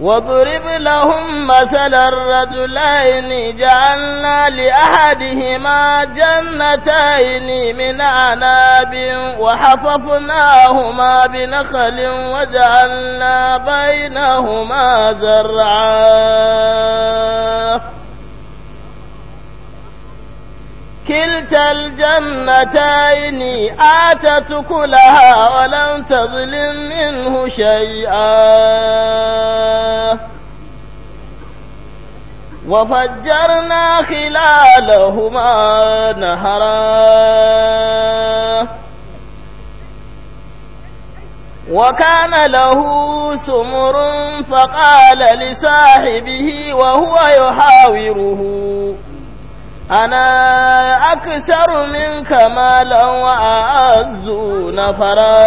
واضرب لهم مثل الرجلين جعلنا لأحدهما جنتين من عناب وحففناهما بنخل وجعلنا بينهما زرعا كلتا الجنتين آتت كلها ولم تظلم منه شيئا وفجرنا خلالهما نهرا وكان له سمر فقال لصاحبه وهو يحاوره أنا أكثر منك مالا وأعز نفرا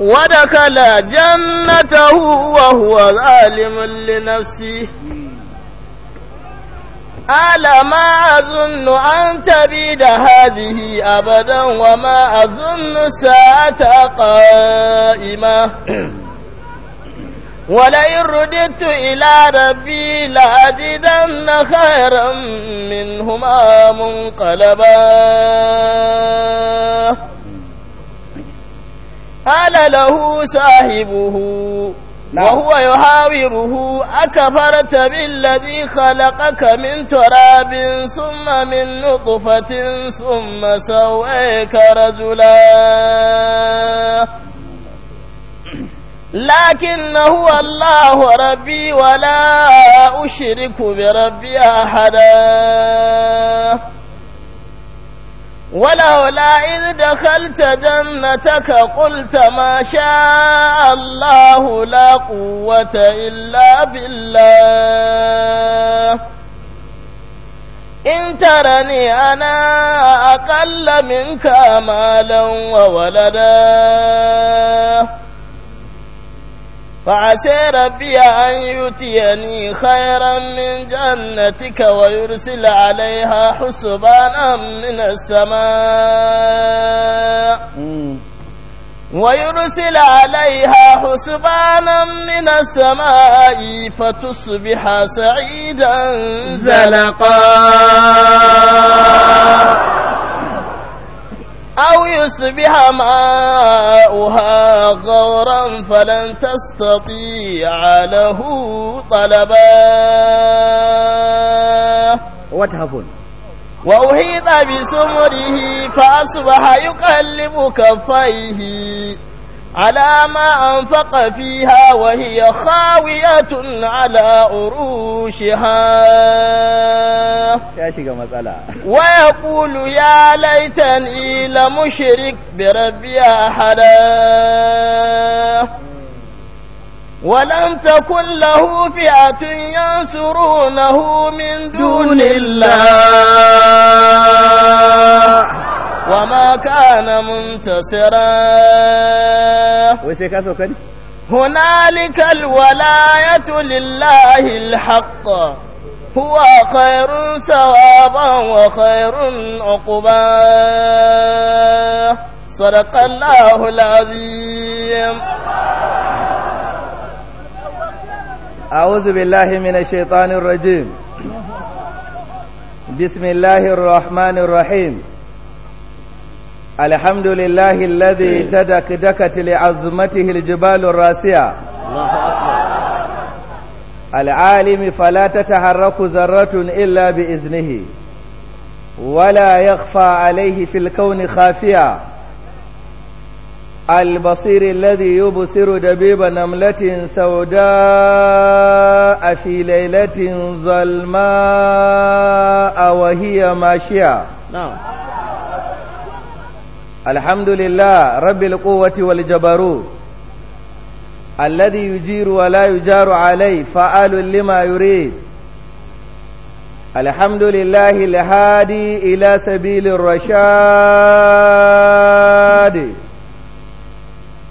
ودخل جنته وهو ظالم لنفسه ألا ما أظن أن تبيد هذه أبدا وما أظن الساعة قائمة ولئن رددت إلى ربي لأجدن خيرا منهما منقلبا قال له صاحبه وهو يحاوره أكفرت بالذي خلقك من تراب ثم من نطفة ثم سويك رجلا لكن هو الله ربي ولا أشرك بربي أحدا ولولا إذ دخلت جنتك قلت ما شاء الله لا قوة إلا بالله إن ترني أنا أقل منك مالا وولدا فعسى ربي أن يتيني خيرا من جنتك ويرسل عليها حسبانا من السماء ويرسل عليها حسبانا من السماء فتصبح سعيدا زلقا أو يصبح ماؤها غورا فلن تستطيع له طلبا What happened? وأحيط بسمره فأصبح يقلب كفيه على ما أنفق فيها وهي خاوية على عروشها ويقول يا ليتني لمشرك بربي أحدا ولم تكن له فئة ينصرونه من دون الله وما كان منتصرا هنالك الولاية لله الحق هو خير ثوابا وخير عقبا صدق الله العظيم أعوذ بالله من الشيطان الرجيم بسم الله الرحمن الرحيم الحمد لله الذي تدك دكت لعظمته الجبال الراسية الله أكبر العالم فلا تتحرك ذرة إلا بإذنه ولا يخفى عليه في الكون خافية البصير الذي يبصر دبيب نملة سوداء في ليلة ظلماء وهي ماشية نعم الحمد لله رب القوة والجبروت الذي يجير ولا يجار عليه فعال لما يريد الحمد لله الهادي إلى سبيل الرشاد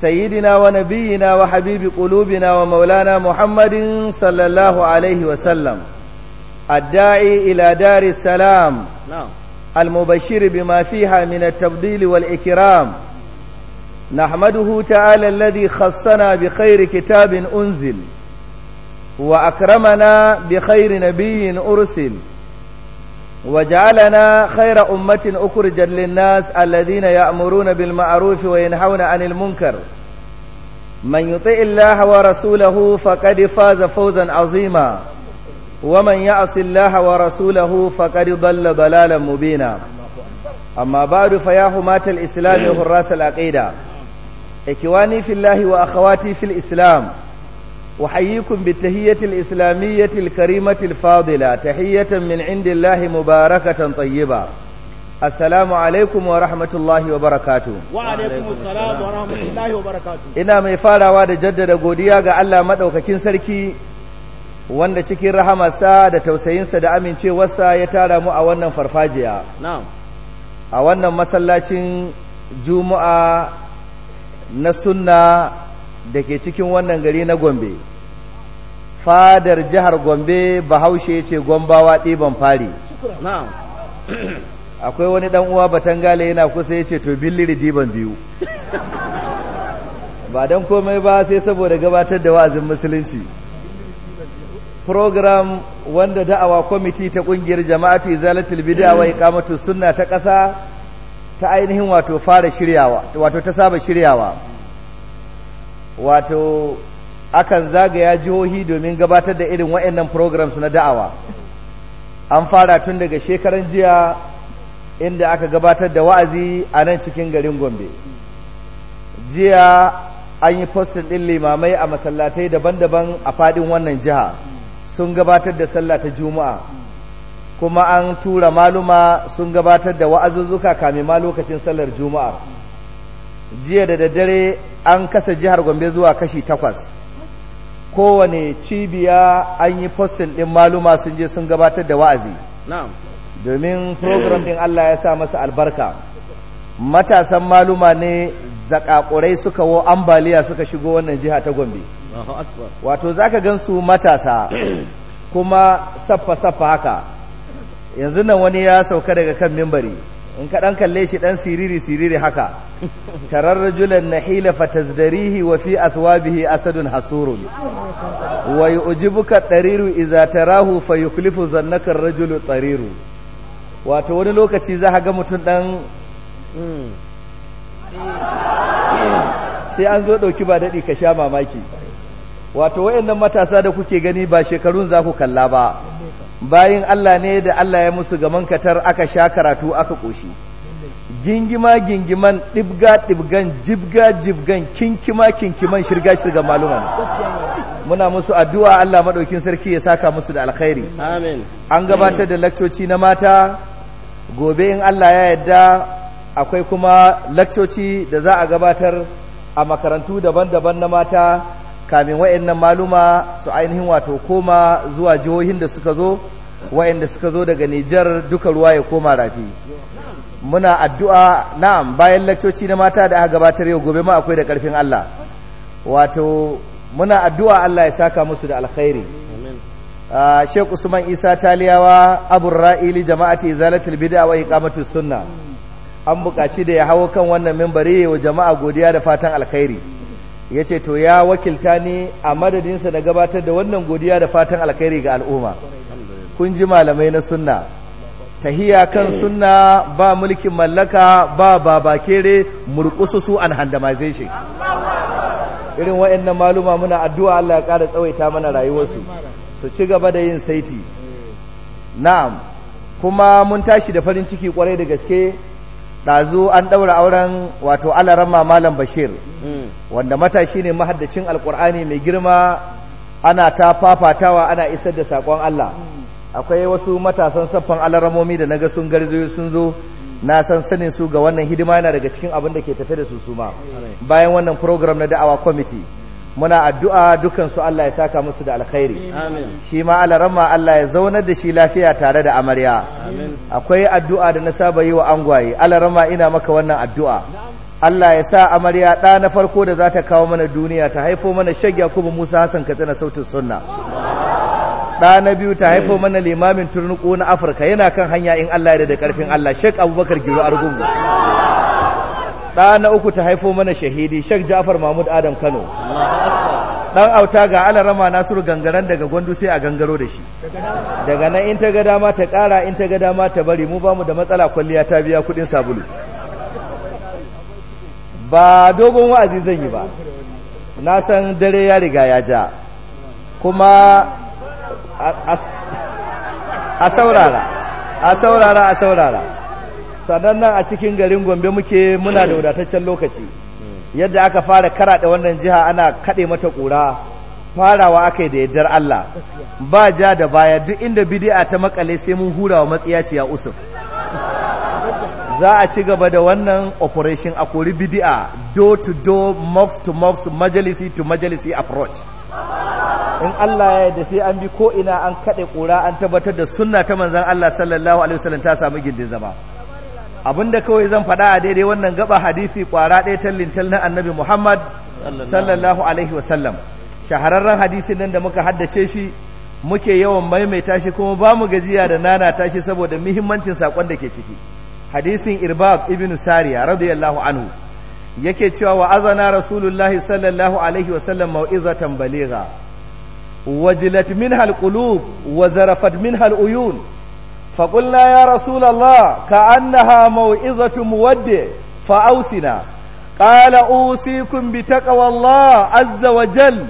سيدنا ونبينا وحبيب قلوبنا ومولانا محمد صلى الله عليه وسلم الداعي إلى دار السلام نعم المبشر بما فيها من التفضيل والإكرام نحمده تعالى الذي خصنا بخير كتاب أنزل وأكرمنا بخير نبي أرسل وجعلنا خير أمة أخرجا للناس الذين يأمرون بالمعروف وينهون عن المنكر من يطيع الله ورسوله فقد فاز فوزا عظيما ومن يعص الله ورسوله فقد ضل ضلالا مبينا أما بعد فيا حماة الإسلام وحراس العقيدة إخواني في الله وأخواتي في الإسلام أحييكم بالتهية الإسلامية الكريمة الفاضلة تحية من عند الله مباركة طيبة السلام عليكم ورحمة الله وبركاته وعليكم السلام ورحمة الله وبركاته إنا mai farawa da jaddada godiya ga Allah madaukakin sarki wanda cikin rahamarsa da tausayinsa da amincewarsa ya tara mu a wannan farfajiya a wannan masallacin juma'a na sunna da ke cikin wannan gari na gombe fadar jihar gombe bahaushe ce gombawa ɗiban fari akwai wani dan uwa batangale yana kusa ya ce to billiri diban biyu ba don komai ba sai saboda gabatar da wa'azin musulunci program wanda da'awa kwamiti ta kungiyar jama'atu izalatul bid'a wa iqamatu sunna ta ƙasa ta ainihin wato fara shiryawa wato ta saba shiryawa wato akan zagaya jihohi domin gabatar da irin waɗannan programs na da'awa an fara tun daga shekaran jiya inda aka gabatar da wa'azi a nan cikin garin gombe jiya an yi postin ɗin limamai a masallatai daban-daban a faɗin wannan jiha sun gabatar da sallah ta juma'a kuma an tura maluma sun gabatar da wa'azuzzuka kame ma lokacin sallar juma'a jiya da daddare an kasa jihar gombe zuwa kashi takwas kowane cibiya an yi postin ɗin maluma sun je sun gabatar da wa'azi domin program ɗin allah ya sa masa albarka matasan maluma ne zakakurai suka wo ambaliya suka shigo wannan jiha ta gombe wato zaka gan su matasa kuma saffa-saffa haka yanzu nan wani ya sauka daga kan mimbari in ka ɗan kalle shi ɗan siriri siriri haka tarar rajulan nahila fatazdarihi wa fi athwabihi asadun hasurun wa yu'jibuka tariru idza tarahu fa yuklifu zannaka rajulu tariru wato wani lokaci za ga mutum ɗan hmm. eh. sai an zo ɗauki ba daɗi ka sha mamaki wato wayannan matasa da kuke gani ba shekarun za ku kalla ba bayin Allah ne da Allah ya musu gaman katar aka sha karatu aka koshi gingima gingiman dibga dibgan jibga jibgan kinkima kinkiman shirga shirga maluman muna musu addu'a Allah madaukin sarki ya saka musu da alkhairi amin an gabatar da lakcoci na mata gobe in Allah ya yarda akwai kuma lakcoci da za a gabatar a makarantu daban-daban na mata kamin wayannan maluma su ainihin wato koma zuwa jihohin da suka zo wayanda suka zo daga Nijar duka ruwa ya koma rafi muna addu'a na'am bayan lakcoci na mata da aka gabatar yau gobe ma akwai da karfin Allah wato muna addu'a Allah ya saka musu da alkhairi Sheikh Usman Isa Taliyawa Abu Ra'ili jama'ati izalatul bid'a wa iqamatus sunna an buƙaci da ya hawo kan wannan yi wa jama'a godiya da fatan alkhairi ya ce to ya wakilta ne a madadinsa na gabatar da wannan godiya da fatan alkhairi ga al'umma kun ji malamai na sunna tahiya kan eh. sunna ba mulkin mallaka ba babakere murkusu su an handamization irin waɗannan maluma muna addu'a Allah ya ƙara tsawaita mana rayuwarsu su ci gaba da yin saiti na'am kuma mun tashi da farin ciki kwarai da gaske ɗazu an ɗaura auren wato alarama malam bashir hmm. wanda matashi ne mahaddacin alkur'ani mai girma ana ta fafatawa ana isar da saƙon Allah hmm. akwai wasu matasan saffan alaramomi da naga sun garzo sun zo na san sanin su ga wannan hidima yana daga cikin abin da ke tafe da su suma bayan wannan program na da'awa committee muna addu'a dukansu Allah ya saka musu da alkhairi shi ma alarama Allah ya zaunar da shi lafiya tare da amarya akwai addu'a da na saba yi wa angwaye alarama ina maka wannan addu'a Allah ya sa amarya ɗa na farko da za ta kawo mana duniya ta haifo mana shag yakubu musa hassan katsina sautin sunna ɗa na biyu ta haifo mana limamin turnuku na afirka yana kan hanya in Allah ya da karfin Allah shek abubakar giro argungu ɗa na uku ta haifo mana shahidi shek jafar mahmud adam kano Dan auta ga alarama nasiru gangaran daga gwandu sai a gangaro da shi daga nan in ta ga dama ta ƙara in ta ga dama ta bari mu bamu da matsala kwalliya ta biya kuɗin sabulu ba dogon wa'azi zan yi ba na san dare ya riga ya ja kuma a saurara a saurara a saurara sannan nan a cikin garin gombe muke muna da wadataccen lokaci hmm. yadda aka fara karaɗe wannan jiha ana kaɗe mata ƙura farawa aka yi da yardar Allah ba ja da baya duk inda bidi'a ta makale sai mun hura wa ciya usuf za a ci gaba da wannan operation a kori bidi'a door to door mox to mox majalisi to majalisi approach in Allah ya da sai an bi ko'ina an kaɗe ƙura an tabbatar da sunna ta manzon Allah sallallahu alaihi wasallam ta samu gindin zama da kawai zan faɗa a daidai wannan gaba hadisi kwara ɗaya tallintal na annabi Muhammad sallallahu alaihi wasallam shahararren hadisin nan da muka haddace shi muke yawan maimaita shi kuma ba mu gajiya da nana shi saboda muhimmancin saƙon da ke ciki hadisin irbaq ibn sariya radiyallahu anhu yake cewa wa azana rasulullahi sallallahu alaihi wasallam mau'izatan baligha wajilat min alqulub wa zarafat min uyun فقلنا يا رسول الله كأنها موئزة مودع فأوسنا قال أوصيكم بتقوى الله عز وجل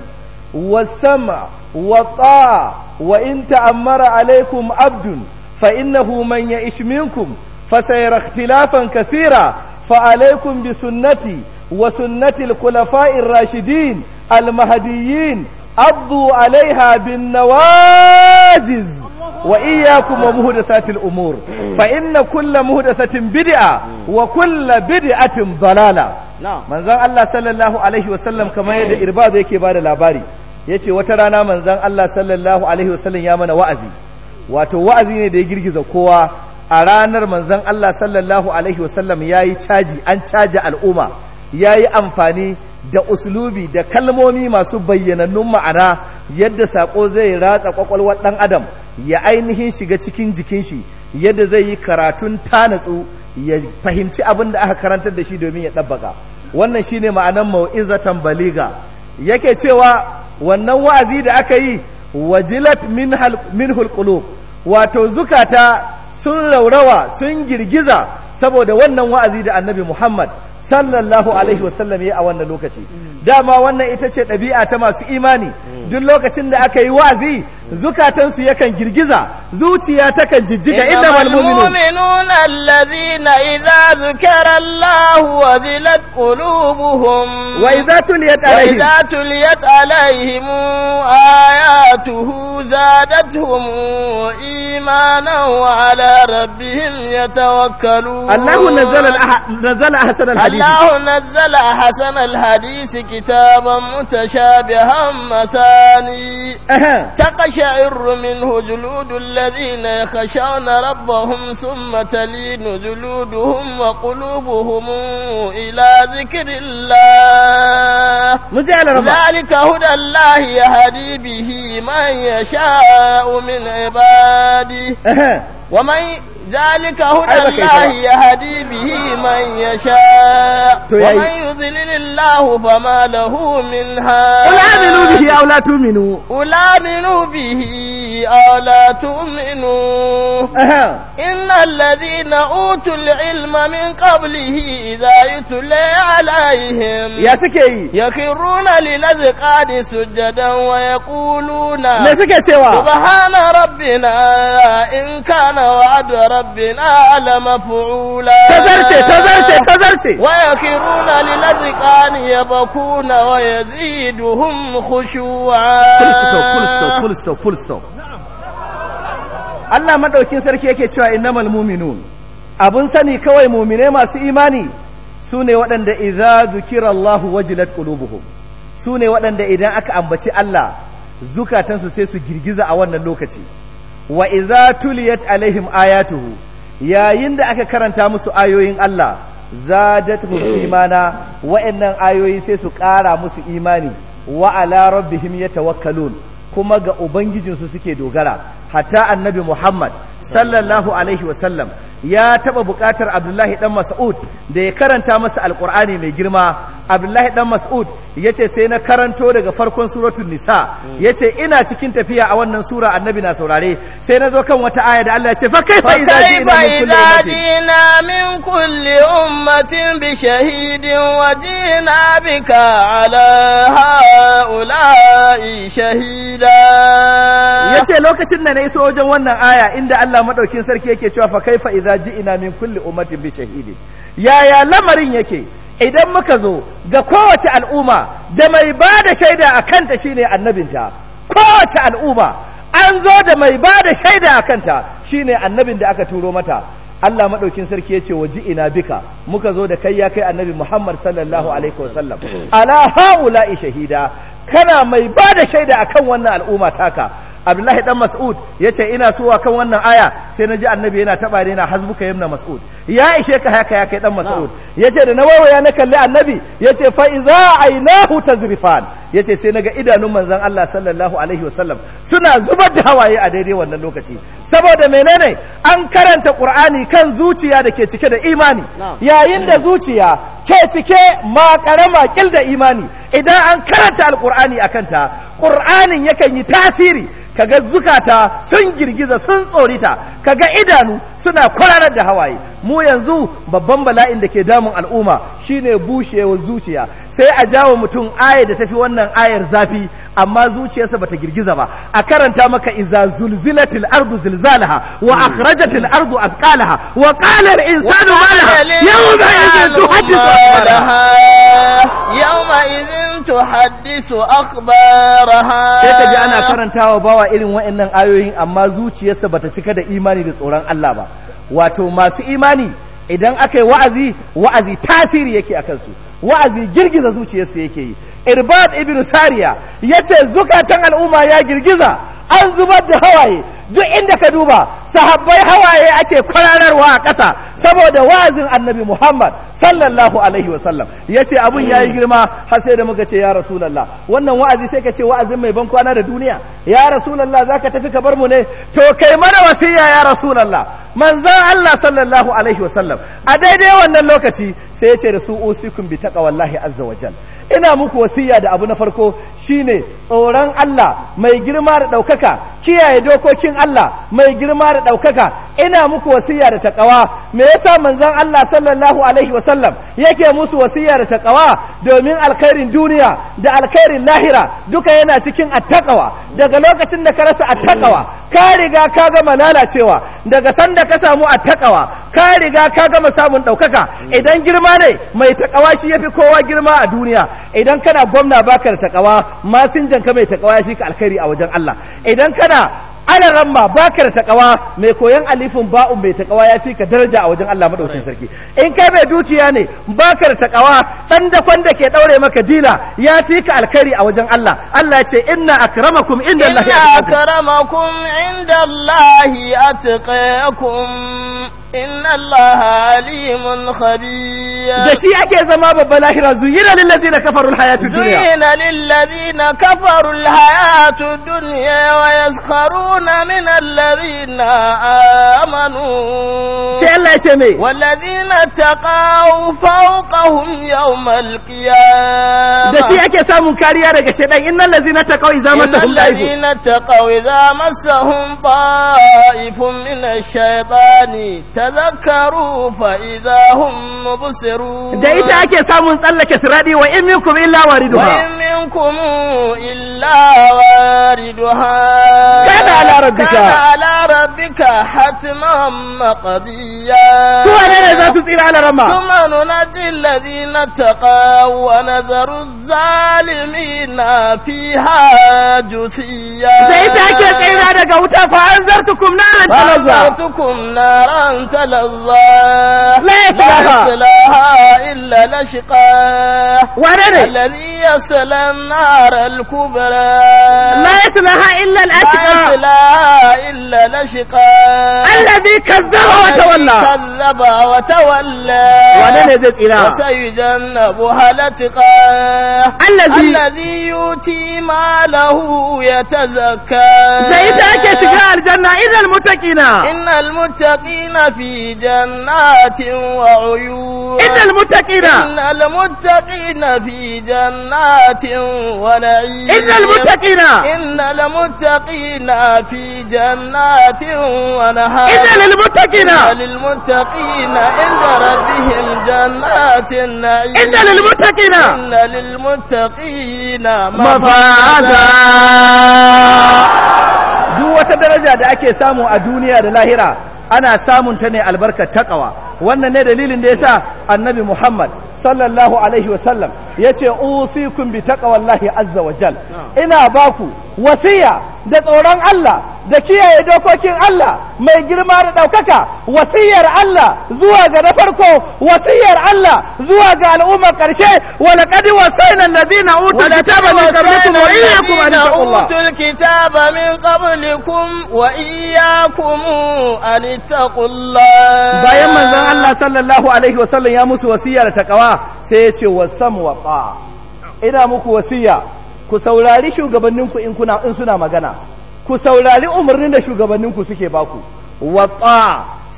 والسمع والطاعة وإن تأمر عليكم عبد فإنه من يئش منكم فسيرى اختلافا كثيرا فعليكم بسنتي وسنة الخلفاء الراشدين المهديين Abdu alaiha bin nawajiz wa iyyakum wa muhdathatil umur fa inna kulla muhdathatin bid'a wa kulla bid'atin dalala manzon Allah sallallahu alaihi wa sallam kamar yadda irbad yake bada labari yace wata rana manzon Allah sallallahu alaihi wa sallam ya mana wa'azi wato wa'azi ne da ya girgiza kowa a ranar manzon Allah sallallahu alaihi wa sallam yayi caji an caji al'umma ya yi amfani da uslubi da kalmomi masu bayyanannun ma'ana yadda saƙo zai ratsa ƙwaƙwalwar ɗan adam ya ainihin shiga cikin jikin shi yadda zai yi karatun tanatsu ya fahimci abin da aka karantar da shi domin ya ɗabbaka wannan shi ne ma'anan mau'izatan baliga yake cewa wannan wa'azi da aka yi wajilat min qulub wato zukata sun raurawa sun girgiza saboda wannan wa'azi da annabi Muhammad sallallahu alaihi wasallam ya a wannan lokaci dama wannan ita ce ɗabi'a ta masu imani duk lokacin da aka yi wazi zukatansu yakan girgiza zuciya takan jijjiga inna mal mu'minun allazina idza zukara Allah wa zilat qulubuhum wa idza tuliyat alaihim wa idza tuliyat alaihim ayatuhu zadatuhum imanan wa ala rabbihim yatawakkalun Allah nazzala nazzala ahsana hadisi Allah nazzala hasan alhadisi kitaban mutashabihan masani taqasha'ir minhu juludul ladhina yakhshawna rabbahum thumma talinu juluduhum wa qulubuhum ذلك هدى الله يهدي به من يشاء ومن يضلل الله فما له من هاد قل آمنوا به أو لا تؤمنوا قل آمنوا به أو لا تؤمنوا إن الذين أوتوا العلم من قبله إذا يتلى عليهم يا سكي يخرون للأذقان سجدا ويقولون سبحان ربنا إن كان وعد ربنا لمفعولا تزرسي تزرسي تزرسي ويكرون للذقان يبكون ويزيدهم خشوعا فول ستوب فول ستوب Allah madaukin sarki yake cewa innamal mu'minun abun sani kawai mu'mine masu imani sune waɗanda idza zukira Allahu wajilat qulubuhum sune waɗanda idan aka ambaci Allah zukatansu sai su girgiza a wannan lokaci wa iza tuliyat alaihim ayatuhu yayin da aka karanta musu ayoyin Allah zadatuhum hmm. imana wa'annan ayoyi sai su ƙara musu imani wa ala rabbihim yatawakkalun kuma ga ubangijinsu suke dogara hatta annabi Muhammad sallallahu alaihi wasallam ya taba bukatar abdullahi dan mas'ud da ya karanta masa alqur'ani mai girma abdullahi dan mas'ud yace sai na karanto daga farkon suratul nisa yace ina cikin tafiya a wannan sura annabi na saurare sai na zo kan wata aya da Allah yace fa kaifa idza jina min kulli ummatin bi shahidin wa jina bika ala haula'i shahida yace lokacin da na iso wajen wannan aya inda Allah Allah madaukin sarki yake cewa fa kaifa idza ji'na min kulli ummatin bi shahidi yaya lamarin yake idan muka zo ga kowace al'umma da mai ba da shaida a kanta shine annabinta kowace al'umma an zo da mai ba da shaida a kanta shine annabin da aka turo mata Allah maɗaukin sarki ya ce wa ina bika muka zo da kai ya kai annabi Muhammad sallallahu alaihi wasallam ala haula'i shahida kana mai ba da shaida kan wannan al'umma taka abdullahi ɗan mas'ud ya ce ina so kan wannan aya sai na ji annabi yana taɓa ni na hasbuka yamna mas'ud ya ishe ka haka ya kai dan mas'ud ce da na wawaya na kalli annabi ya ce yi fa iza ainahu tazrifan ce sai naga idanun manzan Allah sallallahu alaihi wasallam suna zubar da hawaye a daidai wannan lokaci saboda menene an karanta qur'ani kan zuciya da ke cike da imani yayin da zuciya ke cike ma karama kil da imani idan an karanta al Qur'ani akan ta Qur'anin yakan yi tasiri kaga zukata sun girgiza sun tsorita kaga idanu suna kwararar da hawaye mu yanzu babban bala'in da ke damun al'umma shine bushewar zuciya sai a jawo mutum ayar da tafi wannan ayar zafi amma zuciyarsa bata girgiza ba a karanta maka iza zulzilatil ardu zilzalaha wa hmm. akhrajatil ardu athqalaha wa qala al insanu ma laha yawma idhin tuhaddithu yawma idhin tuhaddithu akhbaraha sai kaji ana karantawa bawa irin wa'annan ayoyin amma zuciyarsa bata cika da imani da tsoron Allah ba wato masu imani idan aka yi wa'azi wa'azi tasiri yake a kansu wa'azi girgiza zuciyarsu yake yi irbad ibn sariya yace zukatan al'umma ya girgiza an zubar da hawaye duk inda ka duba sahabbai hawaye ake kwararwa a ƙasa saboda wa'azin annabi Muhammad sallallahu alaihi wa sallam yace abun yayi girma har sai da muka ce ya rasulallah. wannan wa'azi sai ka ce wa'azin mai ban kwana da duniya ya za ka tafi ka bar mu ne to kai mana wasiya ya rasulallah manzan Allah sallallahu alaihi wa sallam a daidai wannan lokaci sai ya ce da su usikun bi taqwallahi azza azzawajal. ina muku wasiya da abu na farko shine tsoron Allah mai girma da ɗaukaka kiyaye dokokin Allah mai girma da ɗaukaka ina muku wasiya da takawa me yasa manzon Allah sallallahu alaihi wasallam yake musu wasiya da takawa domin alkhairin duniya da alkhairin lahira duka yana cikin attaqawa daga lokacin da ka rasa attaqawa ka riga ka gama lalacewa daga sanda ka samu attaqawa ka riga ka gama samun ɗaukaka idan girma ne mai taƙawa shi yafi kowa girma a duniya idan kana gwamna baka da takawa masinjan ka mai takawa ya fi ka alkhairi a wajen Allah idan kana ana ramma ba ka da takawa mai koyan alifin ba'un mai takawa ya fi ka daraja a wajen Allah madaukakin sarki in kai mai dukiya ne ba ka da takawa dan dakon da ke daure maka dina ya fi ka alkhairi a wajen Allah Allah ya ce inna akramakum inda Allah inna akramakum inda Allah atqakum inna Allah alimun khabir da shi ake zama babban lahira zuyina lil ladina kafaru al dunya zuyina lillazi ladina kafaru al hayatud dunya wa yaskharun takuna min amanu sai Allah ya ce me walladhina taqaw fawqahum da shi ake samun kariya daga shedan ita ake samun tsallake siradi على ربك كان على ربك حتما مقضيا ثم ننجي الذين اتقوا ونذر الظالمين فيها جثيا فأنذرتكم نارا تلظى فأنذرتكم نارا تلظى لا يصلاها إلا لشقاه الذي يصلى النار الكبرى لا يصلاها إلا الأشقى إلا لشقاء الذي كذب وتولى كذب وتولى وسيجنبها لتقى الذي الذي يؤتي ماله يتزكى سيدك شكاء الجنة إذا المتقين إن المتقين في جنات وعيون إن المتقين إن المتقين في جنات ونعيم إن المتقين إن المتقين في جنات ونهار إن للمتقين للمتقين عند ربهم جنات النعيم إن للمتقين إن للمتقين مفازا duk wata daraja da ake samu a duniya da lahira ana samun ta ne albarkar ƙawa. wannan ne dalilin da yasa annabi Muhammad sallallahu alaihi wa sallam yace usikum bi taqwallahi azza wa jal ina baku wasiya da tsoron Allah da kiyaye dokokin Allah mai girma da daukaka wasiyar Allah zuwa ga na farko wasiyar Allah zuwa ga al'umma karshe wa laqad wasayna alladhina utul kitaba min qablikum wa iyyakum an taqullaha utul kitaba min qablikum wa iyyakum an ittaqullah bayan manzon Allah sallallahu alaihi wasallam ya musu wasiya da takawa sai ya ce wasam wa ina muku wasiya ku saurari shugabanninku in kuna in suna magana ku saurari umarnin da shugabanninku suke baku wa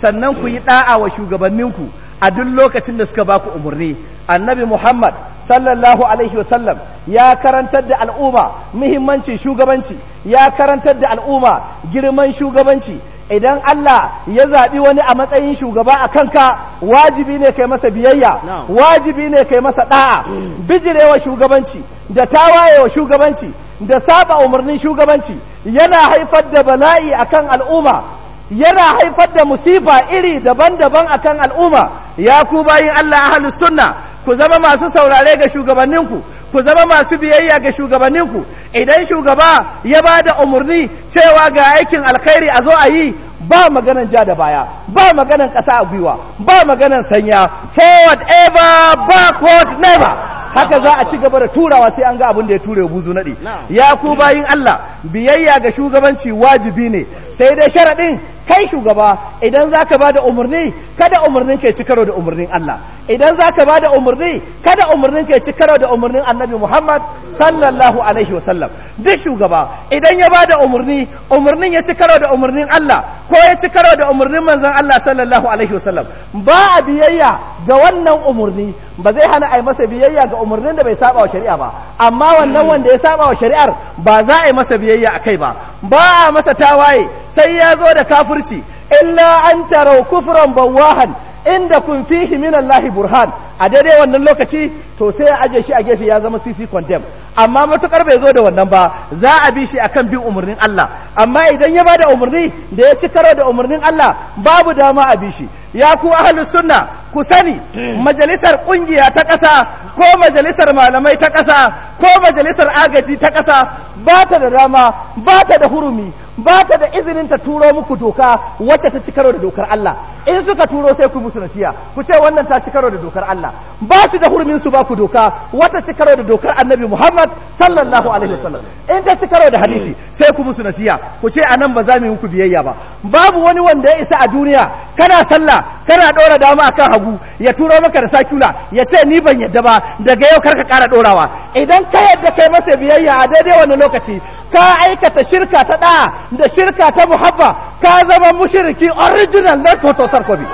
sannan ku yi da'a wa shugabanninku a duk lokacin da suka baku umarni annabi muhammad sallallahu alaihi wasallam ya karantar da al'umma muhimmancin shugabanci ya karantar da al'umma girman shugabanci idan Allah ya zaɓi wani a matsayin shugaba a kanka wajibi ne kai masa biyayya wajibi ne kai masa ɗa'a bijirewa shugabanci da tawayewa shugabanci da saba umarnin shugabanci yana haifar da bala'i akan al'umma yana haifar da musifa iri daban-daban a kan al'umma ya ku bayin Allah ahlus sunna ku zama masu saurare ga shugabanninku ku zama masu biyayya ga shugabanninku idan shugaba ya ba da umarni cewa ga aikin alkhairi a zo a yi ba maganan ja da baya ba maganan ƙasa a gwiwa ba maganan sanya forward ever backward never haka za a ci gaba da turawa sai an ga abin da ya ture buzu naɗi ya ku bayin Allah biyayya ga shugabanci wajibi ne sai dai sharaɗin kai shugaba idan za ka ba da umarni kada umarnin ke ci karo da umarnin Allah idan za ka ba da umarni kada umarnin ke ci karo da umarnin annabi Muhammad sallallahu alaihi wasallam duk shugaba idan ya ba da umarni umarnin ya ci karo da umarnin Allah ko ya ci karo da umarnin manzon Allah sallallahu alaihi wasallam ba a biyayya ga wannan umarni ba zai hana a yi masa biyayya ga umarnin da bai saba wa shari'a ba amma wannan wanda ya saba wa shari'ar ba za a yi masa biyayya a kai ba ba a masa tawaye sai ya zo da kafurci illa an tarau kufran bawahan inda kun fihi min Allah burhan a daidai wannan lokaci to sai aje shi a gefe ya zama CC condemn amma matukar bai zo da wannan ba za a bi shi akan bin umarnin Allah amma idan ya bada umarni da ya ci karo da umarnin Allah babu dama a bi shi ya ku ahlus sunna ku sani hmm. majalisar kungiya ta kasa ko majalisar malamai ta ƙasa ko majalisar agaji ta kasa ba ta da dama ba ta da hurumi ba ta da izinin ta turo muku doka wacce ta ci karo da dokar Allah in suka turo sai ku musu nasiya ku ce wannan ta ci karo da dokar Allah ba su da hurumin su ba ku doka wata ci karo da dokar Annabi Muhammad sallallahu alaihi wasallam in ta ci karo da hadisi sai ku musu nasiya ku ce anan ba za mu yi muku biyayya ba babu wani wanda ya isa a duniya kana sallah kana dora dama akan hagu ya turo maka da sakula ya ce ni ban yadda ba daga yau kar ka kara dorawa idan ka yadda kai masa biyayya a daidai wani lokaci ka aikata shirka ta da da shirka ta muhabba ka zama mushriki original na toto sarkobi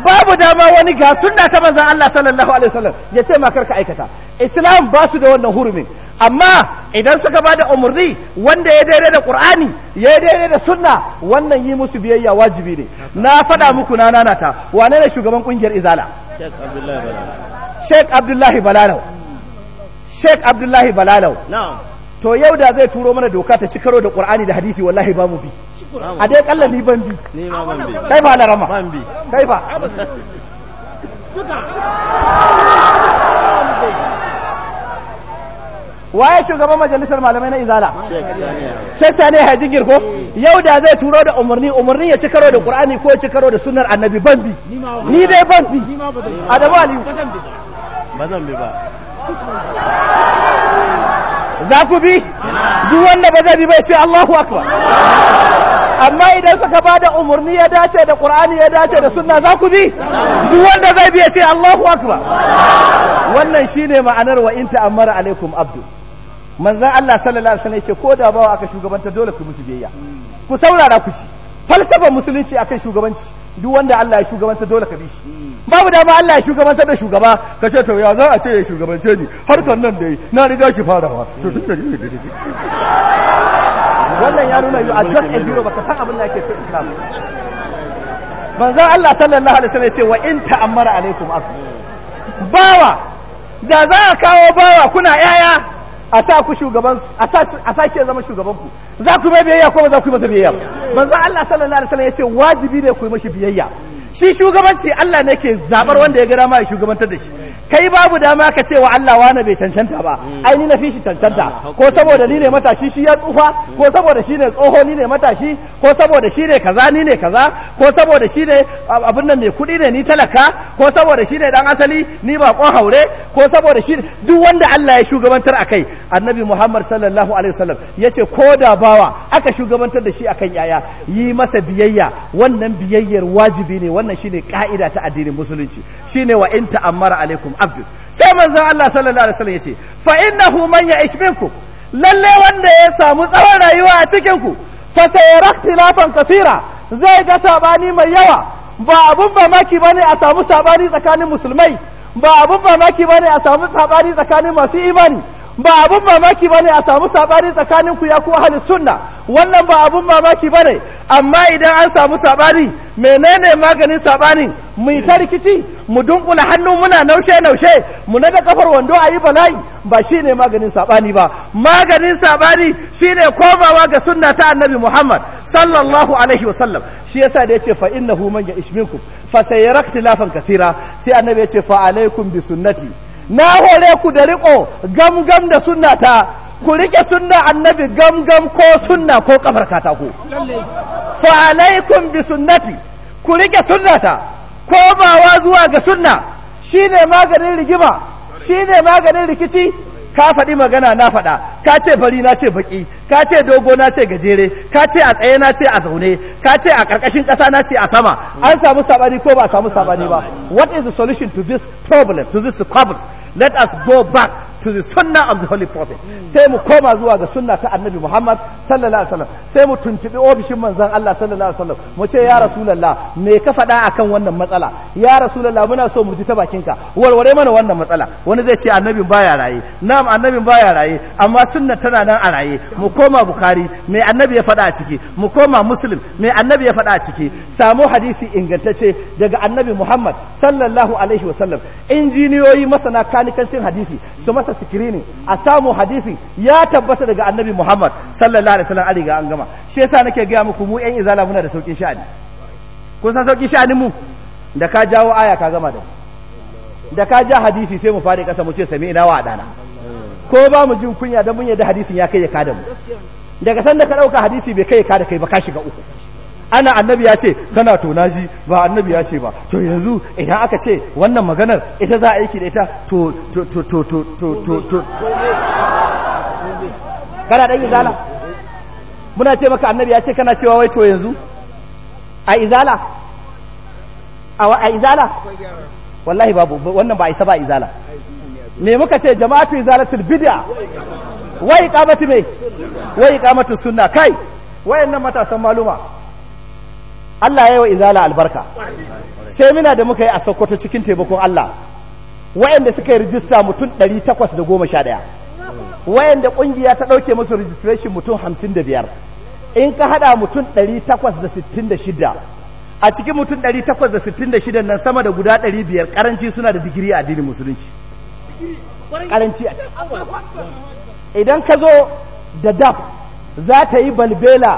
babu dama wani ga sunna ta manzon Allah sallallahu alaihi wasallam ya ce ma karka aikata islam ba su da wannan hurumin amma idan suka ba da umurni wanda ya daidai da qur'ani ya daidai da sunna wannan yi musu biyayya wajibi ne na faɗa muku na nanata wane ne shugaban kungiyar izala Sheikh Abdullahi Balalau Sheikh Abdullahi Balalau to yau da zai turo mana doka ta ci karo da qur'ani da hadisi wallahi ba mu bi a dai kalla ni ban bi kai fa larama ban bi kai ba waye shugaban majalisar malamai na izala sai sani ya haji ko yau da zai turo da umarni umarni ya ci karo da qur'ani ko ya ci karo da sunnar annabi ban bi ni dai ban bi adamu aliyu ba zan bi ba za ku bi duk wanda ba zai bi bai ce Allahu akbar amma idan suka ba da umarni ya dace da Qur'ani ya dace da sunna za ku bi duk wanda zai bi ya ce Allahu akbar wannan shine ma'anar wa in ta'ammara alaikum abdu manzon Allah sallallahu alaihi wasallam ya ce ko da bawa aka shugabanta dole ku musu biyayya ku saurara ku ci falsafa musulunci akan shugabanci duk wanda Allah ya shugabanta dole ka bi shi babu da dama Allah ya shugabanta da shugaba ka ce to ya za a ce ya shugabance ni harkar nan dai na riga shi farawa to duk da wannan ya nuna you a just a hero baka san abin da yake so islam manzon Allah sallallahu alaihi wasallam ya ce wa in ta'ammara alaikum bawa da za a kawo bawa kuna yaya a sa ku shugaban a sa shi ya zama shugaban ku za ku mai biyayya ko ba za ku yi masa biyayya manzo Allah sallallahu alaihi wasallam ya ce wajibi ne ku yi mashi biyayya shi shugabanci Allah ne ke zabar wanda ya gara ma ya shugabantar da shi kai babu dama ka ce wa Allah wane bai cancanta ba mm. ai ni na fi shi cancanta ah, ko saboda ni ne matashi shi ya tsufa ko saboda shi ne tsoho ni ne matashi ko saboda shi ne kaza ni ne kaza ko saboda shi ne abin nan mai kuɗi ne ni talaka ko saboda shi ne dan asali ni ba kon haure ko saboda shi duk wanda Allah ya shugabantar akai annabi Muhammad sallallahu alaihi wasallam yace ko da bawa aka shugabantar da shi akan yaya yi masa biyayya wannan biyayyar wajibi ne wannan shine ka'ida ta addinin musulunci shine wa in ta'ammara alaikum abdu sai manzon Allah sallallahu alaihi wasallam yace fa innahu man ya'ish ku lalle wanda ya samu tsawon rayuwa a cikin ku fa sayara ikhtilafan kathira zai ga sabani mai yawa ba abun mamaki bane a samu sabani tsakanin musulmai ba abun mamaki bane a samu sabani tsakanin masu imani ba abun mamaki bane a samu sabani tsakanin ku ya ku ahli sunna wannan ba abun mamaki bane amma idan an samu sabani menene maganin saɓani mu ta rikici mu dunkula hannu muna naushe naushe mu naga kafar wando ayi bala'i ba shine maganin sabani ba maganin sabani shine komawa ga sunna ta annabi Muhammad sallallahu alaihi wasallam shi yasa da yace fa innahu man ya ishminkum fa sayara kathira sai annabi yace fa alaikum bi sunnati na hore ku da riko gamgam da sunnata ku rike sunna annabi gamgam ko sunna ko kafar katako fa alaikum bi sunnati ku rike sunnata komawa zuwa ga sunna shine maganin rigima shine maganin rikici ka faɗi magana na faɗa ka ce bari na ce baƙi, ka ce dogo na ce gajere ka ce a tsaye na ce a zaune ka ce a ƙarƙashin ƙasa na ce a sama an samu sabani ko ba samu sabani ba what is the solution to this problem to this problem? let us go back to the sunnah of the holy prophet sai mu koma zuwa ga sunna ta annabi muhammad sallallahu alaihi wasallam sai mu tuntubi ofishin manzon Allah sallallahu alaihi wasallam mu ce ya rasulullah me ka faɗa akan wannan matsala ya rasulullah muna so mu ji ta bakin ka warware mana wannan matsala wani zai ce annabin baya raye na'am annabin baya raye amma sunna tana nan a raye mu koma bukhari me annabi ya faɗa a ciki mu koma muslim me annabi ya faɗa a ciki samu hadisi ingantacce daga annabi muhammad sallallahu alaihi wasallam injiniyoyi masana kanikancin hadisi su masa sikirinin a samu hadisi ya tabbata daga annabi Muhammad sallallahu alaihi wasallam ariga an gama shi yasa nake gaya muku mu ƴan izala muna da sauƙin sha'ani kun san saukin sha'ani mu da ka jawo aya ka gama da da ka ja hadisi sai mu fadi kasa mu ce sami ina wa dana ko ba mu jin kunya dan mun yadda hadisin ya kai ya kada mu daga san da ka dauka hadisi bai kai ya kada kai ba ka shiga uku ana annabi ya ce kana tona ji ba annabi ya ce ba to yanzu idan aka ce wannan maganar ita za a aiki da ita to to to to to to to kana dan izala muna ce maka annabi ya ce kana cewa wai to yanzu a izala a izala wallahi babu wannan ba isa ba izala me muka ce jama'atu izalatul bid'a wai iqamatu me wai kamatu sunna kai wayannan matasan maluma Allah ya yi wa izala albarka sai muna da muka yi a sokoto cikin taimakon Allah wayanda suka yi rijista mutum 811 wayanda kungiya ta dauke musu registration mutum 55 in ka hada mutum 866 a cikin mutum 866 nan sama da guda 500 karanci suna da digiri a addinin musulunci karanci idan ka zo da dab za ta yi balbela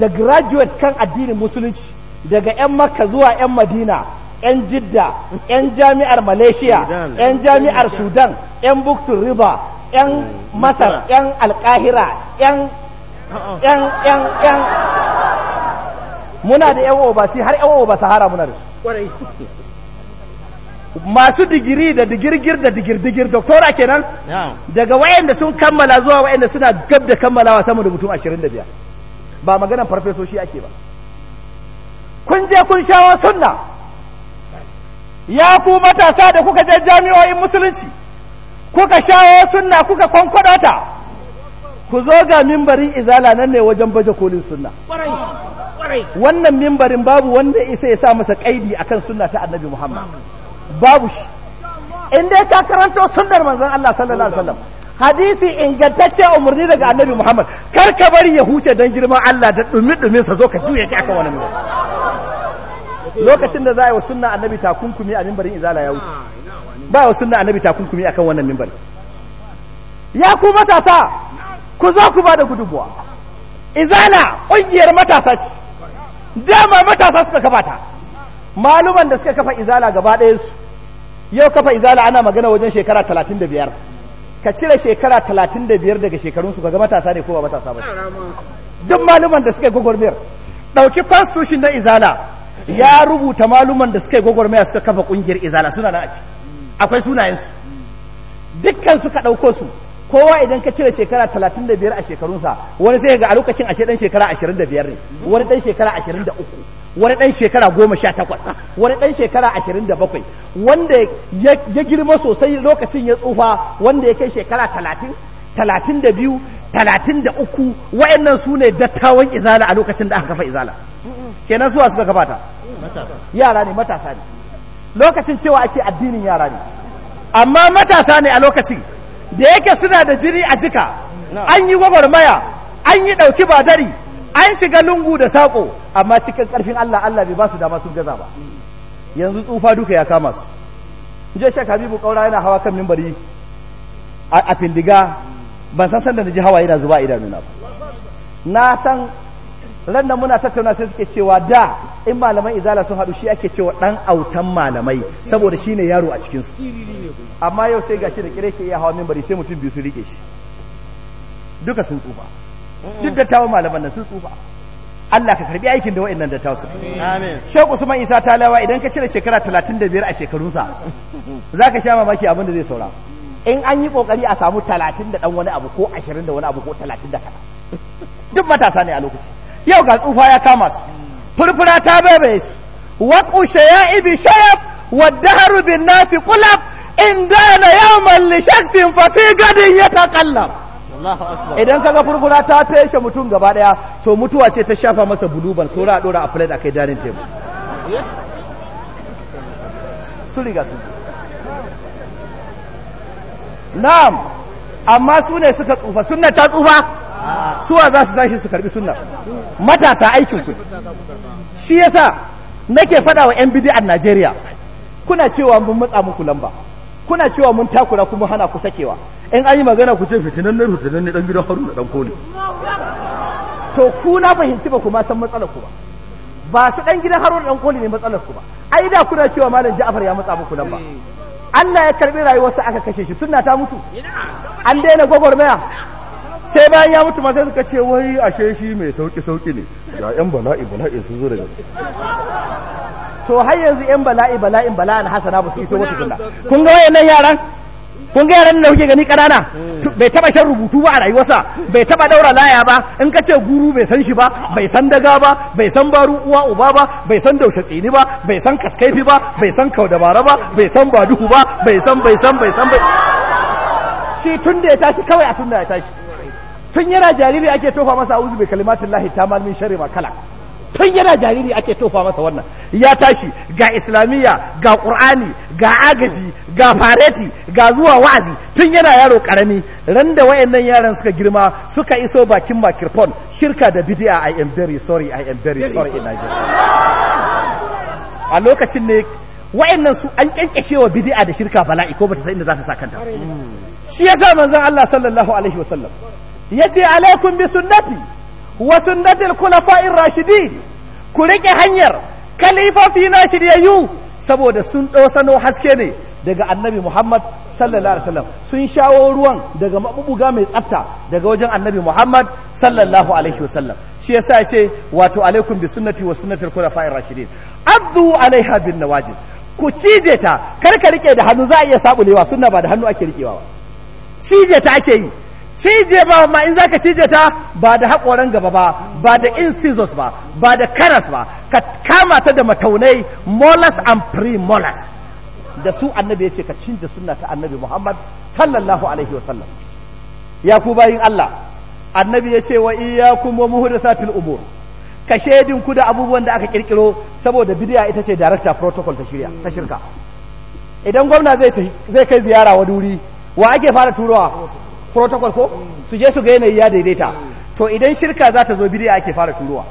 da graduate kan addinin musulunci daga 'yan makka zuwa 'yan madina 'yan jidda 'yan jami'ar malaysia 'yan jami'ar sudan 'yan bukton riba 'yan masar 'yan alkahira 'yan yan uh-uh. yan yan muna da yan obasi har yan obasahara muna da su masu digiri da digirgir da digirdigir doktora kenan daga wayanda sun kammala zuwa wayanda suna gab da kammalawa sama da mutum 25 ba maganar farfesoshi ake ba kun je kun shawo sunna ya ku matasa da kuka je jami'o'in musulunci kuka shawo sunna kuka kwankwada ta ku zo ga mimbarin izala nan ne wajen baje kolin sunna wannan mimbarin babu wanda isa ya sa masa kaidi akan sunna ta annabi muhammad babu shi in dai ta karanto sunnar manzon Allah sallallahu alaihi wasallam hadisi ingantacce umarni daga annabi Muhammad kar ka bari ya huce don girman Allah da dumi dumin sa zo ka juya ki akan wani mai lokacin da za a yi wa sunna annabi takunkumi a mimbarin izala ya wuce ba wa sunna annabi takunkumi a kan wannan mimbari ya ku matasa ku zo ku ba da gudubuwa izala ƙungiyar matasa ce dama matasa suka kafa ta maluman da suka kafa izala gaba ɗayansu yau kafa izala ana magana wajen shekara talatin da biyar ka cire shekara talatin da biyar daga shekarunsu ka ga matasa ne ko ba matasa ba duk maluman da suka yi gwagwarmayar ɗauki constitution na izala ya rubuta maluman da suka yi gwagwarmaya suka kafa ƙungiyar izala suna na a ciki akwai sunayensu dukkan suka ɗauko su kowa idan ka cire shekara talatin da biyar a shekarunsa wani zai ga a lokacin ashe dan shekara ashirin da biyar ne wani dan shekara ashirin da uku wani dan shekara goma sha takwas wani dan shekara ashirin da bakwai wanda ya girma sosai lokacin ya tsufa wanda ya kai shekara talatin talatin da biyu talatin da uku wa'annan su ne dattawan izala a lokacin da aka kafa izala kenan suwa suka gabata yara ne matasa ne lokacin cewa ake addinin yara ne amma matasa ne a lokacin da yake suna da jiri a jika an yi maya an yi ɗauki ba dari an shiga lungu da saƙo amma cikin ƙarfin Allah Allah bai ba su dama sun gaza ba yanzu tsufa duka ya kama su je shek habibu kaura yana hawa kan mimbari a findiga ban san san da ji hawa yana zuba idanuna ba na san ran da muna tattauna sai suke cewa da in malaman izala sun haɗu shi ake cewa ɗan autan malamai saboda shi ne yaro a cikinsu amma yau sai gashi da kire ke iya hawa mimbari sai mutum biyu su rike shi duka sun tsufa duk dattawan malaman nan sun tsufa Allah ka karbi aikin da wa'annan da tasu. Amin. Sheikh Usman Isa Talawa idan ka cire shekara 35 a shekarunsa zaka sha mamaki abin da zai saura. In an yi kokari a samu 30 da dan wani abu ko 20 da wani abu ko 30 da kada Duk matasa ne a lokaci. yau ga tsufa ya kama su furfura ta bebe su waƙu shaya'ibi shayab waddaharu bin nasi kulab in dana yau malli shaksin fa gadin ya ta takallam idan kaga furfura ta feshe mutum gaba daya to mutuwa ce ta shafa masa buluban saura a dora a plate akai dining table su riga su na'am amma su ne suka tsufa sunna ta tsufa suwa za su tashi su karbi sunna matasa aikin ku shi yasa nake faɗa wa yan a Najeriya kuna cewa mun matsa muku lamba kuna cewa mun takura kuma hana ku sakewa in an yi magana ku ce fitinan ne fitinan ne dan gidan Haruna dan Koli to ku na fahimci ba kuma san matsalar ku ba ba su dan gidan Haruna dan Koli ne matsalar ku ba ai da kuna cewa malam Ja'far ya matsa muku lamba Allah ya karbi rayuwarsa aka kashe shi suna ta mutu an daina gwagwarmaya sai bayan ya mutu masu suka ce wai ashe shi mai sauki sauki ne ga yan bala'i bala'i sun zo daga to har yanzu yan bala'i bala'in bala'in hasana ba su iso wata kun ga wayannan yaran kun ga yaran da kuke gani kanana hmm. bai taba shan rubutu ba a rayuwarsa bai taba daura laya ba in ka ce guru bai san shi ba bai san daga ba bai san baru uwa uba ba bai san daushe tsini ba bai san kaskaifi ba bai san kaudabara ba bai san baduhu ba bai san bai san bai san shi tun da ya tashi kawai a sunna ya tashi tun yana jariri ake tofa masa auzu bi kalimatin lahi tamal min sharri ma tun yana jariri ake tofa masa wannan ya tashi ga islamiyya ga ƙur'ani ga agaji ga fareti ga zuwa wa'azi tun yana yaro karami ran da wayannan yaran suka girma suka iso bakin makirfon shirka da bid'a i am very sorry i am very sorry in Nigeria a lokacin ne nan su an kyankyashe wa bid'a da shirka bala'i ko bata san inda za ta sa kanta shi sa manzon Allah sallallahu alaihi wasallam yace alaikum bi sunnati wa sunnatul khulafa'ir rashidin ku rike hanyar kalifofi na shiryayyu saboda sun sano haske ne daga annabi Muhammad sallallahu alaihi wasallam sun shawo ruwan daga mabubuga mai tsafta daga wajen annabi Muhammad sallallahu alaihi wasallam shi yasa ce wato alaikum bi sunnati wa sunnatil khulafa'ir rashidin addu alaiha bin nawajib ku cije ta kar ka rike da hannu za a iya sabulewa sunna ba da hannu ake rikewa ba cije ta ake yi cije ba ma in zaka cije ta ba da hakoran gaba ba ba da incisors ba ba da karas ba ka kama ta da mataunai molars and premolas da su annabi yace ka cinje sunna ta annabi Muhammad sallallahu alaihi sallam ya ku bayin Allah annabi yace wa iyyakum wa muhdathatil umur ka shedin ku da abubuwan da aka kirkiro saboda bidiya ita ce director protocol ta shirya ta shirka idan gwamna zai kai ziyara wa duri wa ake fara turowa protocol ko su je su ga yanayi ya daidaita to idan shirka za ta zo bidiya ake fara turuwa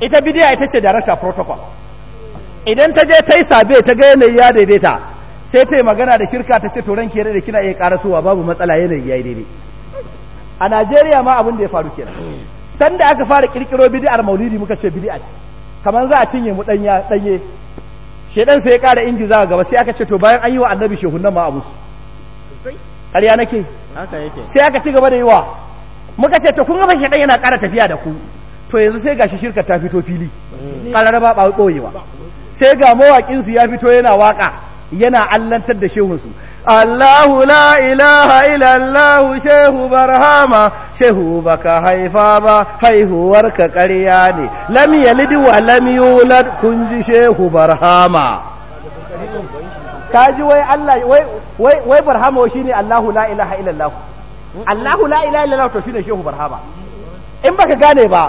ita bidiya ita ce darakta protocol idan ta je ta yi sabe ta ga yanayi ya daidaita sai ta yi magana da shirka ta ce to ranke da kina iya karasowa babu matsala yanayi ya daidai a Najeriya ma abin da ya faru kenan sanda aka fara kirkiro bidiyar maulidi muka ce bid'a ce kamar za a cinye mu danya danye shedan sai ya kara ingiza gaba sai aka ce to bayan an yi wa annabi shehunan ma abusu ƙarya nake sai aka ci gaba da yi wa muka ce to kun gaba shi yana ƙara tafiya da ku to yanzu sai gashi shirka ta fito fili mm. ƙarar ba ba sai ga mawaƙinsu ya fito yana waƙa yana allantar da shehunsu Allahu la ilaha illallah shehu barhama shehu baka haifa ba haihuwar ka ƙarya ne lam yalid wa lam yulad kun shehu barhama ka ji wai Allah wai wai wai barhama shine Allahu la ilaha illallah Allahu la ilaha illallah to shine shehu barhama in baka gane ba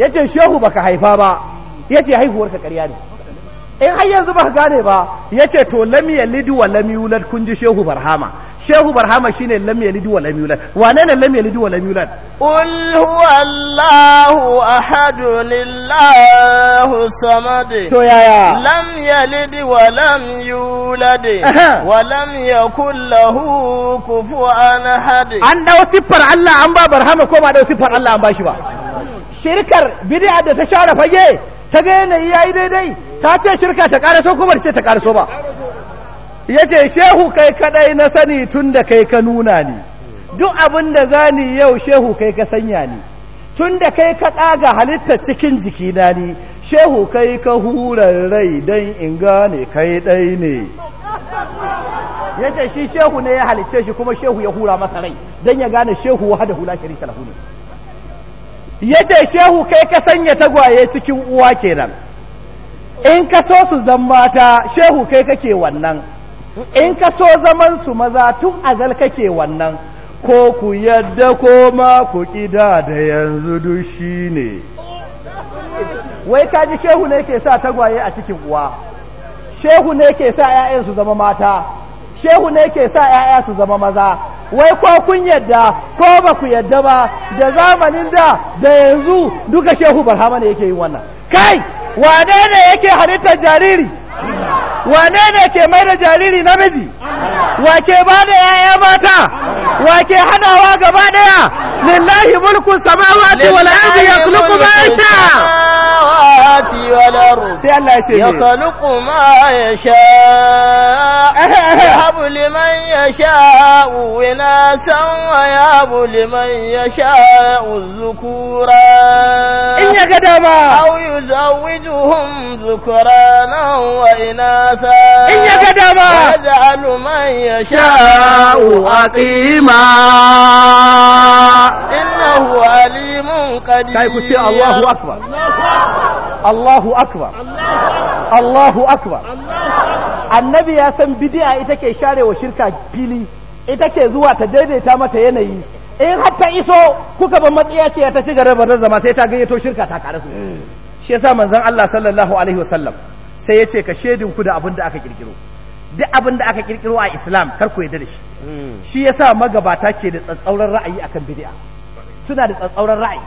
yace shehu baka haifa ba yace haihuwar ka ƙarya ne in har yanzu ba gane ba ya ce to lam yalid wa lam yulad kun ji shehu barhama shehu barhama shine lam yalid wa lam yulad wane ne lam yalid wa lam yulad qul huwa allahu ahad samad to yaya lam yalid wa lam yulad wa lam yakul lahu kufuwan ahad an dau siffar Allah an ba barhama ko ba dau siffar Allah an ba shi ba shirkar bid'a da ta share fage ta ga yanayi yayi daidai ta ce shirka ta ƙara so kuma ce ta ƙara so ba yace shehu kai kadai na sani tun da kai ka nuna ni duk abin da zani yau shehu kai ka sanya ni tun da kai ka ɗaga halitta cikin jikina ni shehu kai ka hurar rai don in gane kai ɗai ne yace shi shehu ne ya halicce shi kuma shehu ya hura masa rai don ya gane shehu wahada hula shirika lahu ne yace shehu kai ka sanya tagwaye cikin uwa kenan in ka so su zama mata shehu kai kake wannan in ka so zaman su maza tun azal kake wannan ko ku yadda ko ma ku kida da yanzu duk ne. wai ka ji shehu ne ke sa tagwaye a cikin uwa shehu ne ke sa 'ya'yan zama mata shehu ne ke sa 'ya'ya su zama maza wai ko kun yadda ko ba ku yadda ba da zamanin da da yanzu duka shehu barhama ne yake yin wannan kai wane ne yake halittar jariri wane ne ke mai da jariri namiji wa ke ba da 'ya'ya mata wa ke hadawa gaba daya lillahi mulkun samawati wal ardi yakhluqu ma yasha samawati walaru ya kaluku ma ya sha ya wa ya liman ya sha zukura in ya gada ma zukura nan wa ina sa in ma ya sha a ƙima inna kadi Allahu akbar Allahu akbar annabi ya san bidi'a ita ke sharewa shirka fili ita ke zuwa ta daidaita mata yanayi in har ta iso kuka ba matsiya ce ta ci gaba da zama sai ta gayyato shirka ta kare su shi yasa manzon Allah sallallahu alaihi wasallam sai ya ce ka shedin ku da abin da aka kirkiro duk abin da aka kirkiro a Islam kar ku yarda da shi hmm. shi yasa magabata ke da tsatsauran ra'ayi akan bid'a suna da tsatsauran ra'ayi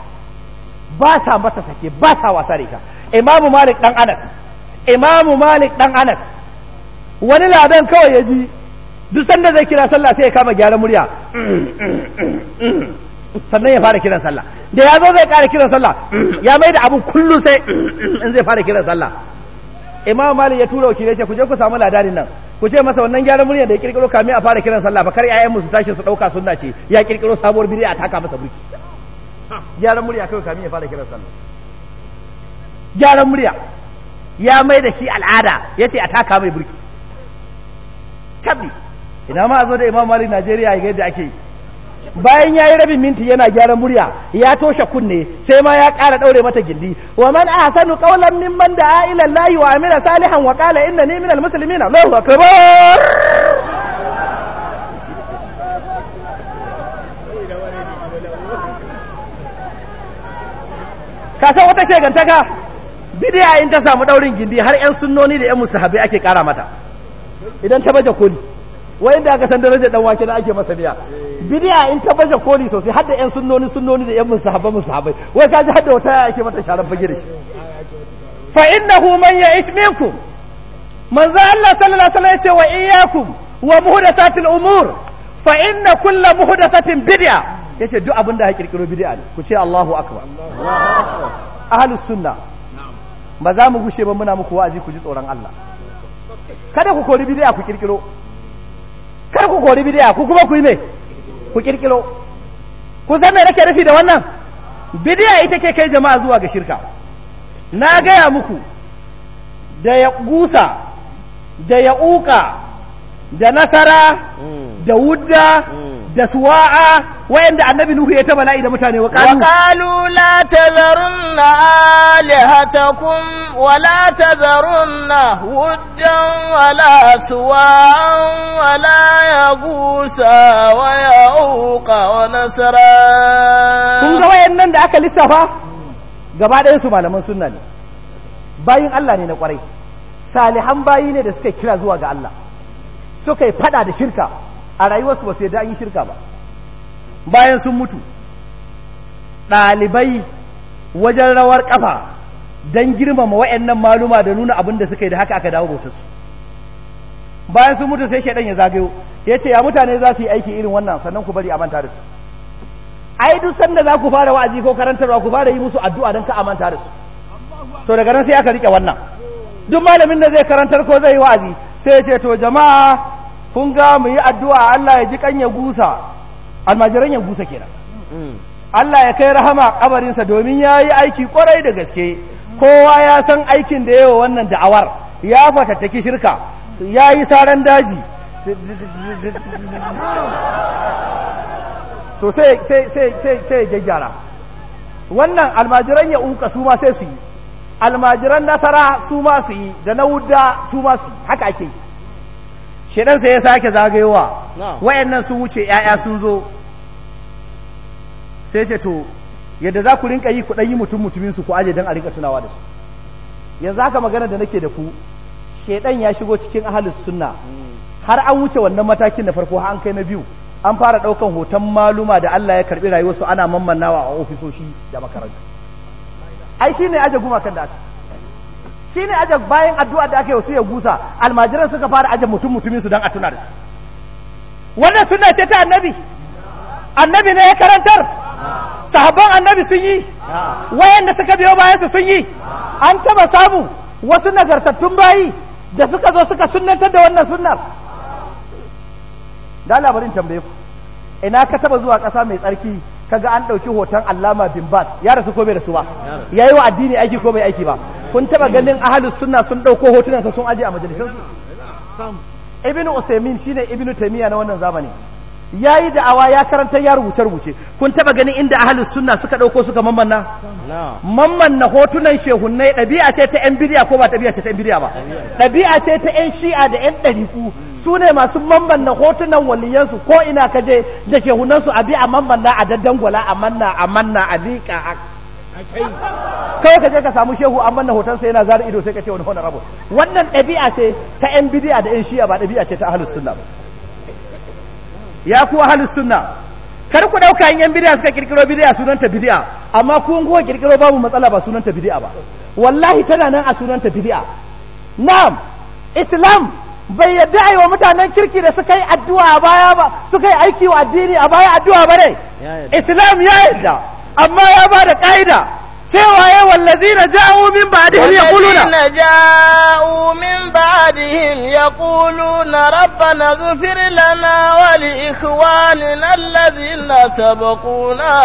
ba sa masa sake ba sa wasa da ita imamu malik dan anas imamu malik dan anas wani ladan kawai ya ji duk sanda zai kira sallah sai ya kama gyaran murya sannan ya fara kiran sallah da ya zo zai kara kiran sallah ya mai da abu kullu sai in zai fara kiran sallah imamu malik ya tura wakilai ce ku je ku samu ladarin nan ku ce masa wannan gyaran murya da ya kirkiro kamin a fara kiran sallah ba kar ƴaƴan musu tashi su dauka sunna ce ya kirkiro sabuwar bid'a a ka masa burki gyaran murya kawai kamin ya fara kiran sallah gyaran murya ya mai da shi al'ada ya ce a taka mai burki tabi ina ma a zo da imam malik najeriya ga yadda ake bayan ya yi rabin minti yana gyaran murya ya toshe kunne sai ma ya ƙara ɗaure mata gindi wa man ahsanu qawlan mimman da'a ila Allah wa amila salihan wa qala innani minal muslimin Allahu akbar ka san wata shegantaka bidiya in ta samu daurin gindi har yan sunnoni da yan musahabi ake kara mata idan ta baje koli wai inda aka san daraja dan wake da ake masa biya bidiya in ta baje koli sosai har da yan sunnoni sunnoni da yan musahabai musahabai wai ka ji har da wata ake mata sharar fage da shi fa innahu man ya'ish minkum manzo Allah sallallahu alaihi wasallam ya ce wa iyyakum wa muhdathatil umur fa inna kulla muhdathatin bid'a yace duk abin da ya kirkiro bid'a ne ku ce Allahu akbar ahlus sunna ba za mu gushe ba muna muku wa'azi ku ji tsoron Allah kada ku kori bid'a ku kirkiro Kada ku kori bid'a ku kuma ku yi me ku kirkiro ku san me nake rufi da wannan bid'a ita ke kai jama'a zuwa ga shirka na gaya muku da ya gusa da ya uka da nasara mm. da wudda mm. da suwa'a wayanda annabi nuhu ya ta la'i da mutane wa qalu wa qalu la tazarunna alihatakum wa la tazarunna wuddan wa la suwa'an wa la yagusa wa ya'uqa wa nasara. kun ga wayannan da aka lissafa gaba ɗaya su malaman sunna ne bayin Allah ne na kwarai salihan bayi ne da suka kira zuwa ga Allah suka yi fada da shirka a rayuwarsu ba su yadda an yi shirka ba bayan sun mutu ɗalibai wajen rawar ƙafa don girmama wa'annan maluma da nuna abin da suka yi da haka aka dawo bautarsu bayan sun mutu sai shaidan ya zagayo ya ce ya mutane za su yi aiki irin wannan sannan ku bari a manta da su ai duk sanda za ku fara wa'azi ko karantarwa ku fara yi musu addu'a don ka a manta da su to daga nan sai aka rike wannan duk malamin da zai karantar ko zai wa'azi sai ya ce to jama'a kun ga mu yi addu'a Allah ya ji kan ya gusa almajiran ya gusa kenan mm. Allah ya kai rahama sa domin yayi aiki kwarai da gaske kowa ya san aikin da yawa wannan da'awar ya fatattaki shirka yayi yi saran daji to sai sai sai sai gyara wannan almajiran ya uka su ma sai su yi almajiran nasara su ma yi da na wudda su ma su haka ake yi shedan sai ya sake zagayowa wayannan sun wuce yaya sun zo sai ce to yadda za ku rinka yi ku yi mutum mutumin su ku aje dan a rinka tunawa da su yanzu haka magana da nake da ku shedan ya shigo cikin ahlus sunna har an wuce wannan matakin na farko an kai na biyu an fara ɗaukan hoton maluma da Allah ya karbi rayuwarsu ana mammanawa a ofisoshi da makaranta. ai shine aje gumakan da aka shine aje bayan addu'a da ake yi ya gusa almajiran suka fara aje mutum mutumin su dan a tuna da su wannan sunna ce ta annabi annabi ne ya karantar sahabban annabi sun yi wayanda suka biyo bayan su sun yi an taba samu wasu nagartattun bayi da suka zo suka sunnantar da wannan sunnar da labarin tambaye ku ina ka taba zuwa ƙasa mai tsarki kaga an ɗauki hoton allama bin bad ya rasu ko bai su ba ya yi wa addini aiki ko bai aiki ba kun taba ganin ahalus sunna sun ɗauko hotunansa sun ajiye a majalisansu ibnu usaimin shine ibnu taimiyya na wannan zamani ya yi da'awa ya karanta ya rubuce rubuce kun taba ganin inda ahalin sunna suka ɗauko suka mamanna mamanna hotunan shehunai ɗabi'a ce ta yan birya ko ba ɗabi'a ce ta yan birya ba ɗabi'a ce ta yan shi'a da yan ɗariku su ne masu mamanna hotunan waliyansu ko ina ka je da shehunansu a bi a mamanna a daddangwala a manna a manna a liƙa a kai ka je ka samu shehu an manna hotonsa yana zara ido sai ka ce wani honorable wannan ɗabi'a ce ta yan bidiya da yan shi'a ba ɗabi'a ce ta ahalus sunna ba ya ku ahalus sunna kar ku dauka in yan bid'a suka kirkiro bid'a sunanta bid'a amma ku kun kirkiro babu matsala ba sunanta bid'a ba wallahi tana nan a sunanta bid'a na'am islam bai yadda ai wa mutanen kirki da suka yi addu'a a baya ba suka yi aiki wa addini a baya addu'a ba ne islam ya yadda amma ya ba da ƙa'ida sai waye wallazi na ja'u min ba'dihim yaquluna wallazi na ja'u min ba'dihim yaquluna rabbana ighfir lana wa li ikhwanina alladhina sabaquna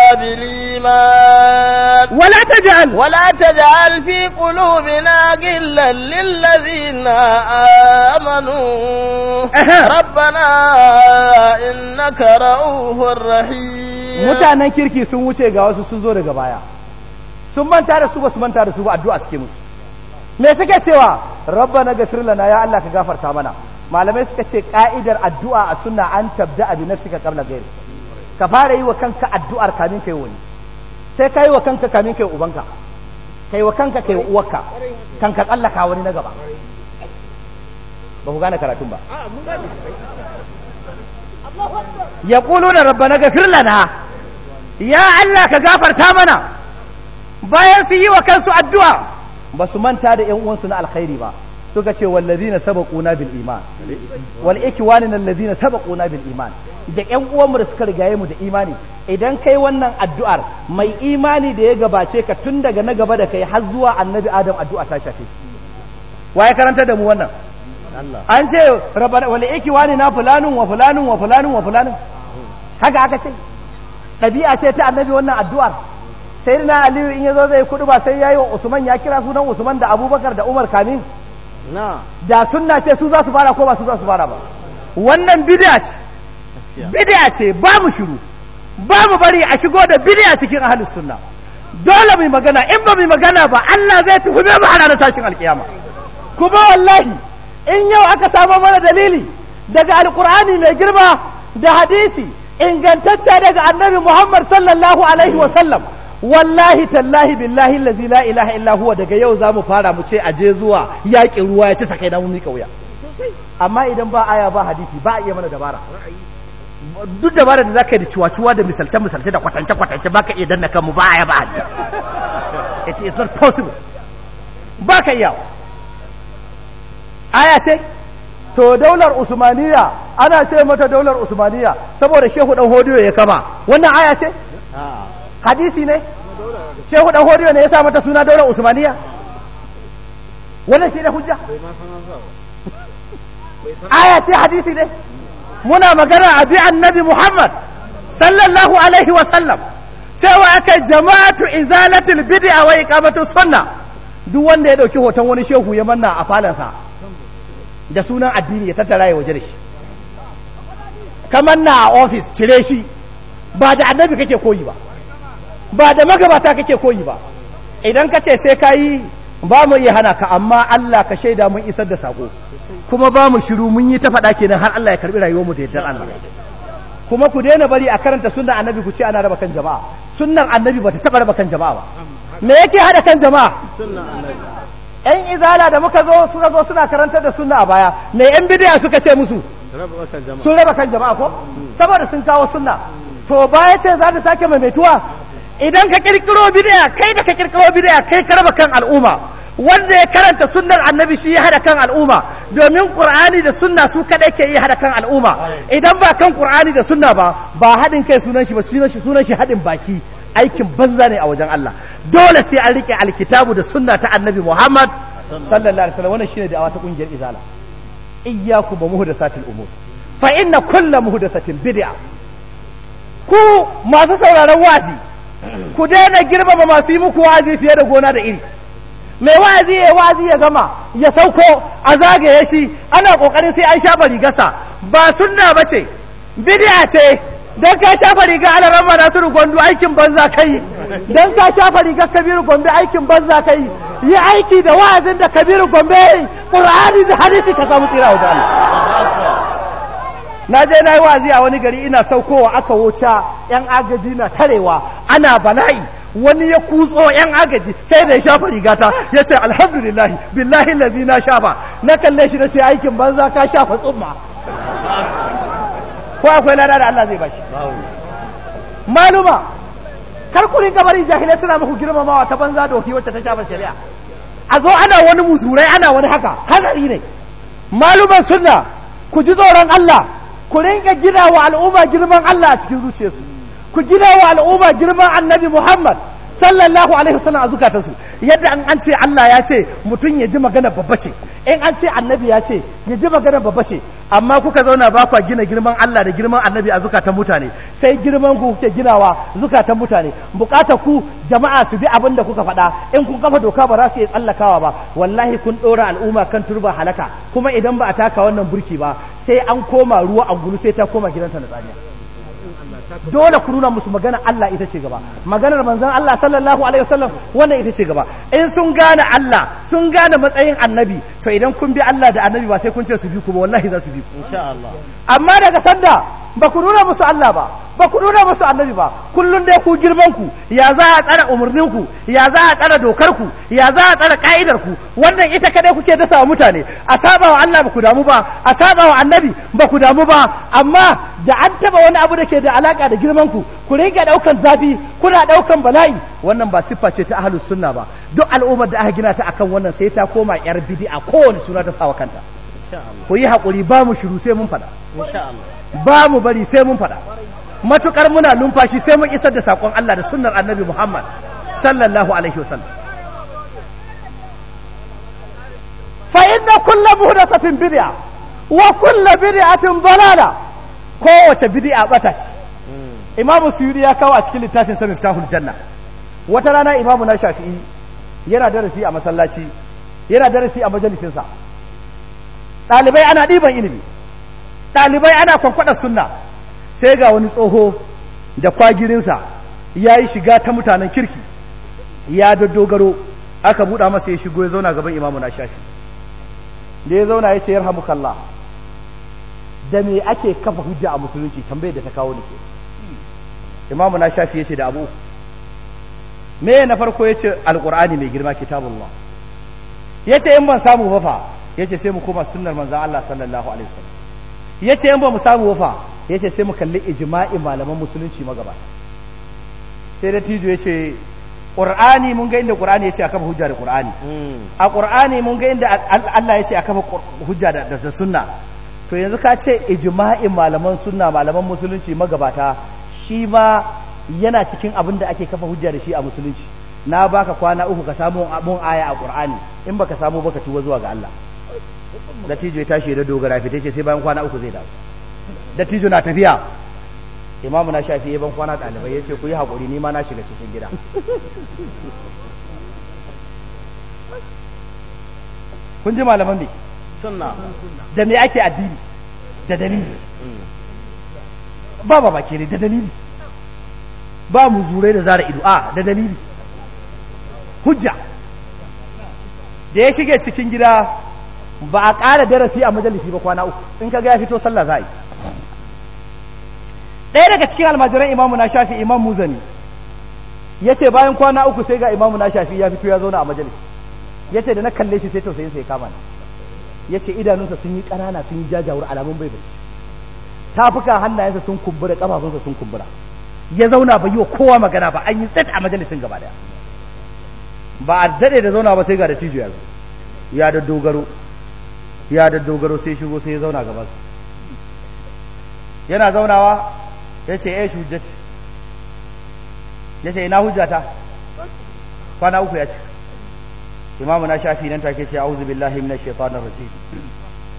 mutanen kirki sun wuce ga wasu sun zo daga baya sun manta da su ba su manta da su ba addu'a suke musu me suke cewa rabbana ghafir lana ya Allah ka gafarta mana malamai suka ce ka'idar addu'a a sunna an tabda abi nafsika qabla ghairi ka fara yi wa kanka addu'ar kamin kai wani sai kai wa kanka kamin kai ubanka kai wa kanka kai uwarka kanka tsallaka wani na gaba ba ku gane karatun ba ya ƙulu na rabba na gafir lana ya Allah ka gafarta mana bayan su yi wa kansu addu'a ba su manta da ‘yan uwansu na alkhairi ba suka ce na wallazina sabaquna bil iman wal na allazina sabaquna bil iman da ƴan uwanmu da suka rigaye mu da imani idan kai wannan addu'ar mai imani da ya gabace ka tun daga na gaba da kai har zuwa annabi adam addu'a ta shafe waye karanta da mu wannan an ce wal na fulanun wa fulanun wa fulanun wa fulanun haka aka ce ɗabi'a ce ta annabi wannan addu'ar sai na aliyu in ya zo zai kudu ba sai ya yi wa usman ya kira sunan usman da abubakar da umar kamin da sunna ce su za su fara ko ba su za su fara ba wannan bid'a ce bid'a ce babu shiru babu bari a shigo da bid'a cikin ahlus sunna dole mu magana in ba mu magana ba Allah zai tuhume mu a tashin alkiyama kuma wallahi in yau aka samu mana dalili daga alkur'ani mai girma da hadisi ingantacce daga annabi Muhammad sallallahu alaihi wa sallam wallahi tallahi billahi lazi la ilaha illa huwa daga yau za mu fara mu ce aje zuwa yaƙin ruwa ya ci sakai na mummi kauya amma idan ba aya ba hadisi ba a iya mana dabara duk dabara da zaka yi da ciwaciwa da misalce misalce da kwatance kwatance baka iya danna kanmu ba aya ba hadisi it is not possible baka iya aya ce to daular usmaniya ana ce mata daular usmaniya saboda shehu dan hodiyo ya kama wannan aya ce hadisi ne shehu dan horiyo ne ya sa mata suna daura usmaniya wannan shi ne hujja aya ce hadisi ne muna magana a bi annabi muhammad sallallahu alaihi wa sallam cewa aka jama'atu izalatul bid'a wa iqamatu sunna duk wanda ya dauki hoton wani shehu ya manna a falansa da sunan addini ya tattara ya waje da shi kamar na a ofis cire shi ba da annabi kake koyi ba ba da magabata kake koyi ba idan ka ce sai ka yi ba mu iya hana ka amma Allah ka shaida mun isar da sako kuma ba mu shiru mun yi ta faɗa kenan har Allah ya karbi rayuwarmu da yaddar Allah kuma ku daina bari a karanta sunnan annabi ku ce ana raba kan jama'a sunnan annabi ba ta taba raba kan jama'a ba me yake hada kan jama'a yan izala da muka zo suka zo suna karantar da sunna a baya me yan bidiya suka ce musu sun raba kan jama'a ko saboda sun kawo sunna to baya ce za ta sake maituwa? idan ka kirkiro bid'a kai da ka kirkiro bid'a kai karba kan al'umma wanda ya karanta sunnar annabi shi ya hada kan al'umma domin qur'ani da sunna su kadai ke yi hada kan al'umma idan ba kan qur'ani da sunna ba ba hadin kai sunan shi ba sunan shi sunan shi hadin baki aikin banza ne a wajen Allah dole sai an rike alkitabu da sunna ta annabi Muhammad sallallahu alaihi wasallam wannan shine da ta kungiyar izala iyyaku bi muhdathatil umur fa inna kullu muhdathatin bid'a ku masu sauraron wazi ku daina girmama masu yi muku wa'azi fiye da gona da iri mai wa'azi ya wa'azi ya gama ya sauko a zagaye shi ana kokarin sai an shafa rigarsa ba sunna ba ce bidiya ce don ka shafa riga ala ramma na su gwandu aikin banza kai don ka shafa riga kabiru gombe aikin banza kai yi aiki da wa'azin da kabiru gombe qur'ani da hadisi ka samu tsira wa na je na yi wazi a wani gari ina saukowa aka wuta yan agaji na tarewa ana bala'i wani ya kutso yan agaji sai da ya shafa rigata ya ce alhamdulillah billahi lazi na shafa na kalle shi na ce aikin banza ka shafa tsumma ko akwai lada da Allah zai bashi maluma karkurin gabarin jahila suna muku girmamawa ta banza doki wacce ta shafa shari'a a zo ana wani musurai ana wani haka hatsari ne maluman sunna ku ji tsoron Allah ku rinka gina wa al'umma girman Allah a cikin zuciyarsu ku gina wa al'umma girman annabi Muhammad sallallahu alaihi wasallam a su yadda an an Allah ya ce mutum ya ji magana babba ce in an ce annabi ya ce ya ji magana babba ce amma kuka zauna ba kwa gina girman Allah da girman annabi a zukatan mutane sai girman ku kuke ginawa zukatan mutane bukatar ku jama'a su bi abin da kuka faɗa in kun kafa doka ba za su iya tsallakawa ba wallahi kun ɗora al'umma kan turba halaka kuma idan ba a taka wannan burki ba sai an koma ruwa a gulu sai ta koma gidanta na tsaniya dole ku nuna musu magana Allah ita ce gaba maganar manzon Allah sallallahu alaihi wasallam wannan ita ce gaba in sun gane Allah sun gane matsayin annabi to idan kun bi Allah da annabi ba sai kun ce su bi ku ba wallahi za su bi insha Allah amma daga sanda ba ku nuna musu Allah ba ba ku nuna musu annabi ba kullun dai ku girman ku ya za a tsara umurnin ku ya za a tsara dokar ku ya za a tsara ka'idar ku wannan ita kadai kuke dasa wa mutane a saba wa Allah ba ku damu ba a saba wa annabi ba ku damu ba amma da an taba wani abu da ke da alaƙa. alaka da girman ku ku rika daukan zafi kuna daukan bala'i wannan ba siffa ce ta ahlus sunna ba duk al'ummar da aka gina ta akan wannan sai ta koma yar bid'a kowane suna ta sawa kanta ku yi hakuri ba mu shiru sai mun fada ba mu bari sai mun fada matukar muna numfashi sai mun isar da sakon Allah da sunnar Annabi Muhammad sallallahu alaihi wasallam fa inna kullu muhdathatin bid'a wa kullu bid'atin dalala kowace bid'a bata ce imamu suyuri ya kawo a cikin littafin sanin tahul janna wata rana imamu na shafi'i yana darasi a masallaci yana darasi a majalisinsa ɗalibai ana ɗiban ilimi ɗalibai ana kwankwaɗa sunna sai ga wani tsoho da kwagirinsa ya yi shiga ta mutanen kirki ya daddogaro aka buɗa masa ya shigo ya zauna gaban imamu na shafi da ya zauna ya ce yarhamukallah da me ake kafa hujja a musulunci tambayar da ta kawo ni ke imamu na shafi yace da abu me na farko yace alqur'ani mai girma kitabullah yace in ban samu ba fa yace sai mu koma sunnar manzon Allah sallallahu alaihi wasallam yace in ba mu samu ba fa yace sai mu kalli ijma'i malaman musulunci magaba sai da tijo yace Qur'ani mun ga inda Qur'ani yace a hujja da Qur'ani hmm. a Qur'ani mun ga inda Allah yace a kafa hujja da sunna to yanzu ka ce ijma'in malaman sunna malaman musulunci magabata shi ma yana cikin abin da ake kafa hujja da shi a musulunci na baka kwana uku ka samu abun aya a qur'ani in baka samu baka tuwa zuwa ga Allah dattijo ya tashi da dogara fita ce sai bayan kwana uku zai dawo dattijo na tafiya imamu na shafi ya ban kwana dalibai ya ce ku yi hakuri ni ma na shiga cikin gida kun ji malaman bi sunna da me ake addini da dalili mm. ba ba bake da dalili ba mu zurai da zara ido a da dalili hujja da ya shige cikin gida ba a ƙara darasi a majalisi ba kwana uku in ka ga ya fito sallah za ɗaya daga cikin almajiran imamu na shafi imam muzani ya ce bayan kwana uku sai ga imamu na shafi ya fito ya zauna a majalisi ya ce da na kalle shi sai tausayin sai kama ya ce idanunsa sun yi ƙanana sun yi jajawar alamun bai bai tafukan hannayensa sun kumbura kafafunsa sun kumbura ya zauna bai yi wa kowa magana ba an yi tsit a majalisin gaba daya ba a daɗe da zauna ba sai ga da tijo ya zo ya da dogaro ya da dogaro sai shigo sai ya zauna gaba su yana zaunawa ya ce eh shujjat ya ce ina hujjata kwana uku ya ce imamu na shafi nan take ce a'udhu billahi minash shaitanir rajim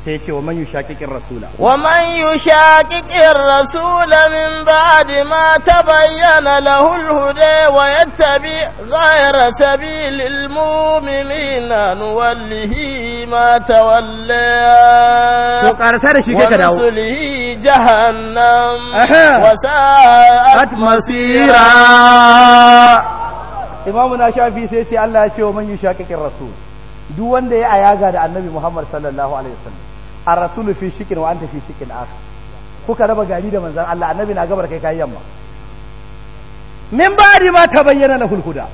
sai ce wa man yushaqiqir rasula wa man yushaqiqir rasula min ba'di ma tabayyana lahu al-huda wa yattabi ghayra sabilil mu'minina nuwallihi ma tawalla to karsa da shi kai ka dawo sulhi jahannam wa sa'at masira imamu na shafi sai sai Allah ya ce wa man yushaqiqir rasul duk wanda ya ayaga da annabi Muhammad sallallahu alaihi wasallam ar-rasulu fi shikin wa anta fi shikin akhar kuka raba gari da manzan Allah annabi na gabar kai kayan yamma min ba'di ma ta bayyana na hulhuda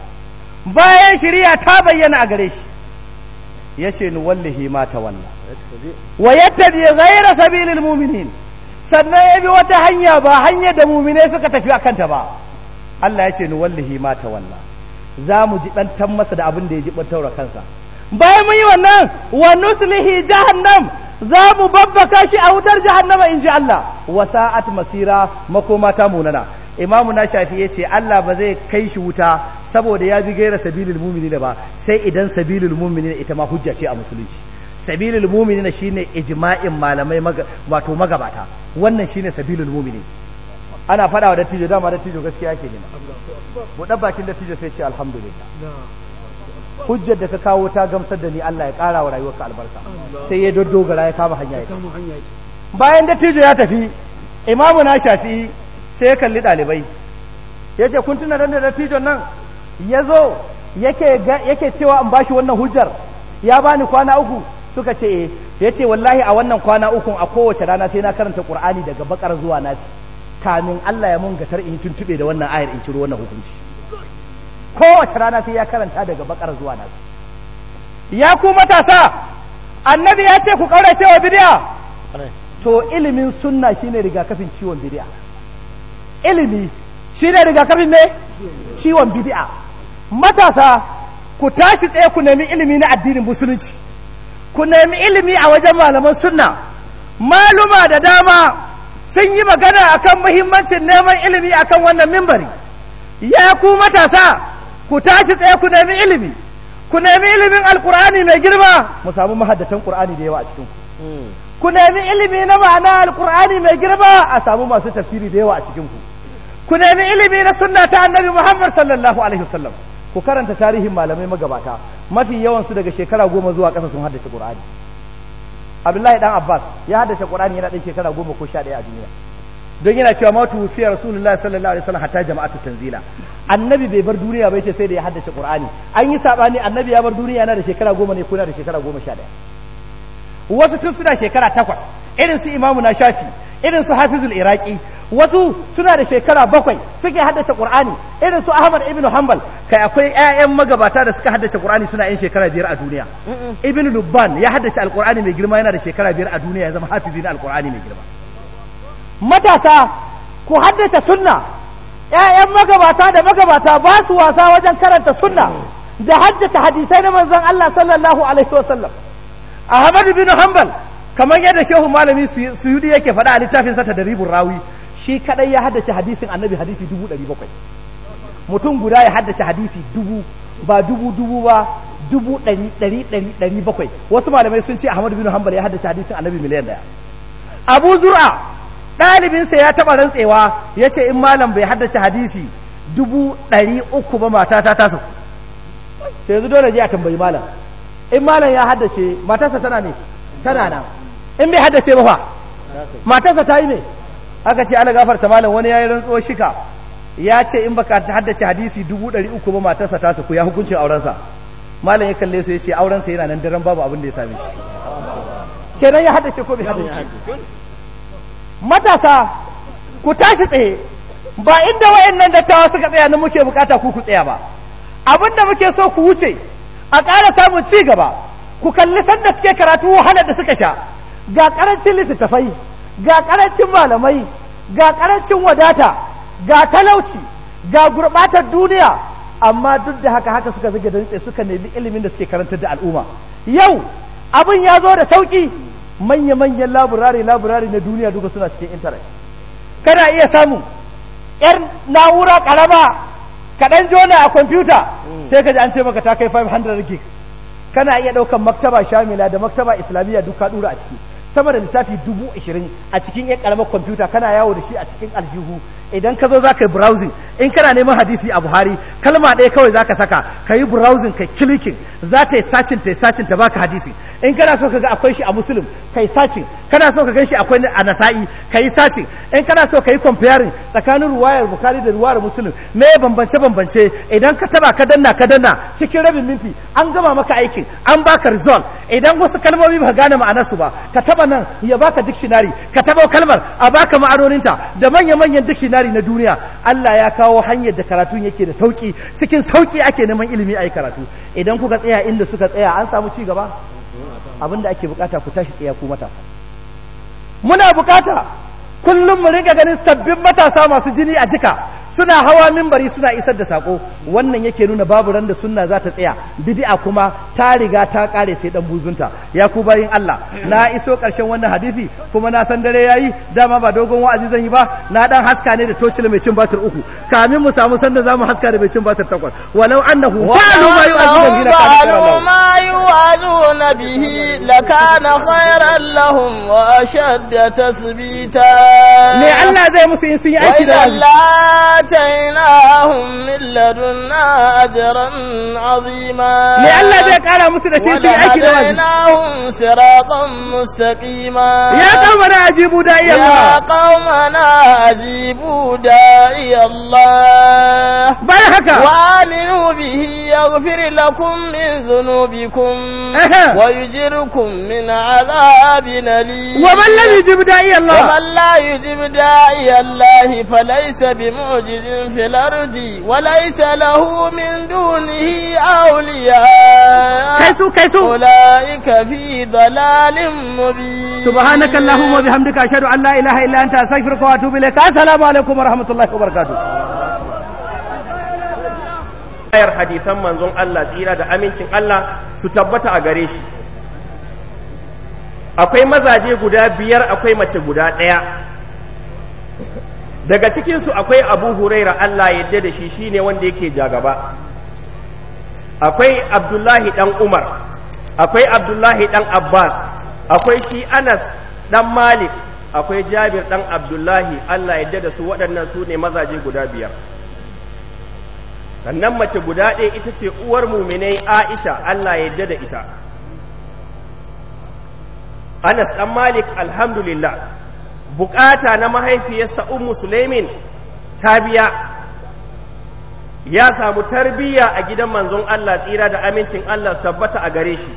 bayan shari'a ta bayyana a gare shi yace ni wallahi ma ta wannan. wa yattabi ghayra sabilil mu'minin sannan ya bi wata hanya ba hanya da mu'mine suka tafi akan ta ba Allah yace ni wallahi ma ta wannan za mu ji bantan masa da abin da ya ji taura kansa bayan mun yi wannan wa nuslihi jahannam za mu babbaka shi a wutar jahannama in ji Allah wasa'at masira makoma ta munana imamu na shafi ya ce Allah ba zai kai shi wuta saboda ya bi gaira sabilil mu'minina ba sai idan sabilil mu'minina ita ma hujja ce a musulunci sabilil mu'minina shine ijma'in malamai wato magabata wannan shine sabilin mu'minin ana fada wa dattijo dama dattijo gaskiya ke nema mu dan bakin dattijo sai ce alhamdulillah hujjar da ka kawo ta gamsar da ni Allah ya ƙara wa rayuwarka albarka sai ya doddogara ya kama hanya ya bayan dattijo ya tafi imamu na shafi sai ya kalli ɗalibai ya ce kun tuna da dattijon nan ya zo yake cewa an bashi wannan hujjar ya bani kwana uku suka ce eh ya ce wallahi a wannan kwana uku a kowace rana sai na karanta ƙur'ani daga bakar zuwa nasi kamin Allah ya mun gatar in tuntube da wannan ayar in ciro wannan hukunci kowace rana sai ya karanta daga bakar zuwa nasu ya ku matasa annabi ya ce ku kaurace wa bidiya to ilimin sunna shine rigakafin ciwon bidiya ilimi shine rigakafin ne ciwon bidiya matasa ku tashi tsaye ku nemi ilimi na addinin musulunci ku nemi ilimi a wajen malaman sunna maluma da dama sun yi magana akan muhimmancin neman ilimi akan wannan mimbari ya ku matasa ku tashi tsaye ku nemi ilimi ku nemi ilimin alkur'ani mai girma mu samu mahaddatan qur'ani da yawa a cikin ku hmm. ku nemi ilimi na ma'ana alkur'ani mai girma a samu masu tafsiri da yawa a cikin ku ku nemi ilimi na sunna ta annabi Muhammad sallallahu alaihi wasallam ku karanta tarihin malamai magabata mafi yawan su daga shekara goma zuwa ƙasa sun haddace qur'ani Abdullahi dan Abbas ya haddace qur'ani yana ɗan shekara goma ko sha ɗaya a duniya don yana cewa matu fi rasulullah sallallahu alaihi hatta jama'atu tanzila annabi bai bar duniya bai ce sai da ya haddace qur'ani an yi sabani annabi ya bar duniya yana da shekara goma ne ko yana da shekara goma sha daya wasu tun suna shekara takwas irin su imamu na shafi irin su hafizul iraki wasu suna da shekara bakwai suke haddace qur'ani irin su ahmad ibnu hanbal kai akwai ƴaƴan magabata da suka haddace qur'ani suna yin shekara biyar a duniya ibnu lubban ya haddace alqur'ani mai girma yana da shekara biyar a duniya ya zama hafizi na alqur'ani mai girma matasa ku haddace sunna ƴaƴan magabata da magabata ba su wasa wajen karanta sunna da haddata hadisai na manzon Allah sallallahu alaihi wasallam Ahmad bin Hanbal kamar yadda shehu malami suyudi yake faɗa a littafin sa ribun rawi shi kadai ya haddace hadisin annabi hadisi dubu ɗari bakwai mutum guda ya haddace hadisi dubu ba dubu dubu ba dubu ɗari ɗari ɗari ɗari bakwai wasu malamai sun ce ahmad bin hanbal ya haddace hadisin annabi miliyan ɗaya abu zur'a ɗalibinsa ya taɓa rantsewa ya ce in malam bai haddace hadisi dubu ɗari uku ba matata ta sauku sai yanzu dole je a tambayi malam in malam ya haddace matarsa tana ne tana na in bai haddace ba fa matarsa ta yi ne aka ce ana gafarta malam wani ya yi rantsuwar shika ya ce in baka haddace hadisi dubu ɗari uku ba matarsa ta sauku ya hukuncin aurensa malam ya kalle su ya ce aurensa yana nan daren babu abin da ya same kenan ya haddace ko bai haddace matasa ku tashi tsaye ba inda wayannan dattawa suka tsaya na muke bukata ku ku tsaya ba abinda muke so ku wuce a ƙara samun ci gaba ku kalli sanda suke karatu wahala da suka sha ga ƙarancin littattafai ga karancin malamai ga ƙarancin wadata ga talauci ga gurɓatar duniya amma duk da haka haka suka zage dantse suka nemi ilimin da suke karantar da al'umma yau abin ya zo da sauƙi manya-manyan laburare-laburare na duniya duka suna cikin intanet kana iya samu yar na'ura karama kaɗan jona a kwamfuta mm. sai ka ji an ce maka ta kai 500 gig kana iya ɗaukan maktaba shamila da maktaba islamiyya duka ɗura a ciki sama da lissafi dubu ashirin a cikin yan karamar kwamfuta kana yawo da shi a cikin aljihu idan ka zo za ka yi browsing in kana neman hadisi a buhari kalma ɗaya kawai za ka saka ka yi browsing ka kilikin za ta yi sacin ta yi sacin ta baka hadisi in kana so ka ga akwai shi a musulun ka yi sacin kana so ka gan shi akwai a nasa'i ka yi sacin in kana so ka yi comparing tsakanin ruwayar bukari da ruwayar musulun me bambance bambance idan ka taba ka danna ka danna cikin rabin minti an gama maka aikin an baka result idan wasu kalmomi ba gane ma'anarsu ba ka taba kalmar nan ya baka dictionary ka tabo kalmar a baka ma'anoninta da manya manyan dictionary na duniya Allah ya kawo hanyar da karatun yake da sauki cikin sauki ake neman ilimi ayi karatu idan kuka tsaya inda suka tsaya an samu ci gaba abinda ake bukata ku tashi tsaya ku matasa muna bukata kullum mu rinka ganin sabbin matasa masu jini a jika suna hawa mimbari suna isar da sako wannan yake nuna babu ran da sunna za ta tsaya bid'a kuma ta riga ta kare sai dan buzunta ya ku bayin Allah na iso karshen wannan hadisi kuma na san dare yayi dama ba dogon wa'azi zan yi ba na dan haska ne da tocila mai cin batir uku kamin mu samu sanda zamu haska da mai cin batir takwas walau annahu qalu ma yu'azuna bihi lakana khayran lahum wa ashadda tasbita. me Allah zai musu in sun yi aiki da wazi latainahum me Allah zai kara musu da shi sun yi aiki da wazi latainahum siratan mustaqima ya qaumana ajibu da'i Allah ya qaumana ajibu iya Allah bar haka wa aminu bihi yaghfir lakum min zunubikum. wa yujirkum min azabin alim wa man lam da iya Allah wa man يجب داعي الله فليس بمعجز في الأرض وليس له من دونه أولياء كيسو كيسو أولئك في ضلال مبين سبحانك اللهم وبحمدك أشهد أن لا إله إلا أنت أستغفرك وأتوب إليك السلام عليكم ورحمة الله وبركاته ayar hadisan manzon Allah tsira da amincin Allah su tabbata a gare shi akwai mazaje guda biyar akwai mace guda ɗaya daga cikinsu akwai abu huraira Allah yadda da shi shine wanda yake jagaba akwai abdullahi ɗan umar akwai abdullahi ɗan abbas akwai shi anas ɗan malik akwai jabir ɗan abdullahi Allah yadda da su waɗannan su ne mazaje guda biyar sannan mace guda ɗaya ita ce uwar muminai aisha Allah yadda da ita Anas ɗan Malik alhamdulillah bukata na mahaifiyarsa Ummu Sulaimin ta biya ya samu tarbiyya a gidan manzon Allah tsira da amincin Allah tabbata a gare shi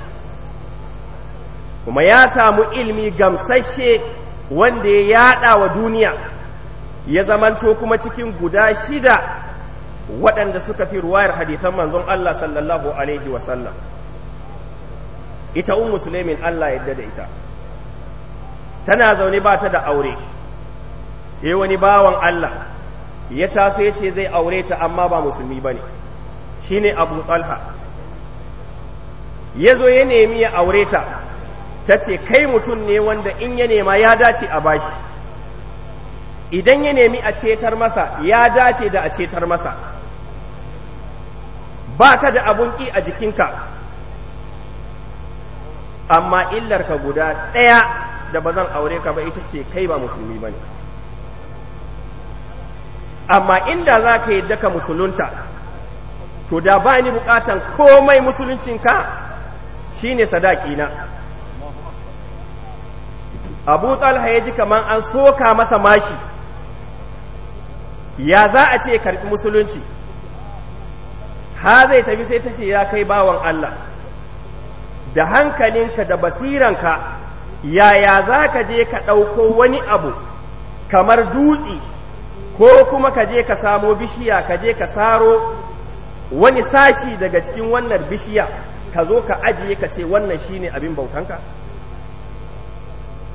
kuma ya samu ilmi gamsashe wanda ya yada wa duniya ya zamanto kuma cikin guda shida waɗanda suka fi ruwayar hadisan manzon Allah sallallahu alaihi wasallam ita ummu sulaimin Allah yadda da ita tana zaune ba ta da aure sai wani bawan Allah ya taso ya ce zai aure ta amma ba musulmi ba ne shi ne abu tsalha ya zo ya nemi ya aure ta ta ce kai mutum ne wanda in ya nema ya dace a bashi idan ya nemi a cetar masa ya dace da a cetar masa ba ka da abun ƙi a jikinka amma illarka guda ɗaya da ba zan aure ka ba ita ce kai ba musulmi ba ne amma inda za ka yi daka musulunta to da ba ni bukatan komai musuluncinka shi ne sadakina abu talha ya ji kamar an soka masa mashi ya za a ce karɓi musulunci ha zai tafi sai ta ce ya kai bawan Allah da hankalinka da basiranka yaya za ka je ka ɗauko wani abu kamar dutse ko kuma ka je ka samo bishiya ka je ka saro wani sashi daga cikin wannan bishiya ka zo ka ajiye ka ce wannan shine abin bautanka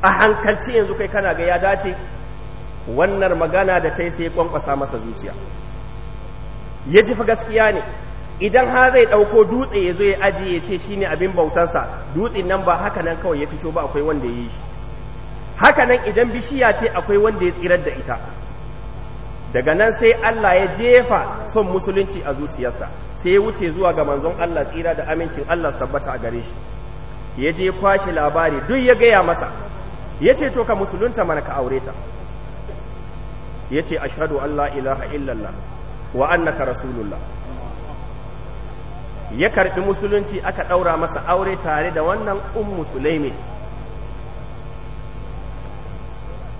a hankalci yanzu kai kana ga ya dace wannan magana da ta yi sai kwankwasa masa zuciya ya jifa gaskiya ne idan ha zai ɗauko dutse ya zo ya ajiye ya ce shine abin bautansa, dutsen nan ba haka nan kawai ya fito ba akwai wanda ya yi shi haka nan idan bishiya ce akwai wanda ya tsirar da ita daga nan sai Allah ya jefa son musulunci a zuciyarsa sai ya wuce zuwa ga manzon Allah tsira da amincin Allah tabbata a gare shi ya je kwashe labari duk ya gaya masa ya ce to ka musulunta mana ka aure ta ya ce ashadu Allah ilaha illallah wa annaka rasulullah ya karɓi musulunci aka ɗaura masa aure tare da wannan ummu sulaimi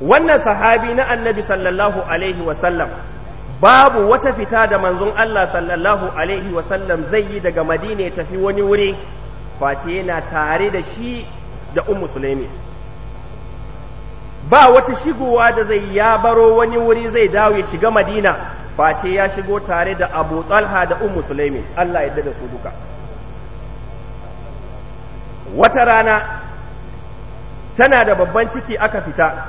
wannan sahabi na annabi sallallahu alaihi wasallam babu wata fita da manzon Allah sallallahu alaihi wasallam zai yi daga madina ya tafi wani wuri face yana tare da shi da ummu sulaimi ba wata shigowa da zai ya baro wani wuri zai dawo ya shiga madina face ya shigo tare da abu talha da ummu sulaimi allah yadda da su duka wata rana tana da babban ciki aka fita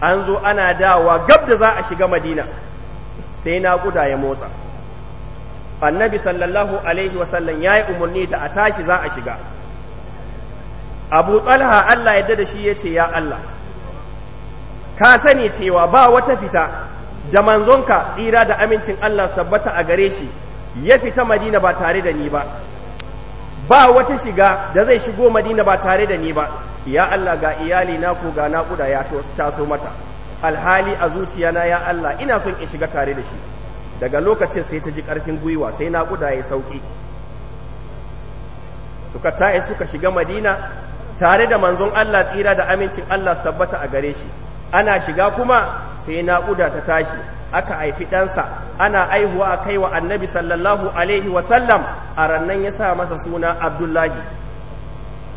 an zo ana dawa gab da za a shiga madina sai naƙuda ya motsa annabi sallallahu alaihi wasallam ya yi umarni da a tashi za a shiga abu talha Allah yadda da shi ya ce ya Allah ka sani cewa ba wata fita da manzonka tsira da amincin Allah sabbata a gare shi ya fita madina ba tare da ni ba ba wata shiga da zai shigo madina ba tare da ni ba ya Allah ga iyali na ko ga naƙuda ya taso mata alhali a zuciyana ya Allah ina son in shiga tare da shi daga lokacin sai ta ji ƙarfin gwiwa sai naƙuda ya sauƙi suka ta'i suka shiga madina tare da manzon Allah tsira da amincin Allah su tabbata a gare shi ana shiga kuma sai naƙuda ta tashi aka haifi ɗansa ana aihuwa a kai wa annabi sallallahu alaihi wasallam a rannan ya sa masa suna abdullahi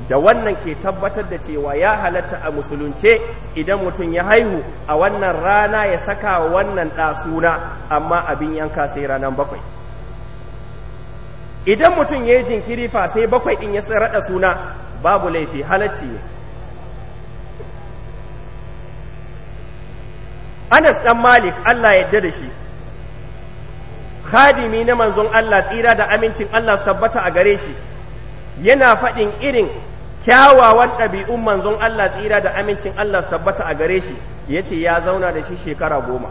da wannan ke tabbatar da cewa ya halatta a musulunce idan mutum ya haihu a wannan rana ya saka wa wannan ɗa suna amma abin yanka sai ranar bakwai idan mutum ya yi jinkiri fa sai bakwai in ya raɗa suna babu laifi halacci ne anas dan malik allah yadda da shi khadimi na manzon allah tsira da amincin allah tabbata a gare shi yana faɗin irin kyawawan ɗabi'un manzon allah tsira da amincin allah tabbata a gare shi yace ya zauna da shi shekara goma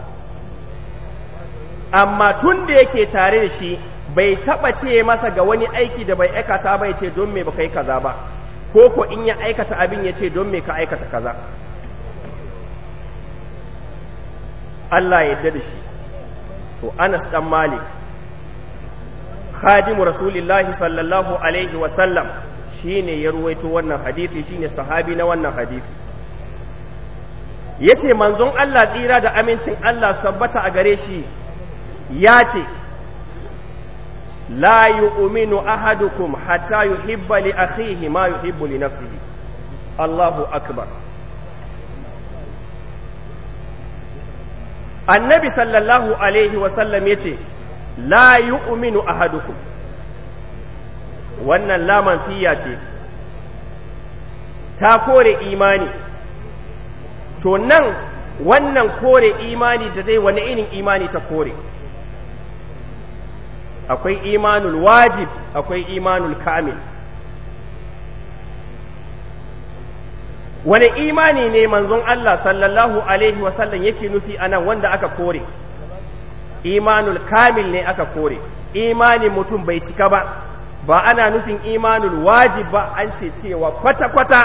amma tun da yake tare da shi bai taɓa ce masa ga wani aiki da bai aikata bai ce don me baka yi kaza ba ko ko in ya aikata abin ya ce don me ka aikata kaza Allah ya yarda da shi to Anas dan Malik khadimu rasulillahi sallallahu alaihi wa sallam shine ya ruwaito wannan hadisi shine sahabi na wannan hadisi yace manzon Allah tsira da amincin Allah tabbata a gare shi ya ce la yu'minu ahadukum hatta yuhibba li akhihi ma yuhibbu li Allahu akbar Annabi sallallahu alaihi wa sallam yace la yu'minu ahadukum wannan laman fiya ce ta kore imani to nan wannan kore imani da dai wani irin imani ta kore akwai imanul wajib akwai imanul kamil wani imani ne manzon Allah sallallahu alaihi wasallam yake nufi anan wanda aka kore imanul kamil ne aka kore imani mutum bai cika ba ba ana nufin imanul wajib ba an ce cewa kwata-kwata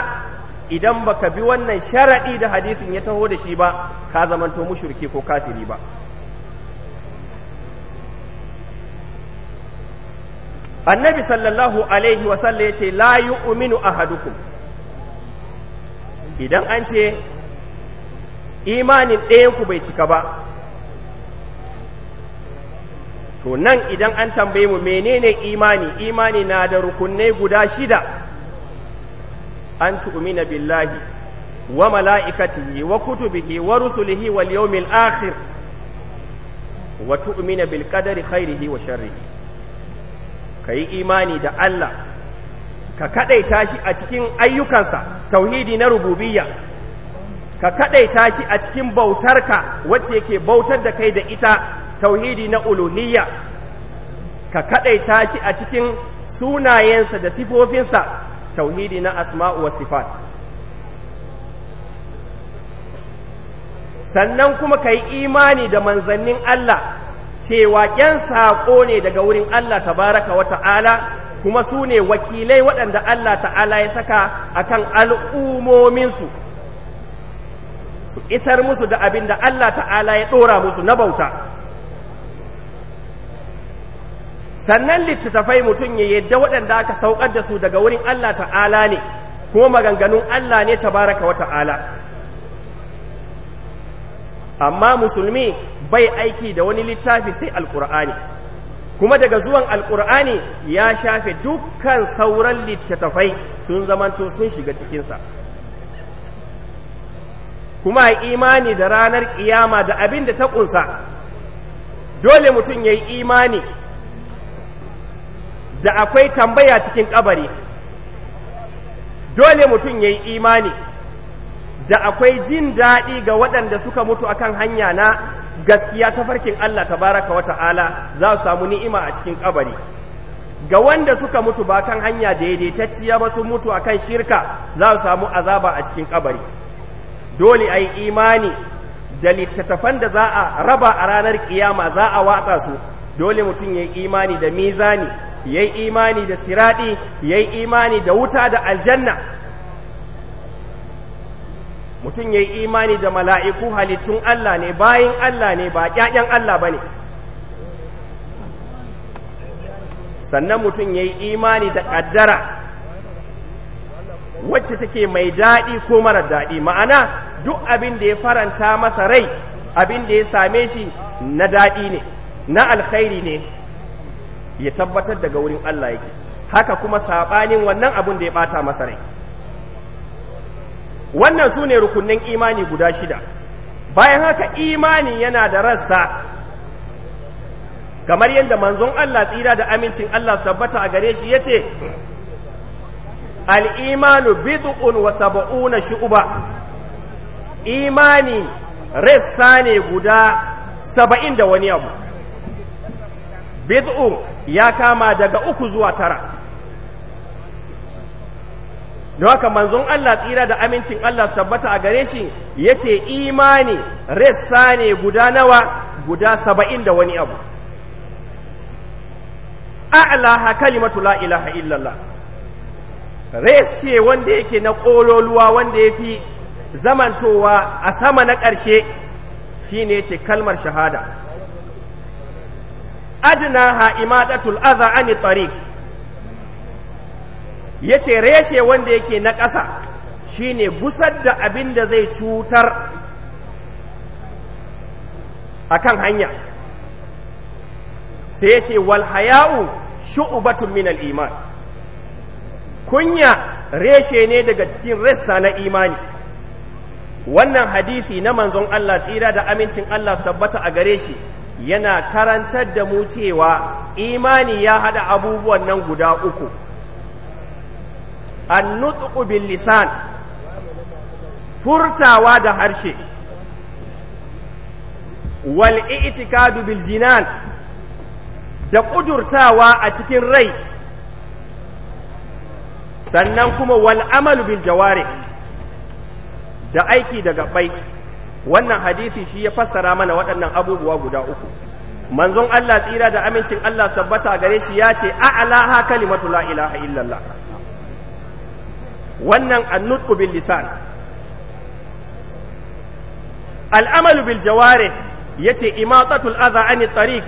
idan baka bi wannan sharaɗi da hadisin ya taho da shi ba ka zamanto mushriki ko kafiri ba annabi sallallahu alaihi wasallam ya ce la yu'minu ahadukum idan an ce imanin ɗayanku bai cika ba to nan idan an tambaye mu menene imani imani na da rukunai guda shida an tu'mina billahi wa mala'ikatihi wa kutubihi wa rusulihi wal yawmil akhir wa tu'mina bil qadari khairihi wa sharrihi ka yi imani da Allah ka kaɗaita shi a cikin ayyukansa tauhidi na rububiyya ka kaɗaita shi a cikin bautarka wacce yake bautar da kai da ita tauhidi na uluhiyya ka kaɗaita shi a cikin sunayensa da sifofinsa tauhidi na asma'u wa sifat sannan kuma ka yi imani da manzannin Allah cewa ƴan saƙo ne daga wurin Allah tabaraka wa ta'ala kuma su ne wakilai waɗanda Allah ta'ala ya saka a kan al'umominsu su isar musu da abin da Allah ta'ala ya ɗora musu na bauta sannan littattafai mutum ya yadda waɗanda aka saukar da su daga wurin Allah ta'ala ne kuma maganganun Allah ne tabaraka wa ta'ala amma musulmi bai aiki da wani littafi sai alkur'ani kuma daga zuwan alkur'ani ya shafe dukkan sauran littattafai sun zamanto sun shiga cikinsa kuma imani da ranar kiyama da abin da ta ƙunsa dole mutum ya yi imani da akwai tambaya cikin kabari dole mutum ya yi imani da akwai jin daɗi ga waɗanda suka mutu akan hanya na gaskiya ta farkin Allah tabaraka wa ta'ala za su samu ni'ima a cikin ƙabari. ga wanda suka mutu ba kan hanya daidaitacciya ba su mutu akan shirka za su samu azaba a cikin ƙabari. dole yi imani da littattafan da za a raba a ranar ƙiyama za a watsa su dole mutum ya yi imani da mizani ya yi imani da siraɗi ya yi imani da wuta da aljanna mutum ya yi imani da mala'iku halittun Allah ne bayan Allah ne ba ƙyaƙen Allah ba ne sannan mutum ya yi imani da ƙaddara wacce take mai daɗi ko marar daɗi ma'ana duk abin da ya faranta masa rai abin da ya same shi na daɗi ne na alkhairi ne ya tabbatar daga wurin Allah yake haka kuma saɓanin wannan abin da ya ɓata masa rai wannan su ne rukunin imani guda shida bayan haka imani yana da rassa kamar yadda manzon Allah tsira da amincin Allah tabbata a gare shi yace al-imanu bid'un wa sab'una shu'ba imani rassa ne guda saba'in da wani abu bid'u ya kama daga uku zuwa tara da haka manzon Allah tsira da amincin Allah tabbata a gare shi ya ce imani rassa ne guda nawa guda saba'in da wani abu a'laha kalimatu la ilaha illallah res ce wanda yake na ƙololuwa wanda ya fi zamantowa a sama na ƙarshe shine ce kalmar shahada adnaha imadatul aza ani tariq ya ce reshe wanda yake na ƙasa shine gusar da abin da zai cutar a kan hanya sai ya ce walhaya'u shu'ubatun minal iman kunya reshe ne daga cikin resta na imani wannan hadisi na manzon Allah tsira da amincin Allah su tabbata a gare shi yana karantar da mu cewa imani ya hada abubuwan nan guda uku annutsuku bil lisan furtawa da harshe wal i'tikadu bil jinan da kudurtawa a cikin rai sannan kuma wal amalu bil jawari da aiki daga gabai wannan hadisi shi ya fassara mana waɗannan abubuwa guda uku manzon Allah tsira da amincin Allah sabbata gare shi ya ce a'laha kalimatu la ilaha illallah wannan annutku bil lisan al'amalu bil jawarih yace imatatul adha ani tariq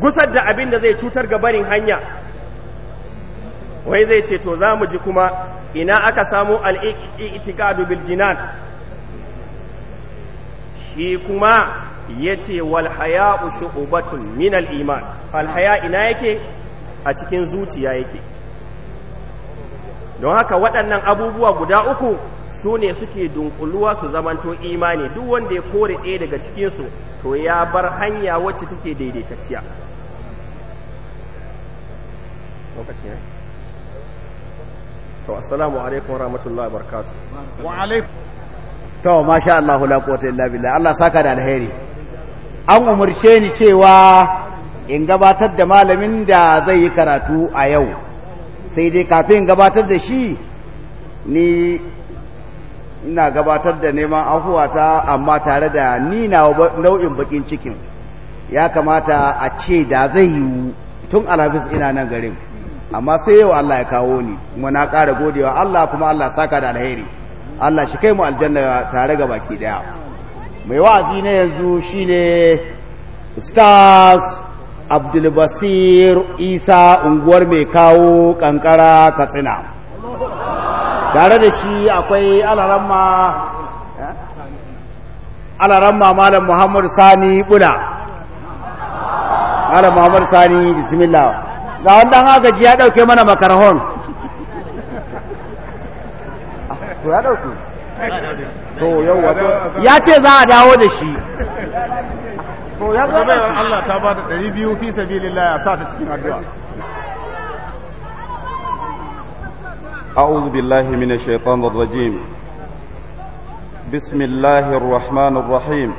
gusar da abin da zai cutar ga barin hanya wai zai ce to za mu ji kuma ina aka samu al'itikadu bil jinan shi kuma ya ce walhaya ushu min al'iman alhaya ina yake a cikin zuciya yake don haka waɗannan abubuwa guda uku su ne suke dunkuluwa su zamanto imani duk wanda ya kore ɗaya daga cikinsu to ya bar hanya wacce take daidaitacciya to assalamu alaikum wa rahmatullahi Allah saka da alheri an umarce ni cewa in gabatar da malamin da zai yi karatu a yau sai dai kafin gabatar da shi ni ina gabatar da neman ta amma tare da ni na nau'in bakin cikin ya kamata a ce da zai yiwu tun alhamis ina nan garin amma sai yau Allah ya kawo ni kuma na ƙara godewa Allah kuma Allah saka da alheri Allah shi kai mu aljanna tare ga baki daya mai wa'azi na yanzu shine stars abdulbasir isa unguwar mai kawo kankara katsina tare da shi akwai alaramma eh? malam muhammad sani bula malam muhammad sani bismillah ga haka ji ya dauke mana makarhon ya to ya ce za a dawo da shi rabayar Allah ta ba ta ɗari biyu fi sabili laya sa ta cikin addu’a. A’udu billahi shaitan da rajim, bismillahir rahmanir rahim,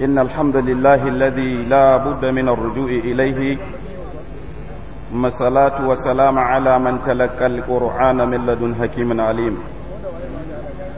alhamdulillahi lalazi la buɗe min arruju’i ilaihi, masalatu wa salama talakal ƙor'ana min ladun hakimin alim.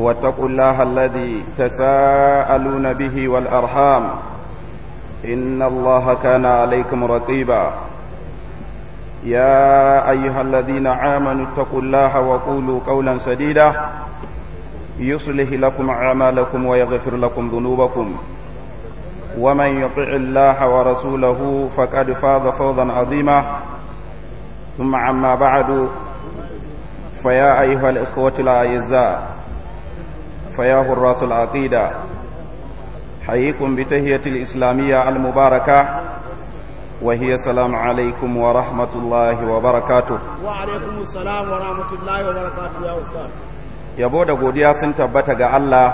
واتقوا الله الذي تساءلون به والأرحام إن الله كان عليكم رقيبا يا أيها الذين آمنوا اتقوا الله وقولوا قولا سديدا يصلح لكم أعمالكم ويغفر لكم ذنوبكم ومن يطع الله ورسوله فقد فاز فوزا عظيما ثم عما بعد فيا أيها الإخوة الأعزاء فيا حراس العقيدة حييكم بتهية الإسلامية المباركة وهي السلام عليكم ورحمة الله وبركاته وعليكم السلام ورحمة الله وبركاته يا أستاذ yabo da godiya sun tabbata ga Allah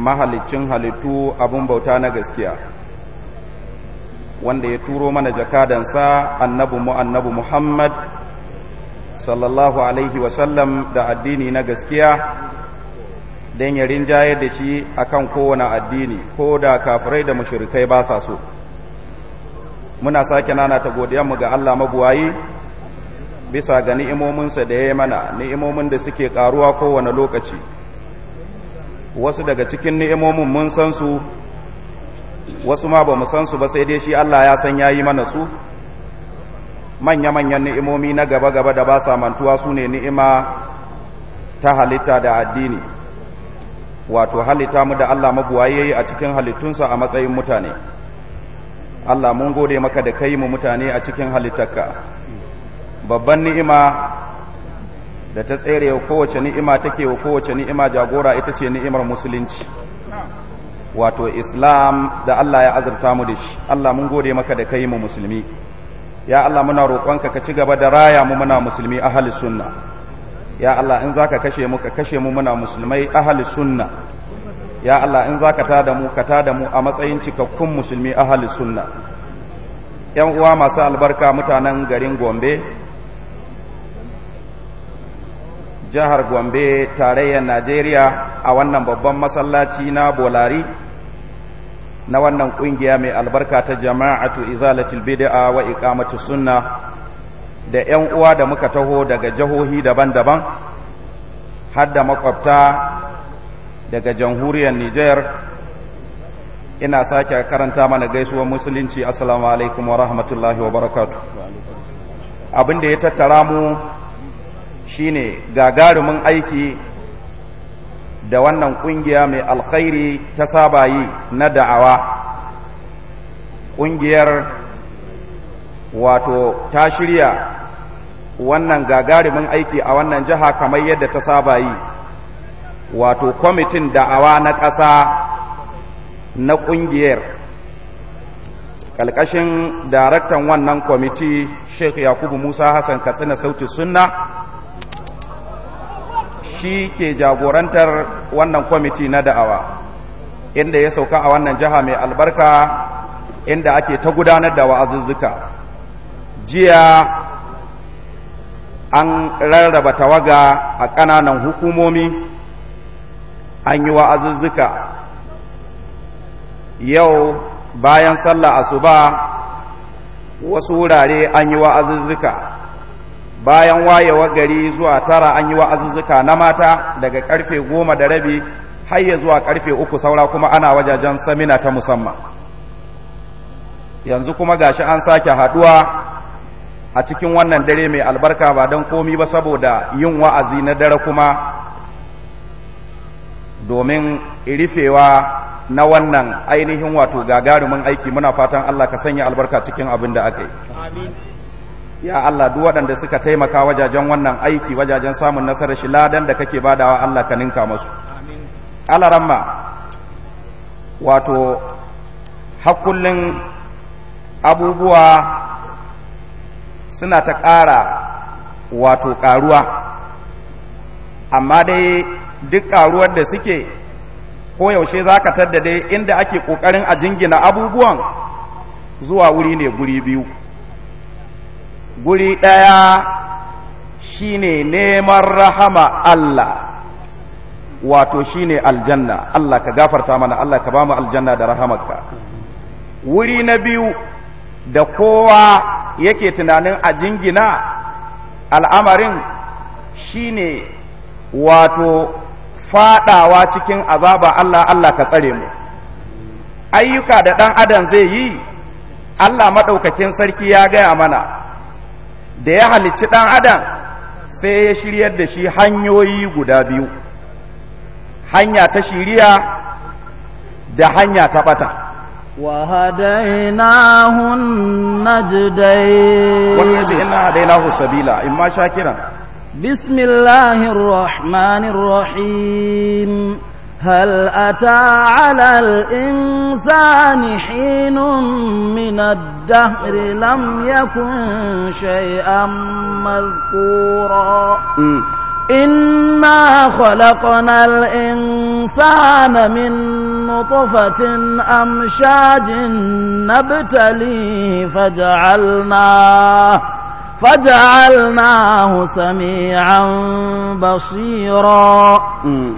mahaliccin halittu abun bauta na gaskiya wanda ya turo mana jakadansa annabi mu annabi Muhammad sallallahu alaihi wasallam da addini na gaskiya don ya rinjayar da shi akan kowane addini ko da kafirai da mushrikai ba sa so muna sake nana ta mu ga Allah mabuwayi bisa ga ni'imominsa da ya yi mana ni'imomin da suke karuwa kowane lokaci wasu daga cikin ni'imomin mun san su wasu ma ba mu san su ba sai dai shi Allah ya san yayi mana su manya-manyan ni'imomi na gaba-gaba da ba sa mantuwa su ne ni'ima ta halitta da addini wato halitta mu da Allah mabuwaye yayi a cikin halittunsa a matsayin mutane Allah mun gode maka da kai mu mutane a cikin halittarka babban ni'ima da ta tsere kowace ni'ima take wa kowace ni'ima jagora ita ce ni'imar musulunci wato islam da Allah ya azurta mu da shi Allah mun gode maka da kai mu musulmi ya Allah muna roƙonka ka ci gaba da raya mu muna musulmi ahli sunna ya Allah in zaka kashe mu ka kashe mu muna musulmai ahli sunna ya Allah in zaka tada mu ka tada mu a matsayin cikakkun musulmi ahli sunna yan uwa masu albarka mutanen garin Gombe jihar Gombe tarayyar Najeriya a wannan babban masallaci na Bolari na wannan kungiya mai albarka ta jama'atu izalatul bid'a wa iqamatus sunna da 'yan uwa da muka taho daga jihohi daban-daban har da makwabta daga jamhuriyar Nijar ina sake karanta mana gaisuwar musulunci assalamu alaikum wa rahmatullahi wa barakatu abin da ya tattara mu shine gagarumin aiki da wannan kungiya mai alkhairi ta sabayi na da'awa kungiyar wato ta shirya wannan gagarumin aiki a wannan jiha kamar yadda ta saba yi wato kwamitin da'awa na ƙasa na ƙungiyar ƙalƙashin daraktan wannan kwamiti sheikh yakubu musa hassan katsina sauti sunna shi ke jagorantar wannan kwamiti na da'awa inda ya sauka a wannan jiha mai albarka inda ake ta gudanar da wa'azuzzuka jiya an rarraba tawaga a ƙananan hukumomi an yi wa'azuzzuka yau bayan sallah asuba wasu wurare an yi wa'azuzzuka bayan wayewa gari zuwa tara an yi wa'azuzzuka na mata daga karfe goma da rabi hayya zuwa karfe uku saura kuma ana wajajen samina ta musamman yanzu kuma gashi an sake haduwa a cikin wannan dare mai albarka ba don komi ba saboda yin wa'azi na dare kuma domin rufewa na wannan ainihin wato gagarumin aiki muna fatan Allah ka sanya albarka cikin abin da aka yi ya Allah duk waɗanda suka taimaka wajajen wannan aiki wajajen samun nasarar shi ladan da kake badawa Allah ka ninka masu alaramma wato hakullin abubuwa suna ta ƙara wato ƙaruwa amma dai duk ƙaruwar da suke koyaushe za ka taddade inda ake ƙoƙarin a jingina abubuwan zuwa wuri ne guri biyu guri ɗaya shi ne neman rahama Allah wato shi ne aljanna Allah ka gafarta mana Allah ka ba mu aljanna da rahamarka wuri na biyu da kowa yake tunanin a jingina al'amarin shi ne wato fadawa cikin azaba Allah Allah ka tsare mu ayyuka da ɗan adam zai yi Allah maɗaukakin sarki ya gaya mana da ya halicci ɗan adam sai ya shiryar da shi hanyoyi guda biyu hanya ta shiriya da hanya ta ɓata وهديناه النجدين والذي إنا هديناه سبيلا إما شاكرا بسم الله الرحمن الرحيم هل أتى على الإنسان حين من الدهر لم يكن شيئا مذكورا إنا خلقنا الإنسان من نطفة أمشاج نبتلي فجعلناه فجعلناه سميعا بصيرا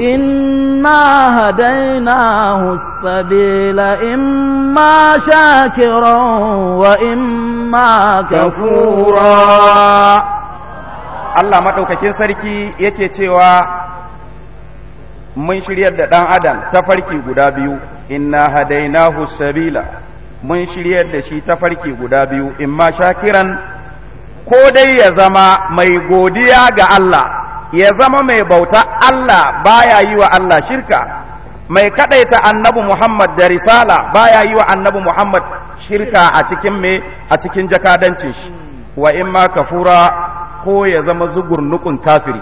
إنا هديناه السبيل إما شاكرا وإما كفورا الله Allah maɗaukakin sarki yake cewa mun shiryar da ɗan adam ta farki guda biyu inna hadainahu sabila mun shiryar da shi ta farki guda biyu In sha shakiran ko dai ya zama mai godiya ga Allah ya zama mai bauta Allah baya yi wa Allah shirka mai kadaita annabi Muhammad da risala baya yi wa annabi Muhammad shirka a cikin me a cikin jakadancin shi wa kafura ko ya zama zugurnukun kafiri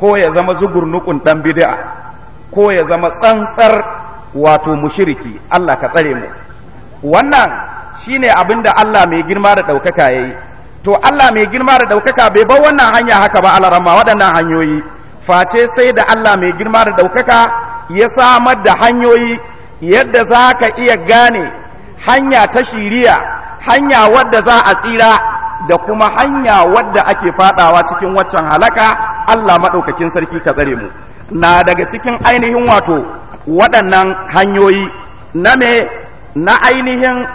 ko ya zama zugurnukun dan bid'a ko ya zama tsantsar wato mushiriki Allah ka tsare mu wannan shine abinda Allah mai girma da ɗaukaka ya to Allah mai girma da ɗaukaka bai bar wannan hanya haka ba alarama waɗannan hanyoyi face sai da Allah mai girma da ɗaukaka ya samar da hanyoyi yadda za ka iya gane hanya ta shiriya hanya wadda za a tsira da kuma hanya wadda ake fadawa cikin waccan halaka Allah madaukakin sarki ka tsare mu na daga cikin ainihin wato waɗannan hanyoyi na me na ainihin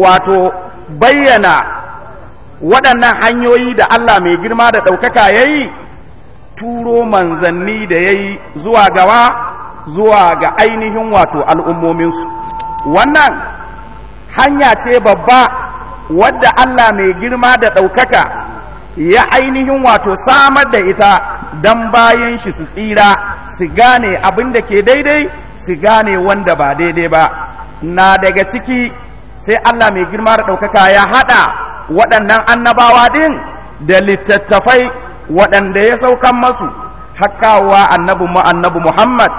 wato bayyana waɗannan hanyoyi da Allah mai girma da ɗaukaka ya yi turo manzanni da ya yi zuwa gawa zuwa ga ainihin wato al'ummominsu wannan hanya ce babba wadda Allah mai girma da ɗaukaka ya ainihin wato samar da ita don bayan shi su tsira su gane abin da ke daidai su gane wanda ba daidai ba na daga ciki sai Allah mai girma da ɗaukaka ya haɗa waɗannan annabawa ɗin da littattafai waɗanda ya saukan masu hakawa annabi mu Muhammad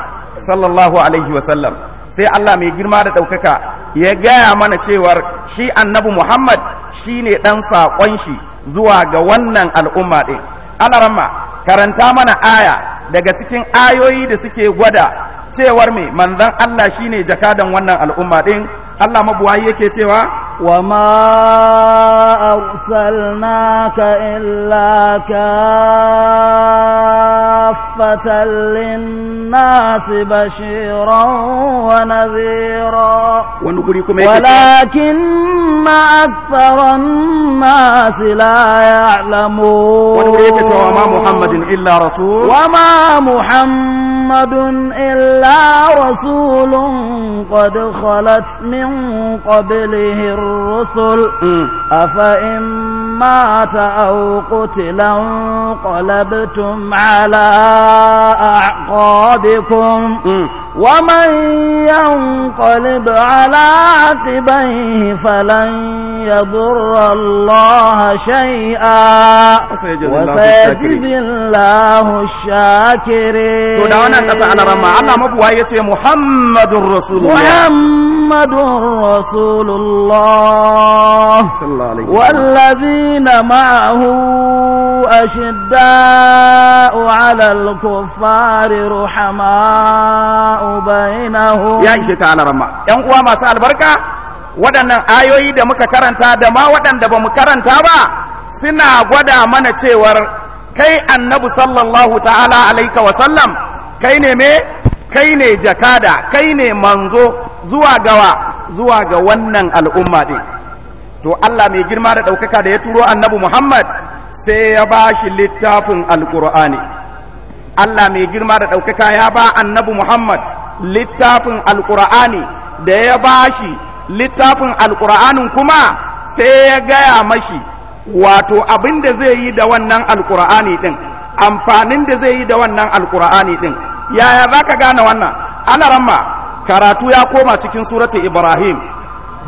sallallahu alaihi wasallam sai Allah mai girma da ɗaukaka ya gaya mana cewar shi annabi Muhammad shi ne ɗan saƙon shi zuwa ga wannan al'umma ɗin. ramma, karanta mana aya daga cikin ayoyi da suke gwada cewar mai manzan Allah shi ne jakadan wannan al'umma ɗin, Allah mabuwayi yake cewa, وما أرسلناك إلا كافة للناس بشيرا ونذيرا ولكن أكثر الناس لا يعلمون وما محمد إلا رسول وما محمد إلا رسول قد خلت من قبله الرسول الرسل أفإن مات أو قتلا انقلبتم على أعقابكم ومن ينقلب على عقبيه فلن يضر الله شيئا وسيجزي الله الشاكرين. محمد رسول الله. محمد محمد رسول الله والذين معه أشداء على الكفار رحماء بينهم يا رمى ينقوى ما سأل بركة waɗannan ayoyi da muka karanta da ma waɗanda ba mu karanta ba suna gwada mana cewar kai annabi s.a. kai ne me kai ne jakada kai ne manzo zuwa gawa zuwa ga wannan al'umma ɗin to Allah mai girma da ɗaukaka da ya turo annabi Muhammad sai ya ba shi littafin alƙur'ani Allah mai girma da ɗaukaka ya ba annabi Muhammad littafin alƙur'ani da ya ba shi littafin alƙur'anin kuma sai ya gaya mashi wato abin da zai yi da wannan alƙur'ani ɗin amfanin da zai yi da wannan alƙur'ani ɗin yaya za ka gane wannan ana ramma karatu ya koma cikin surata ibrahim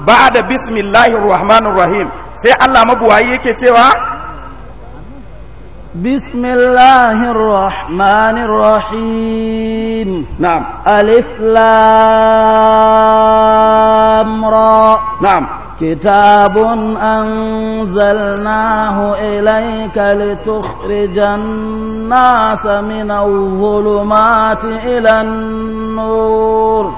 ba da bismillahir rahim sai allah mabuwayi yake cewa بسم الله الرحمن الرحيم نعم كتاب أنزلناه إليك لتخرج الناس من الظلمات إلى النور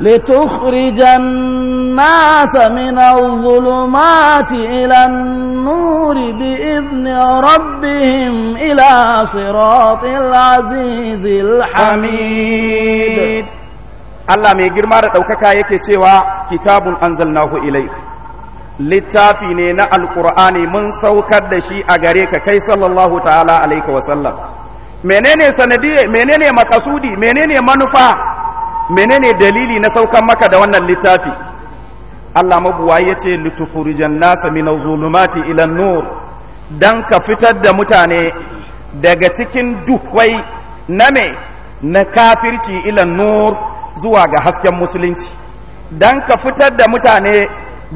لتخرج الناس من الظلمات إلى النور بإذن ربهم إلى صراط العزيز الحميد Allah mai girma da ɗaukaka yake cewa kitabun anzalnahu ilai, littafi ne na Alƙur'ani mun saukar da shi a gare ka kai sallallahu ta'ala alaika wa sallam menene sanadi menene makasudi menene manufa menene dalili na saukan maka da wannan littafi Allah mabuwa ya ce litufurijan nasa min zulumati ila nur dan ka fitar da mutane daga cikin duhwai na me na kafirci ila nur zuwa ga hasken musulunci don ka fitar da mutane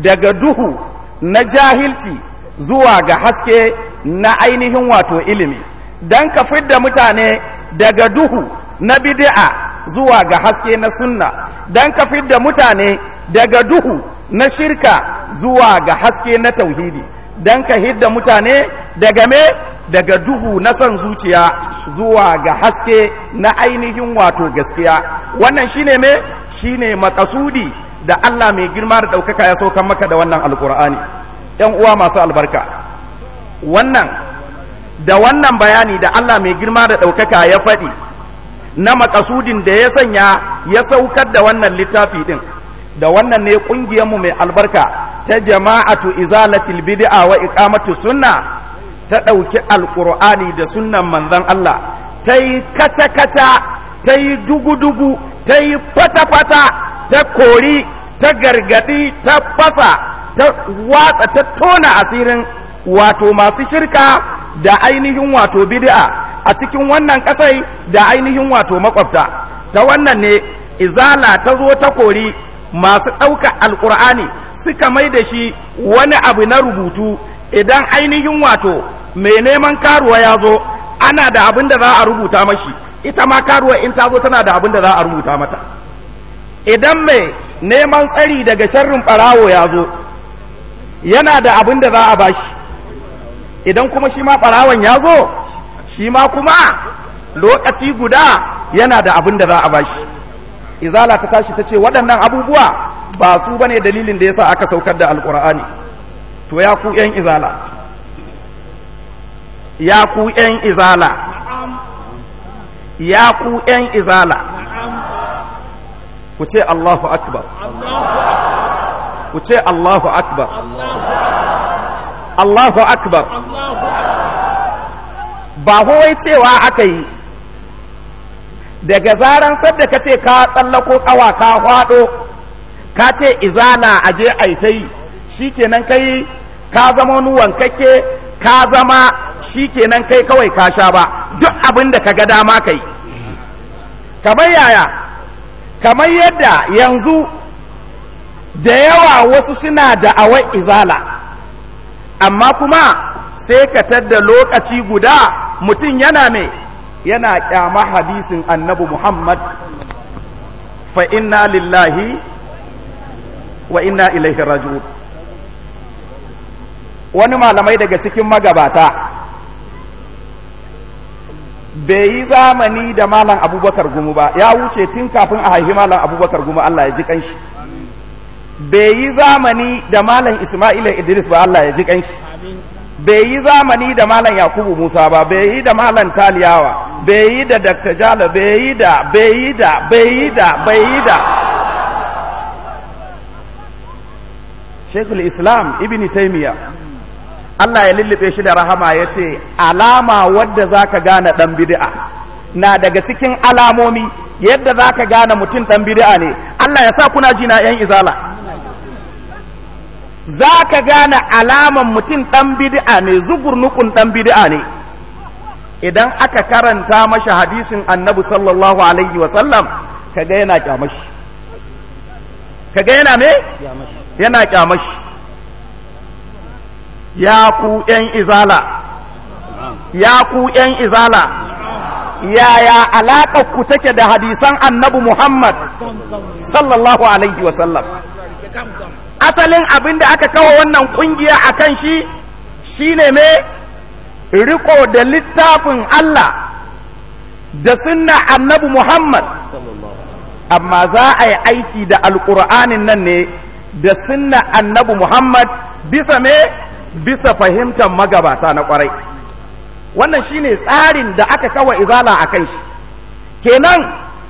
daga duhu na jahilci zuwa ga haske na ainihin wato ilimi don ka fitar da mutane daga duhu na bid'a zuwa ga haske na sunna don ka fitar da mutane daga duhu na shirka zuwa ga haske na tauhidi don ka hidda mutane daga me daga duhu na san zuciya zuwa ga haske na ainihin wato gaskiya wannan shine me shine makasudi da Allah mai girma da ɗaukaka ya saukan maka da wannan alkur'ani ‘yan uwa masu albarka wannan da wannan bayani da Allah mai girma da ɗaukaka ya faɗi na makasudin da ya sanya ya saukar da wannan littafi ɗin da wannan ne mu mai albarka ta jama'atu izalatil bid'a wa iqamatu sunna ta ɗauki alƙur'ani da sunan manzan Allah ta yi kaca-kaca ta yi dugu-dugu ta yi fata-fata ta kori ta gargadi ta fasa ta watsa ta tona asirin wato masu shirka da ainihin wato bid'a a cikin wannan ƙasai da ainihin wato makwabta ta wannan ne izala ta zo ta kori masu ɗauka alƙur'ani suka mai da shi wani abu na rubutu idan ainihin wato mai neman karuwa ya zo ana da abin da za a rubuta mashi ita ma karuwa in ta zo tana da abin da za a rubuta mata idan mai neman tsari daga sharrin barawo ya zo yana da abin da za a bashi idan kuma shi ma barawon ya zo shi ma kuma lokaci guda yana da abin da za a bashi izala ta tashi ta ce waɗannan abubuwa ba su bane dalilin da yasa aka saukar da alkur'ani to ya ku 'yan izala ya ku ‘yan izala ya ku ‘yan izala ku ce Allahu akbar ku ce Allahu akbar Allahu akbar ba huwai cewa aka yi daga zaren sadda ka ce ka tsallako kawa ka hwado ka ce izala aje aitai shi kenan ka zama wani wankakke ka zama shi kenan kai kawai ka sha ba duk abin da ka ga dama kai kamar yaya kamar yadda yanzu da yawa wasu suna da awai izala amma kuma sai ka tadda lokaci guda mutum yana mai yana kyama hadisin annabi muhammad fa inna lillahi wa inna ilaihi wani malamai daga cikin magabata bai yi zamani da malam abubakar gumu ba ya wuce tun kafin a haifi malam abubakar gumu Allah ya ji kanshi bai yi zamani da malam isma'ila idris ba Allah ya ji kanshi bai yi zamani da malam yakubu musa ba bai yi da malam taliyawa bai yi da dr jala bai yi da bai yi da bai yi da bai yi da shekul islam ibn taimiyya Allah ya lullube shi da rahama ya ce alama wadda za ka gane ɗan bid'a na daga cikin alamomi yadda za ka gane mutum ɗan bid'a ne Allah ya sa kuna jina 'yan izala za ka gane alaman mutum ɗan bid'a ne zugurnukun ɗan bid'a ne idan aka karanta masa hadisin annabi sallallahu alaihi wasallam kaga yana yana kyamashi ya ku ‘yan izala, ya ku ‘yan izala, yaya alaƙarku take da hadisan annabi Muhammad sallallahu Alaihi wasallam. Asalin abin da aka kawo wannan ƙungiya a kan shi, shi ne me riko da littafin Allah da sunna annabi Muhammad, amma za a yi aiki da alƙur'anin nan ne da sunna annabi Muhammad bisa me bisa fahimtar magabata na kwarai wannan shine tsarin da aka kawa izala a kai shi kenan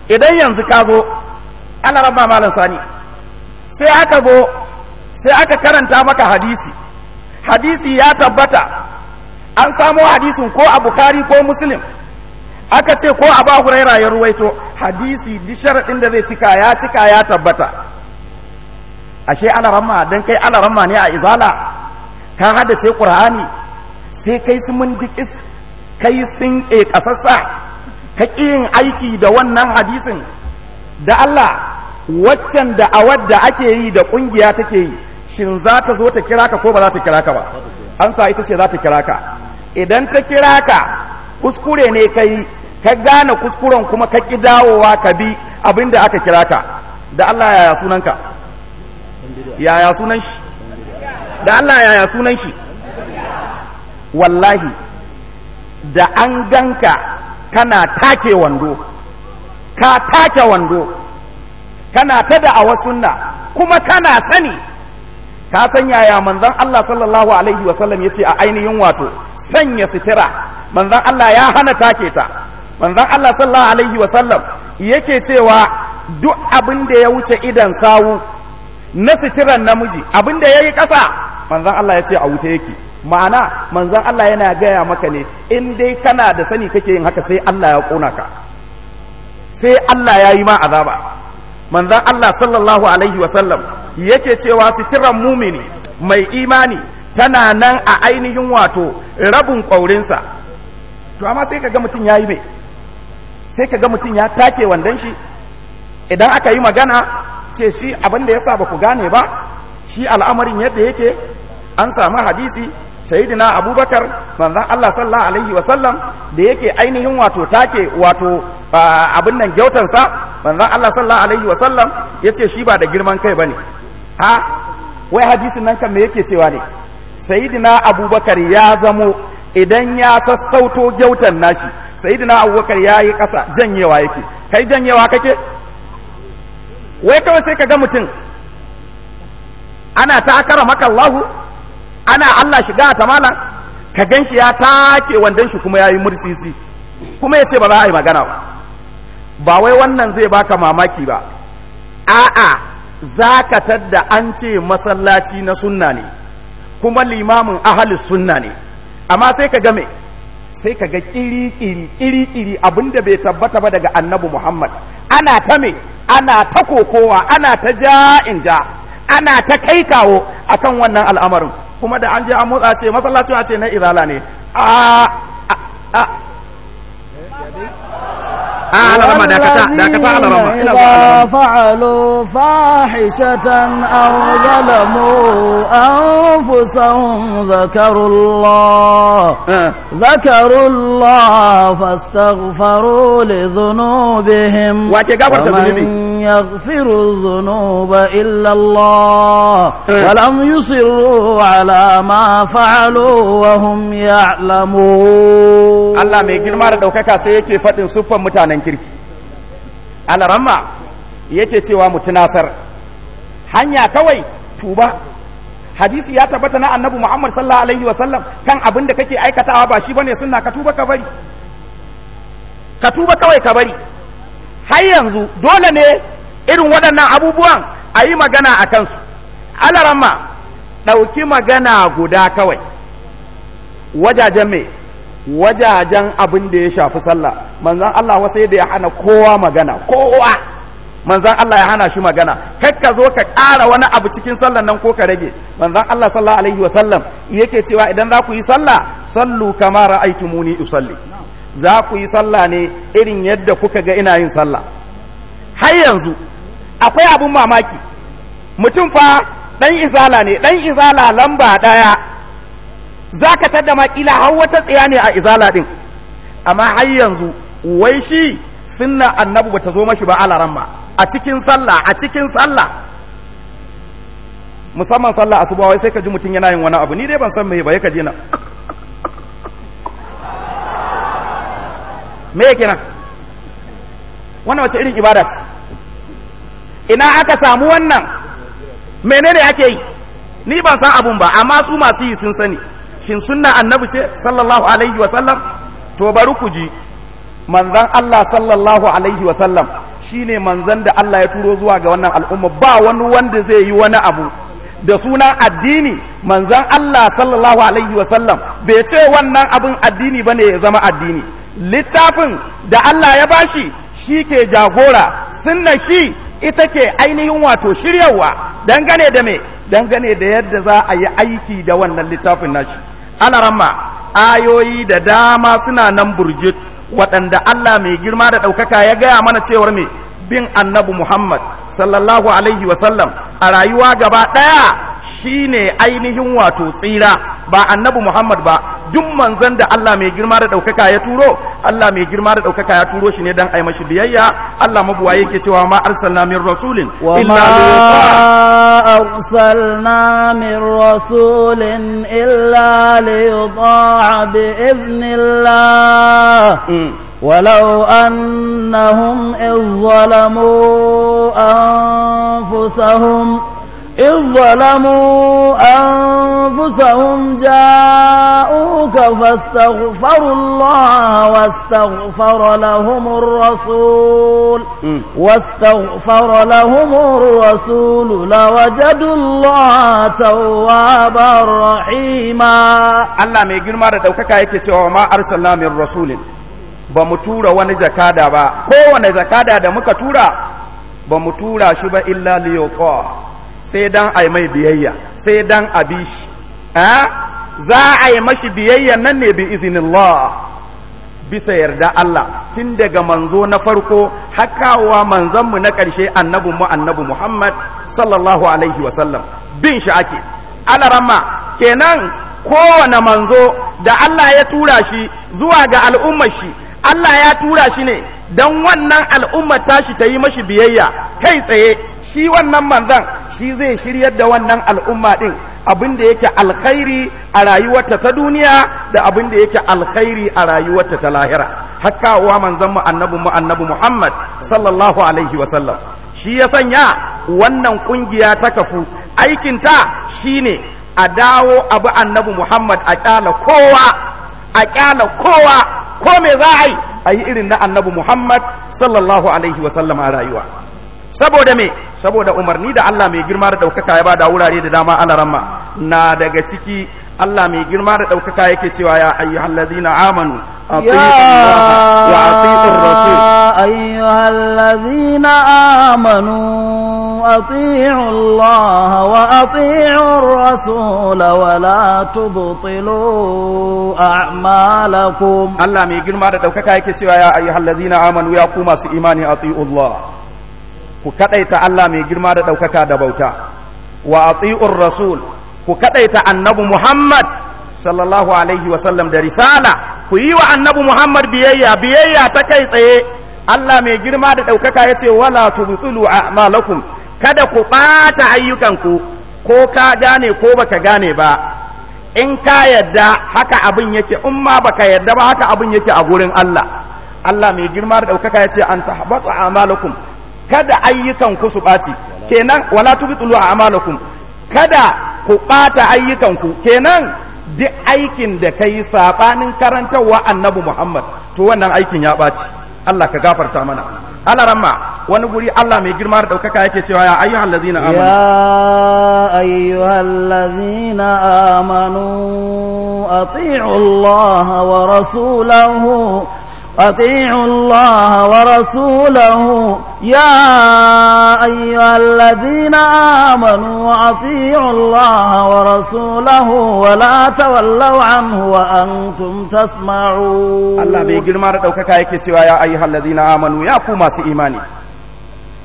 idan yanzu ka zo ana rabba malam sani sai aka zo sai aka karanta maka hadisi hadisi ya tabbata an samo hadisin ko a bukhari ko muslim aka ce ko a ba huraira ya ruwaito hadisi di sharaɗin da zai cika ya cika ya tabbata ashe ramma don kai ramma ne a izala ka haddace ƙur'ani sai kai su mun dikis kai sun ƙe ƙasassa ka ƙi yin aiki da wannan hadisin da Allah waccan da awad da ake yi da ƙungiya take yi shin za ta zo ta kira ka ko ba za ta kira ka ba an sa ita ce za ta kira ka idan ta kira ka kuskure ne ka yi ka gane kuskuren kuma ka ƙi dawowa ka bi abin da aka kira ka da Allah yaya sunanka yaya sunan shi da Allah yaya sunan shi wallahi da an ganka kana take wando ka take wando kana ta da da'awar sunna kuma kana sani ka san yaya manzon Allah sallallahu alaihi sallam yace a ainihin wato sanya sitira manzon Allah ya hana take ta manzon Allah sallallahu alaihi sallam yake cewa duk abin da ya wuce idan sawu na sitiran namiji abin da yayi kasa Manzan Allah ya ce a wuta yake ma'ana manzan Allah yana gaya maka ne in dai kana da sani kake yin haka sai Allah ya kona ka sai Allah ya yi ma azaba manzan Allah sallallahu alaihi wa sallam yake cewa sitiran mumini mai imani tana nan a ainihin wato rabin kwaurinsa. to amma sai kaga mutum ya yi mai sai kaga mutum ya take wandon shi idan aka yi magana ce shi abin da ya sa ba ku gane ba shi al'amarin yadda yake an samu hadisi sayyidina abubakar manzan Allah sallallahu alaihi wasallam da yake ainihin wato take wato abin nan gyautansa manzan Allah sallallahu alaihi wasallam ce shi ba da girman kai ba ne. ha wai hadisin nan kan me yake cewa ne sayyidina abubakar ya zamo idan ya sassauto gyautan nashi sayyidina abubakar ya yi ƙasa janyewa yake kai janyewa kake wai kawai sai ka ga mutum ana ta akara maka Allahu ana Allah shiga ta mala ka ganshi ya take wandan shi kuma yayi mursisi kuma yace ba za a yi magana ba ba wai wannan zai baka mamaki ba a'a ka tadda an ce masallaci na sunna ne kuma limamin ahli sunna ne amma sai ka ga sai ka ga kiri-kiri kiri-kiri abinda bai tabbata ba daga annabi Muhammad ana ta me ana ta kokowa ana ta ja'in ja ana ta kai kawo kan wannan al'amarin kuma da an je an motsa ce masallacin a ce na izala ne a a a dakata dakata alarama ina ba fa'alu fahishatan aw zalamu aw أنفسهم ذكروا الله ذكروا الله فاستغفروا لذنوبهم ومن يغفر الذنوب إلا الله ولم يصروا على ما فعلوا وهم يعلمون الله mai girma da ɗaukaka sai yake faɗin siffar mutanen kirki alaramma yake cewa mu tunasar hanya kawai tuba hadisi ya tabbata na annabi Muhammad sallallahu alaihi wasallam kan abin da kake aikatawa ba shi bane sunna ka tuba ka bari ka tuba kawai ka bari har yanzu dole ne irin waɗannan abubuwan a yi magana a kansu alarama ɗauki magana guda kawai wajajen me wajajen abin da ya shafi sallah manzon Allah wasu da ya hana kowa magana kowa manzan Allah ya hana shi magana kar ka zo ka ƙara wani abu cikin sallan nan ko ka rage manzan Allah sallallahu alaihi wa sallam yake cewa idan za ku yi sallah sallu kama ra'aytumuni usalli za ku yi sallah ne irin yadda kuka ga ina yin sallah har yanzu akwai abun mamaki mutum fa dan izala ne dan izala lamba daya zaka ka tada makila har wata tsiya ne a izala din amma har yanzu wai shi sunna annabi bata zo mashi ba alaran ma a cikin sallah a cikin sallah musamman sallah asuba wai sai ka ji mutum yana yin wani abu ni dai ban san me ba yaka ji na me yake nan wannan wace irin ibada ce ina aka samu wannan menene ake yi ni ban san abun ba amma su masu yi sun sani shin sunna annabi ce sallallahu alaihi wa sallam to bari ku ji manzan Allah sallallahu alaihi wasallam ne manzan da Allah ya turo zuwa ga wannan al'umma ba wani wanda zai yi wani abu da suna addini manzan Allah sallallahu alaihi wasallam bai ce wannan abin addini ba ne ya zama addini littafin da Allah ya bashi shi ke jagora sunna shi ita ke ainihin wato shiryawa dangane da me dangane da yadda za a yi aiki da wannan littafin nashi ramma ayoyi da dama suna nan burjit waɗanda Allah mai girma da ɗaukaka ya gaya mana cewar me bin annabi Muhammad sallallahu alaihi wasallam a rayuwa gaba ɗaya shine ainihin wato tsira ba annabi Muhammad ba duk manzon da Allah mai girma da ɗaukaka ya turo Allah mai girma da ɗaukaka ya turo shi ne dan ai mashi biyayya Allah mabuwa yake cewa ma arsalna min rasulin illa arsalna min rasulin illa li bi idnillah mm. ولو أنهم إذ ظلموا أنفسهم إذ ظلموا أنفسهم جاءوك فاستغفروا الله واستغفر لهم الرسول واستغفر لهم الرسول لوجدوا الله توابا رحيما الله ما يجرم هذا وكاكا يكتب وما أرسلنا من رسول ba mu tura wani jakada ba kowane jakada da muka tura ba mu tura shi ba illa liyoqa sai dan ai mai biyayya sai dan a bi shi za a yi mashi biyayya nan ne bi iznillah bisa yarda Allah tun daga manzo na farko hakawa manzanmu na ƙarshe annabinmu annabi Muhammad sallallahu alaihi wasallam bin shi ake alarama kenan kowane manzo da Allah ya tura shi zuwa ga al'ummar shi Allah ya tura shi ne don wannan al'umma tashi ta yi mashi biyayya kai tsaye shi wannan manzan shi zai shiryar da wannan al'umma ɗin abin da yake alkhairi a rayuwarta ta duniya da abin da yake alkhairi a rayuwarta ta lahira hakkawa manzan mu annabi mu annabi Muhammad sallallahu alaihi wa sallam shi ya sanya wannan ƙungiya ta kafu aikinta shine a dawo abu annabi Muhammad a kyala kowa a kyala kowa ko me za a yi a yi irin na annabi muhammad sallallahu alaihi wasallam a rayuwa saboda me saboda umarni da allah mai girma da daukaka ya bada wurare da dama ana ramma na daga ciki Allah mai girma da ɗaukaka yake cewa ya ayyuhal amanu wa atiqur rasul amanu ati'u Allah wa ati'u ar-rasul wa la tubtilu a'malakum Allah mai girma da ɗaukaka yake cewa ya ayyuhal ladina amanu ya ku masu imani ati'u Allah ku kaɗaita Allah mai girma da ɗaukaka da bauta wa ku kadaita annabi Muhammad sallallahu alaihi wasallam da risala ku yi wa annabi Muhammad biyayya biyayya ta kai tsaye Allah mai girma da ɗaukaka ya ce wala tubtulu a'malakum kada ku ɓata ayyukanku ko ka gane ko baka gane ba in ka yadda haka abin yake in ma baka yadda ba haka abin yake a gurin Allah Allah mai girma da ɗaukaka ya ce an tahbatu a'malakum kada ayyukan ku su ɓaci kenan wala tubtulu a'malakum kada ku ɓata ayyukanku kenan duk aikin da ka yi saɓanin karantarwa annabi Muhammad to wannan aikin ya ɓaci Allah ka gafarta mana alaramma wani guri Allah mai girma da ɗaukaka yake cewa ya ayyuhan lazina amanu ya ayyuhan lazina amanu ati'u Allah wa rasulahu أطيعوا الله ورسوله يا أيها الذين آمنوا أطيعوا الله ورسوله ولا تولوا عنه وأنتم تسمعون الله بيجر ما ردوك كايك يا أيها الذين آمنوا يا كوما إيماني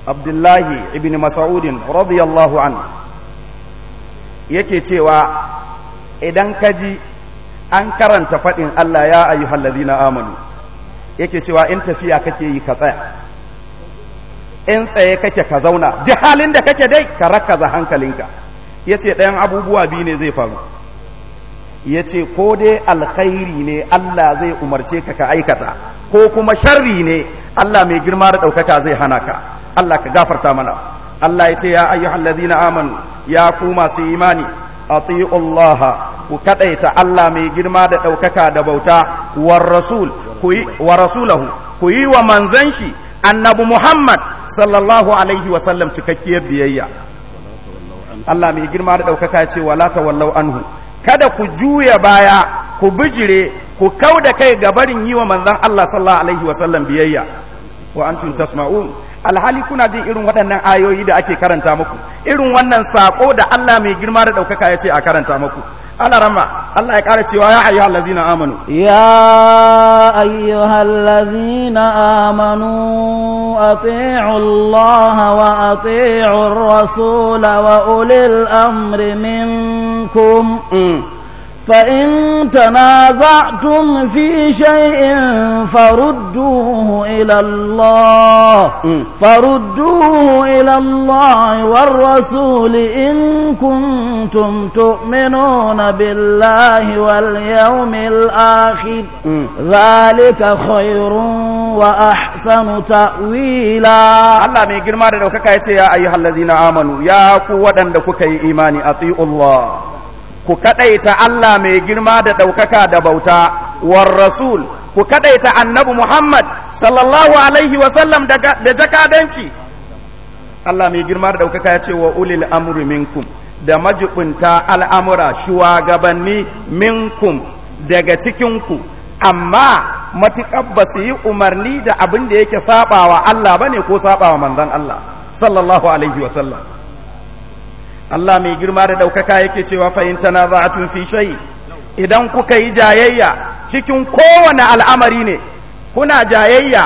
عبد الله ابن مسعود رضي الله عنه yake cewa idan kaji an karanta faɗin Allah ya ayyuhallazina amanu yake cewa in tafiya kake yi ka tsaya in tsaye kake ka zauna duk halin da kake dai ka rakaza hankalinka yace ɗayan abubuwa biyu ne zai faru yace ko dai alkhairi ne Allah zai umarce ka ka aikata ko kuma sharri ne Allah mai girma da ɗaukaka zai hana ka Allah ka gafarta mana Allah yace ya ayyuhallazina amanu ya ku masu imani atiiu Allah ku kaɗaita Allah mai girma da ɗaukaka da bauta ku yi wa rasulahu ku yi wa manzan shi annabi Muhammad sallallahu alaihi wa sallam cikakkiyar biyayya Allah mai girma da ɗaukaka ce wala tawallau anhu kada ku juya baya ku bijire ku kau da kai ga barin yi wa manzan Allah sallallahu alaihi wa sallam biyayya wa antum tasma'un alhali kuna jin irin waɗannan ayoyi da ake karanta muku irin wannan sako da Allah mai girma da ɗaukaka ya ce a karanta muku Allah rama Allah ya ƙara cewa ya ayyuhal ladzina amanu ya ayyuhal ladzina amanu ati'u Allah wa ati'u ar-rasul wa ulil amri minkum mm. فإن تنازعتم في شيء فردوه إلى الله فردوه إلى الله والرسول إن كنتم تؤمنون بالله واليوم الآخر ذلك خير وأحسن تأويلا الله من جرمان يا أيها الذين آمنوا يا قوة أن إيماني أطيعوا الله ku kadaita Allah mai girma da ɗaukaka da bauta war rasul ku kadaita annabi Muhammad sallallahu alaihi wa sallam da jakadanci Allah mai girma da ɗaukaka ya ce wa ulil amri minkum da majibinta al'amura shugabanni minkum daga cikinku amma matuƙar ba su yi umarni da abin da yake saɓawa Allah ba ne ko saɓawa manzan Allah sallallahu alaihi wa sallam Allah mai girma da ɗaukaka yake cewa fahimta na za fi shayi idan kuka yi jayayya cikin kowane al'amari ne kuna jayayya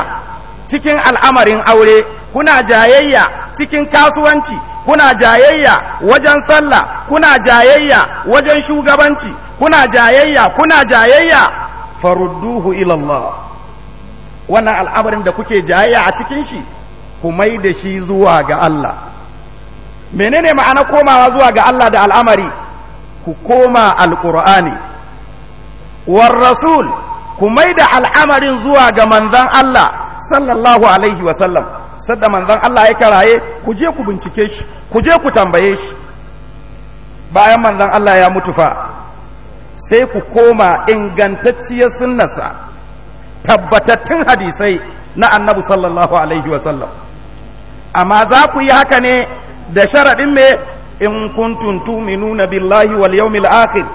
cikin al'amarin aure kuna jayayya cikin kasuwanci kuna jayayya wajen sallah kuna jayayya wajen shugabanci kuna jayayya kuna jayayya farudduhu ilallah wannan al'amarin da kuke jayayya a cikin shi ku mai da shi zuwa ga Allah menene ma'ana komawa zuwa ga Allah da al'amari ku koma alqur'ani war rasul ku da al'amarin zuwa ga manzon Allah sallallahu alaihi wa sallam sadda manzon Allah ya karaye ku je ku bincike shi ku je ku tambaye shi bayan manzon Allah ya mutu fa sai ku koma ingantacciyar sunnarsa tabbatattun hadisai na annabi sallallahu alaihi wa sallam amma za ku yi haka ne da sharaɗin me in kuntum tu'minuna billahi wal yawmil akhir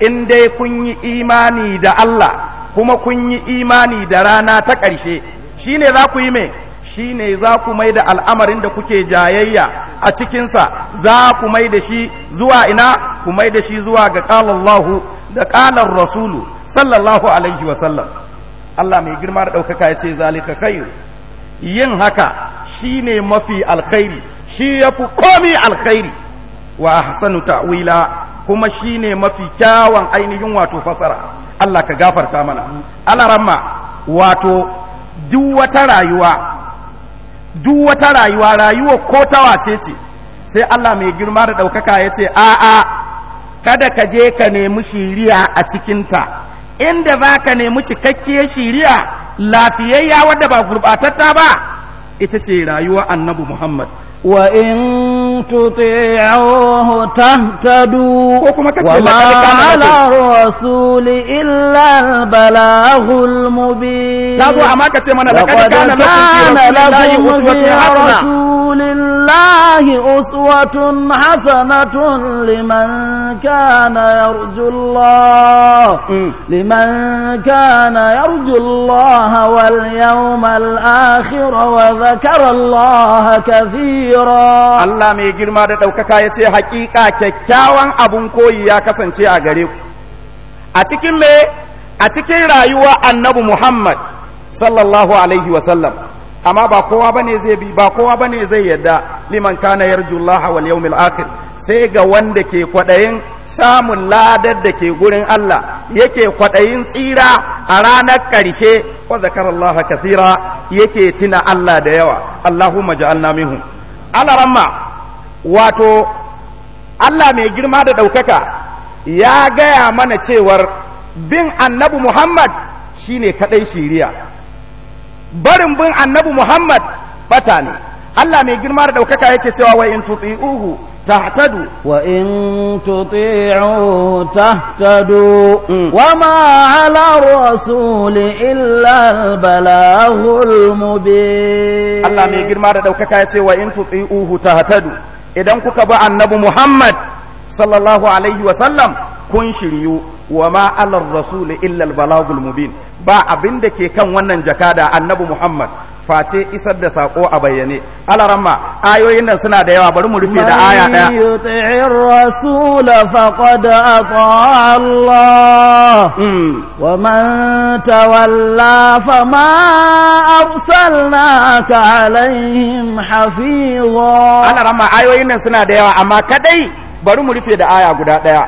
in dai kun yi imani da Allah kuma kun yi imani da rana ta ƙarshe shine za ku yi me shine za ku mai da al'amarin da kuke jayayya a cikinsa za ku mai da shi zuwa ina ku mai da shi zuwa ga ƙalallahu da ƙalar rasulu sallallahu alaihi wasallam Allah mai girma da ɗaukaka ya ce zalika kai. yin haka shine mafi alkhairi shi ya fi komi alkhairi wa ahsanu ta'wila kuma shi ne mafi kyawan ainihin wato fasara Allah ka gafarta mana alaramma wato duk wata rayuwa duk wata rayuwa rayuwa ko ta wace ce sai Allah mai girma da ɗaukaka ya ce a'a kada ka je ka nemi shiriya a cikinta inda za ka nemi cikakkiyar shiriya lafiyayya wadda ba gurɓatatta ba ita ce rayuwa annabi Muhammad وإن تطيعوه تهتدوا وما على الرسول إلا البلاغ المبين وقد كان لكم في رسول الله أسوة حسنة لمن كان يرجو الله لمن كان يرجو الله واليوم الآخر وذكر الله كثيرا الله mai girma da ɗaukaka ya ce haƙiƙa kyakkyawan abun koyi ya kasance a gare ku a cikin me a cikin rayuwa annabi muhammad sallallahu alaihi wasallam amma ba kowa bane zai bi ba kowa zai yadda liman kana yarjullaha wal yawmil akhir sai ga wanda ke kwaɗayin samun ladar da ke gurin Allah yake kwaɗayin tsira a ranar karshe wa zakarallaha kathira yake tina Allah da yawa Allahumma ja'alna minhum ramma. wato Allah mai girma da ɗaukaka ya gaya mana cewar bin annabi Muhammad shine kaɗai shiriya barin bin annabi Muhammad bata ne Allah mai girma da ɗaukaka yake cewa wa in tuti'uhu tahtadu wa in tuti'u tahtadu hmm. wa ma ala rasul illa balaghul mubin Allah mai girma da ɗaukaka yace wa in tuti'uhu tahtadu idan kuka bi annabi Muhammad sallallahu alaihi wasallam kun shiryu wa ma alar rasul illa balagul mubin ba abin da ke kan wannan jakada annabi Muhammad face isar da sako a bayyane alaramma ayoyin nan suna da yawa bari mu rufe da aya daya yuti'ir rasul faqad ata Allah hmm. wa man tawalla fama arsalnaka alaihim hafiza alaramma ayoyin nan suna da yawa amma kadai bari mu rufe da aya guda ɗaya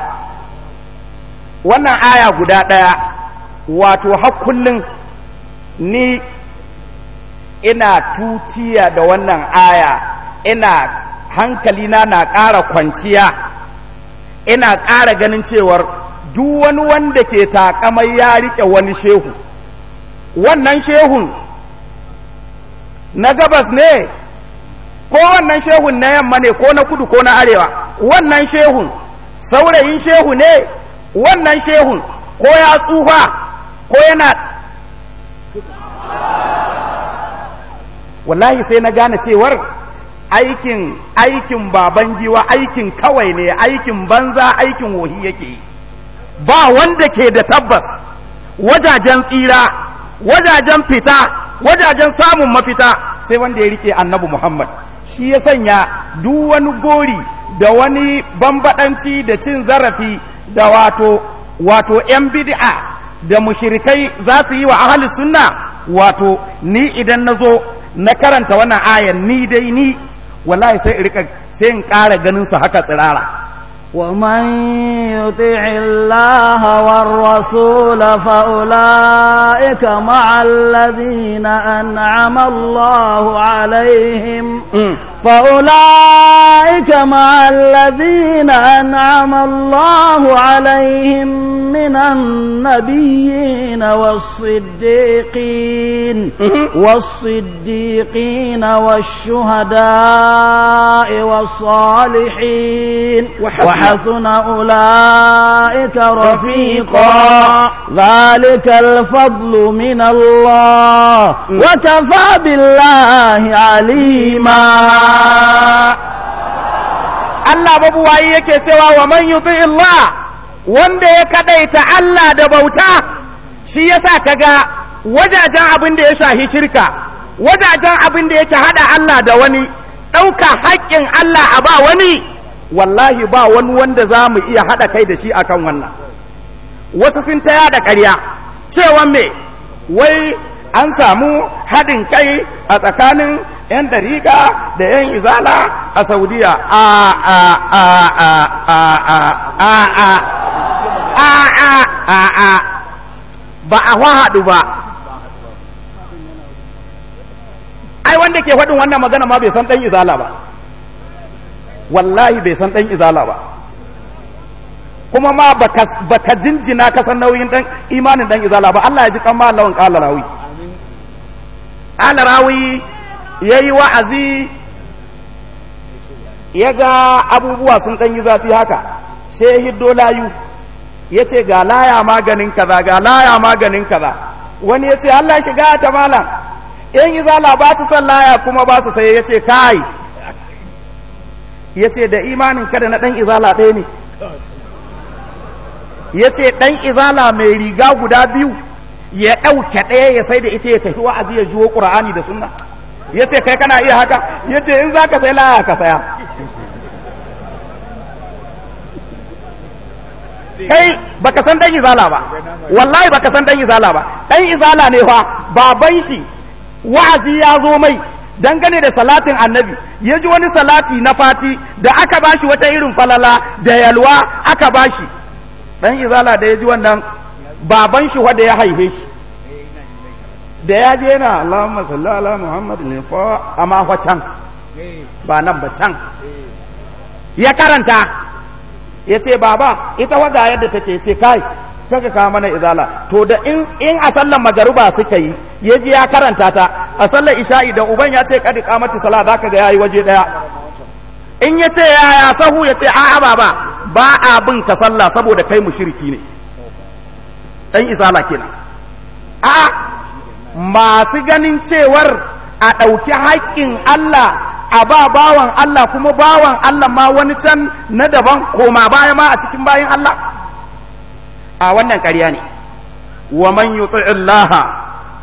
wannan aya guda ɗaya wato hakullin ni ina tutiya da wannan aya ina hankalina na ƙara kwanciya ina ƙara ganin cewar duk wani wanda ke takamai ya riƙe wani shehu wannan shehun na gabas ne ko wannan shehun na yamma ne ko na kudu ko na arewa wannan shehun saurayin shehu ne wannan shehun ko ya tsufa ko yana wallahi sai na gane cewar aikin aikin baban giwa aikin kawai ne aikin banza aikin wohi yake yi ba wanda ke da tabbas wajajen tsira wajajen fita wajajen samun mafita sai wanda ya rike annabi muhammad shi ya sanya duk wani gori da wani bambadanci da cin zarafi da wato wato yan bid'a da mushrikai za su yi wa ahli sunna wato ni idan na zo na karanta wannan ayan ni dai ni wallahi sai sai in ƙara ganin su haka tsirara ومن يطع الله والرسول فأولئك مع الذين أنعم الله عليهم فأولئك مع الذين أنعم الله عليهم من النبيين والصديقين والصديقين والشهداء والصالحين وحسن أولئك رفيقا ذلك الفضل من الله وكفى بالله عليما Allah waye yake cewa wa man yuti Allah wanda ya kadaita Allah da bauta shi yasa kaga wajajen abin da ya shahi shirka wajajen abin da yake hada Allah da wani ɗauka haƙƙin Allah a ba wani wallahi ba wani wanda za mu iya haɗa kai da shi akan wannan wasu sun taya da ƙarya cewa me wai an samu haɗin kai a tsakanin 'yan dariƙa da 'yan izala a saudiya a a a a a a a a a a a ba a haɗu ba ai wanda ke faɗin wannan magana ma bai san ɗan izala ba wallahi bai san ɗan izala ba kuma ma baka jinjina ka san nauyin dan imanin dan izala ba Allah ya ji kan lawan qala rawi qala rawi yayi wa'azi yaga abubuwa sun dan yi zafi haka sai hiddo layu yace ga laya maganin kaza ga laya maganin kaza wani yace Allah shiga ta malam yan izala ba su san laya kuma ba su sai yace kai ya ce da imanin kada na ɗan izala ɗaya ne ya ce ɗan izala mai riga guda biyu ya ɗauke ɗaya ya sai da ita ya tafi wa'azi ya juwo ƙura'ani da sunna ya ce kai kana iya haka ya ce in za ka sai laya ka saya kai baka san ɗan izala ba wallahi baka san ɗan izala ba ɗan izala ne fa baban shi wa'azi ya zo mai dangane da salatin annabi ya ji wani salati na fati da aka bashi wata irin falala da yalwa aka bashi dan izala da ya ji wannan baban shi wanda ya haife shi da ya je na Allahumma salli ala Muhammad ne fa amma can ba nan ba can ya karanta ya ce baba ita waga yadda take ce kai kaka kawo mana izala to da in a sallan magaruba suka yi ya ji ya karanta ta a sallan isha'i da uban ya ce kadi kamati sala za ka ga yayi waje daya in ya ce yaya sahu ya ce a'a baba ba a bin ka salla saboda kai mushriki ne dan izala kenan a masu ganin cewar a ɗauki haƙƙin Allah a ba bawan Allah kuma bawan Allah ma wani can na daban koma baya ma a cikin bayan Allah a wannan ƙarya ne wa man yuti'illaha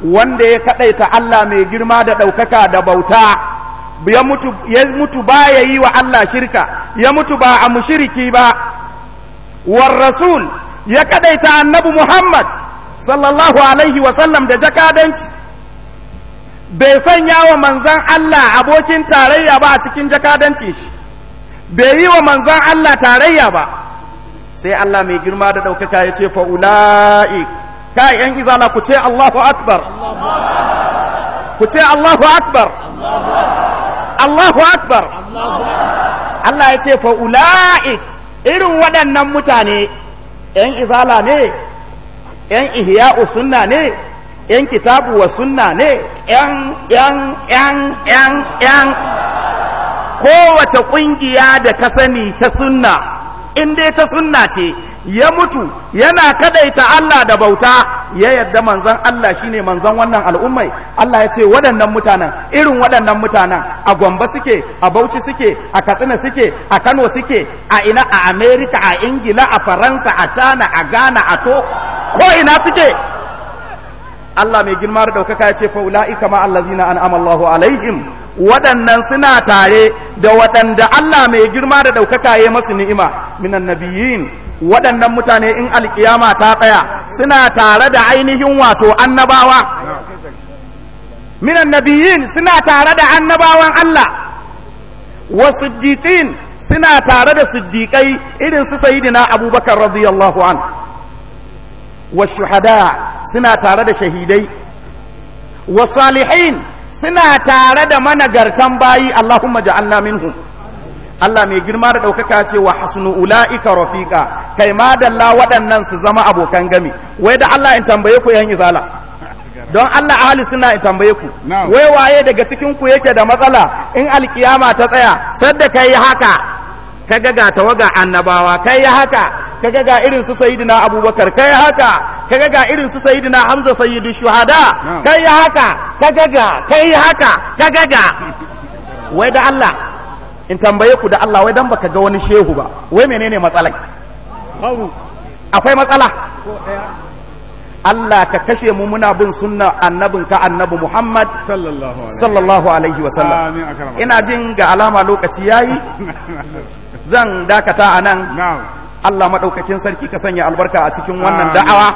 wanda ya kadaita Allah mai girma da ɗaukaka da bauta ya mutu ba ya yi wa Allah shirka ya mutu ba a mushiriki ba war rasul ya kadaita annabi Muhammad sallallahu alaihi wa sallam da jakadanci bai sanya wa manzan Allah abokin tarayya ba a cikin jakadanci shi bai yi wa manzan Allah tarayya ba sai Allah mai girma da ɗaukaka ya ce fa'ula'i ka ‘yan izala ku ce Allahu Akbar ku ce Allahu Akbar Allahu Akbar Allah ya ce fa'ula'i irin waɗannan mutane ‘yan izala ne ‘yan ihiya'u sunna ne ‘yan kitabu wa sunna ne, ‘yan, ‘yan, ‘yan, ‘yan, kowace ƙungiya da ka sani ta sunna, in dai ta sunna ce, ya mutu yana kadaita Allah da bauta, ya yadda manzan Allah shi ne manzan wannan al'ummai, Allah ya ce waɗannan mutanen, irin waɗannan mutanen, a Gombe suke, a Bauchi suke, a Katsina suke, a Kano suke, a ina a Amerika, a Ingila, a Faransa, a Cana, a Ghana, a to, ko ina suke. Allah mai girma da ɗaukaka ya ce fa ula'ika ma allazina an amallahu alaihim waɗannan suna tare da waɗanda Allah mai girma da ɗaukaka ya masu ni'ima minan nabiyyin waɗannan mutane in alkiyama ta tsaya suna tare da ainihin wato annabawa minan nabiyyin suna tare da annabawan Allah wa siddiqin suna tare da siddiqai irin su sayyidina Abubakar radiyallahu anhu wa shuhada suna tare da shahidai wa salihin suna tare da managartan bayi Allahumma ja'alna minhum Allah mai girma da ɗaukaka ce wa hasnu ula'ika rafiqa kai ma dalla waɗannan su zama abokan gami wai da Allah in tambaye ku yan izala don Allah ahli suna in tambaye ku wai waye daga cikin ku yake da matsala in alkiyama ta tsaya sadda kai haka kaga ga tawaga annabawa kai haka kaga ga irin su sayyidina abubakar kai haka kaga ga irin su sayyidina hamza sayyidu shuhada kai haka kaga ga kai haka kaga ga wai da Allah in tambaye ku da Allah wai dan baka ga wani shehu ba wai menene matsalar akwai matsala Allah ka kashe mu muna bin sunna ka annabi Muhammad sallallahu alaihi wa sallam ina jin ga alama lokaci yayi zan dakata anan Allah madaukakin sarki ka sanya albarka a cikin wannan da'awa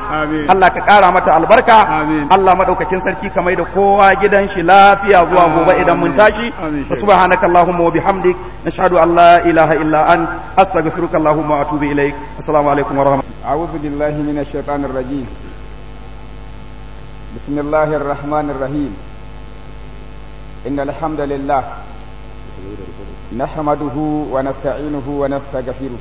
Allah ka kara mata albarka Allah madaukakin sarki ka maida kowa gidan shi lafiya zuwa gobe idan mun tashi subhanaka allahumma wa bihamdik nashhadu an la ilaha illa an astaghfiruka allahumma wa atubu ilaik assalamu alaikum wa rahmatullahi a'udhu billahi minash shaitanir rajim بسم الله الرحمن الرحيم إن الحمد لله نحمده ونستعينه ونستغفره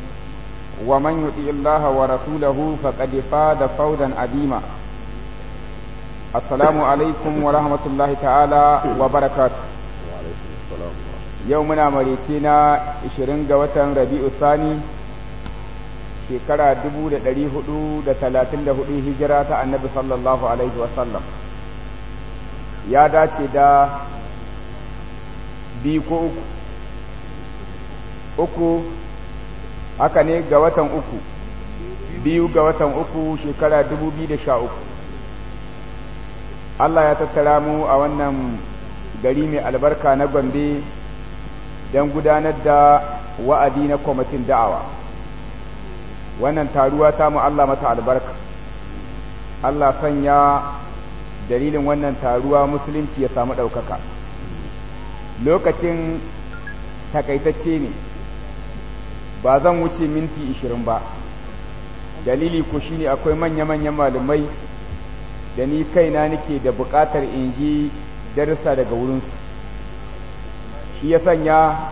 ومن يطيع الله ورسوله فقد فاد فوزا عظيما السلام عليكم ورحمة الله تعالى وبركاته وعليكم السلام يومنا مريتنا إشرين جوتن ربيع الثاني shekara 434 hijira ta annabi sallallahu alaihi wasallam ya dace da biyu ko uku uku haka ne ga watan uku biyu ga watan uku shekara da 2013 Allah ya tattara mu a wannan gari mai albarka na gombe don gudanar da wa'adi na kwamitin da'awa wannan taruwa ta mu Allah mata albarka Allah sanya dalilin wannan taruwa musulunci ya samu ɗaukaka lokacin takaitacce ne ba zan wuce minti ishirin ba dalili ko shine akwai manya-manyan malamai da ni kaina nake da buƙatar in ji darsa daga wurinsu shi ya sanya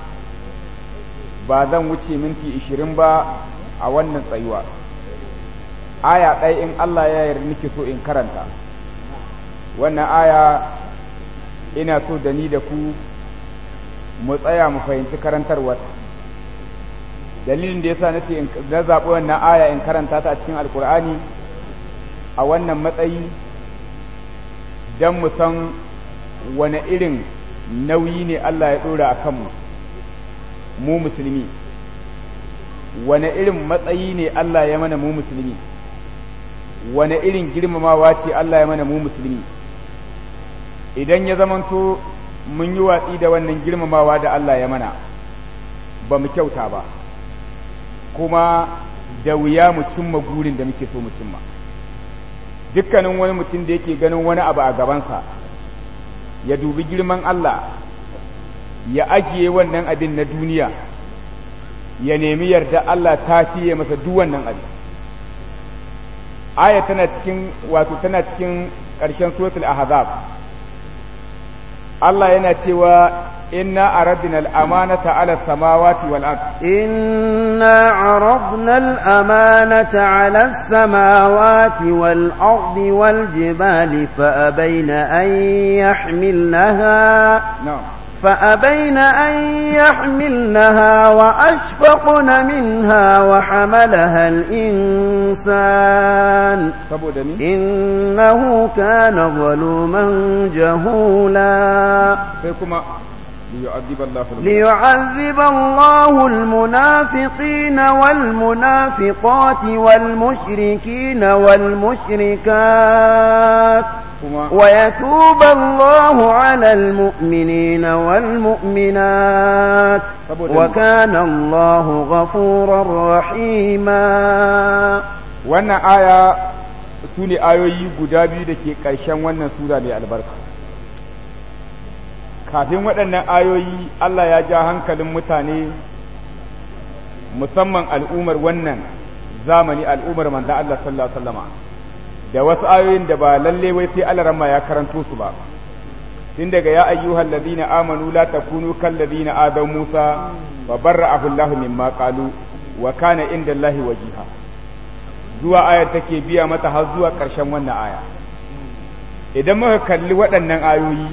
ba zan wuce minti ishirin ba a wannan tsayuwa aya ɗaya in Allah ya yarda nake so in karanta wannan aya ina so da ni da ku mu tsaya mu fahimci karantarwata dalilin da ya sa na zaɓi wannan aya in karanta ta a cikin alkur'ani a wannan matsayi don mu san wane irin nauyi ne Allah ya ɗora a kanmu mu musulmi wane irin matsayi ne Allah ya mana mu musulmi wane irin girmamawa ce Allah ya mana mu musulmi idan ya zamanto mun yi watsi da wannan girmamawa da Allah ya mana ba mu kyauta ba kuma da wuya mu cimma gurin da muke so mu cimma dukkanin wani mutum da yake ganin wani abu a gabansa ya dubi girman Allah ya ajiye wannan abin na duniya ya nemi yarda Allah ta fiye masa duk wannan abin aya tana cikin wato tana cikin ƙarshen suratul ahzab Allah yana cewa inna aradna al-amanata ala samawati wal ard inna aradna al-amanata ala samawati wal ard wal jibali fa abayna an yahmilnaha no. فأبين أن يحملنها وأشفقن منها وحملها الإنسان إنه كان ظلوما جهولا ليعذب الله ليعذب الله المنافقين والمنافقات والمشركين والمشركات ويتوب الله على المؤمنين والمؤمنات وكان الله غفورا رحيما وانا آية سوني آيوي قدابي لكي قرشان وانا سورة لألبركة kafin waɗannan ayoyi Allah ya ja hankalin mutane musamman al'umar wannan zamani al'umar manzan Allah sallallahu wasallama da wasu ayoyin da ba lalle wai sai Allah ramma ya karanto su ba tun daga ya ayyuhal ladina amanu la takunu kal ladina adam Musa wa barra'ahu Allah mimma qalu wa kana inda Allah wajiha zuwa ayar take biya mata har zuwa ƙarshen wannan aya idan muka kalli waɗannan ayoyi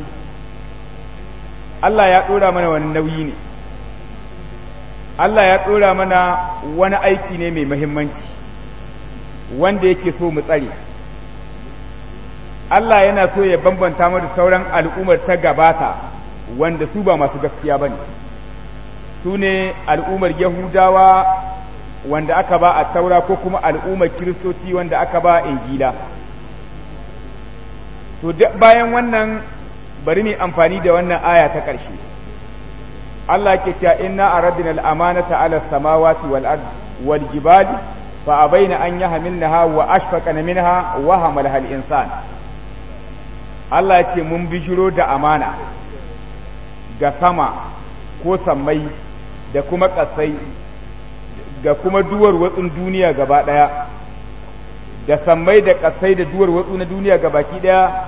Allah ya ɗora mana wani nauyi ne Allah ya ɗora mana wani aiki ne mai mahimmanci wanda yake so mu tsare Allah yana so ya bambanta mu sauran al'ummar ta gabata wanda su ba masu gaskiya ba ne su ne al'ummar yahudawa wanda aka ba a taura ko kuma al'ummar kiristoci wanda aka ba injila to bayan wannan bari ni amfani da wannan aya ta ƙarshe Allah ke cewa inna aradna al-amanata ala samawati wal ard wal jibali fa abaina an yahminnaha wa ashfaqana minha wa hamalaha al-insan Allah ce mun bijiro da amana ga sama ko sammai da kuma ƙasai ga kuma duwar watsun duniya gaba ɗaya da sammai da ƙasai da duwar watsu na duniya gabaki ɗaya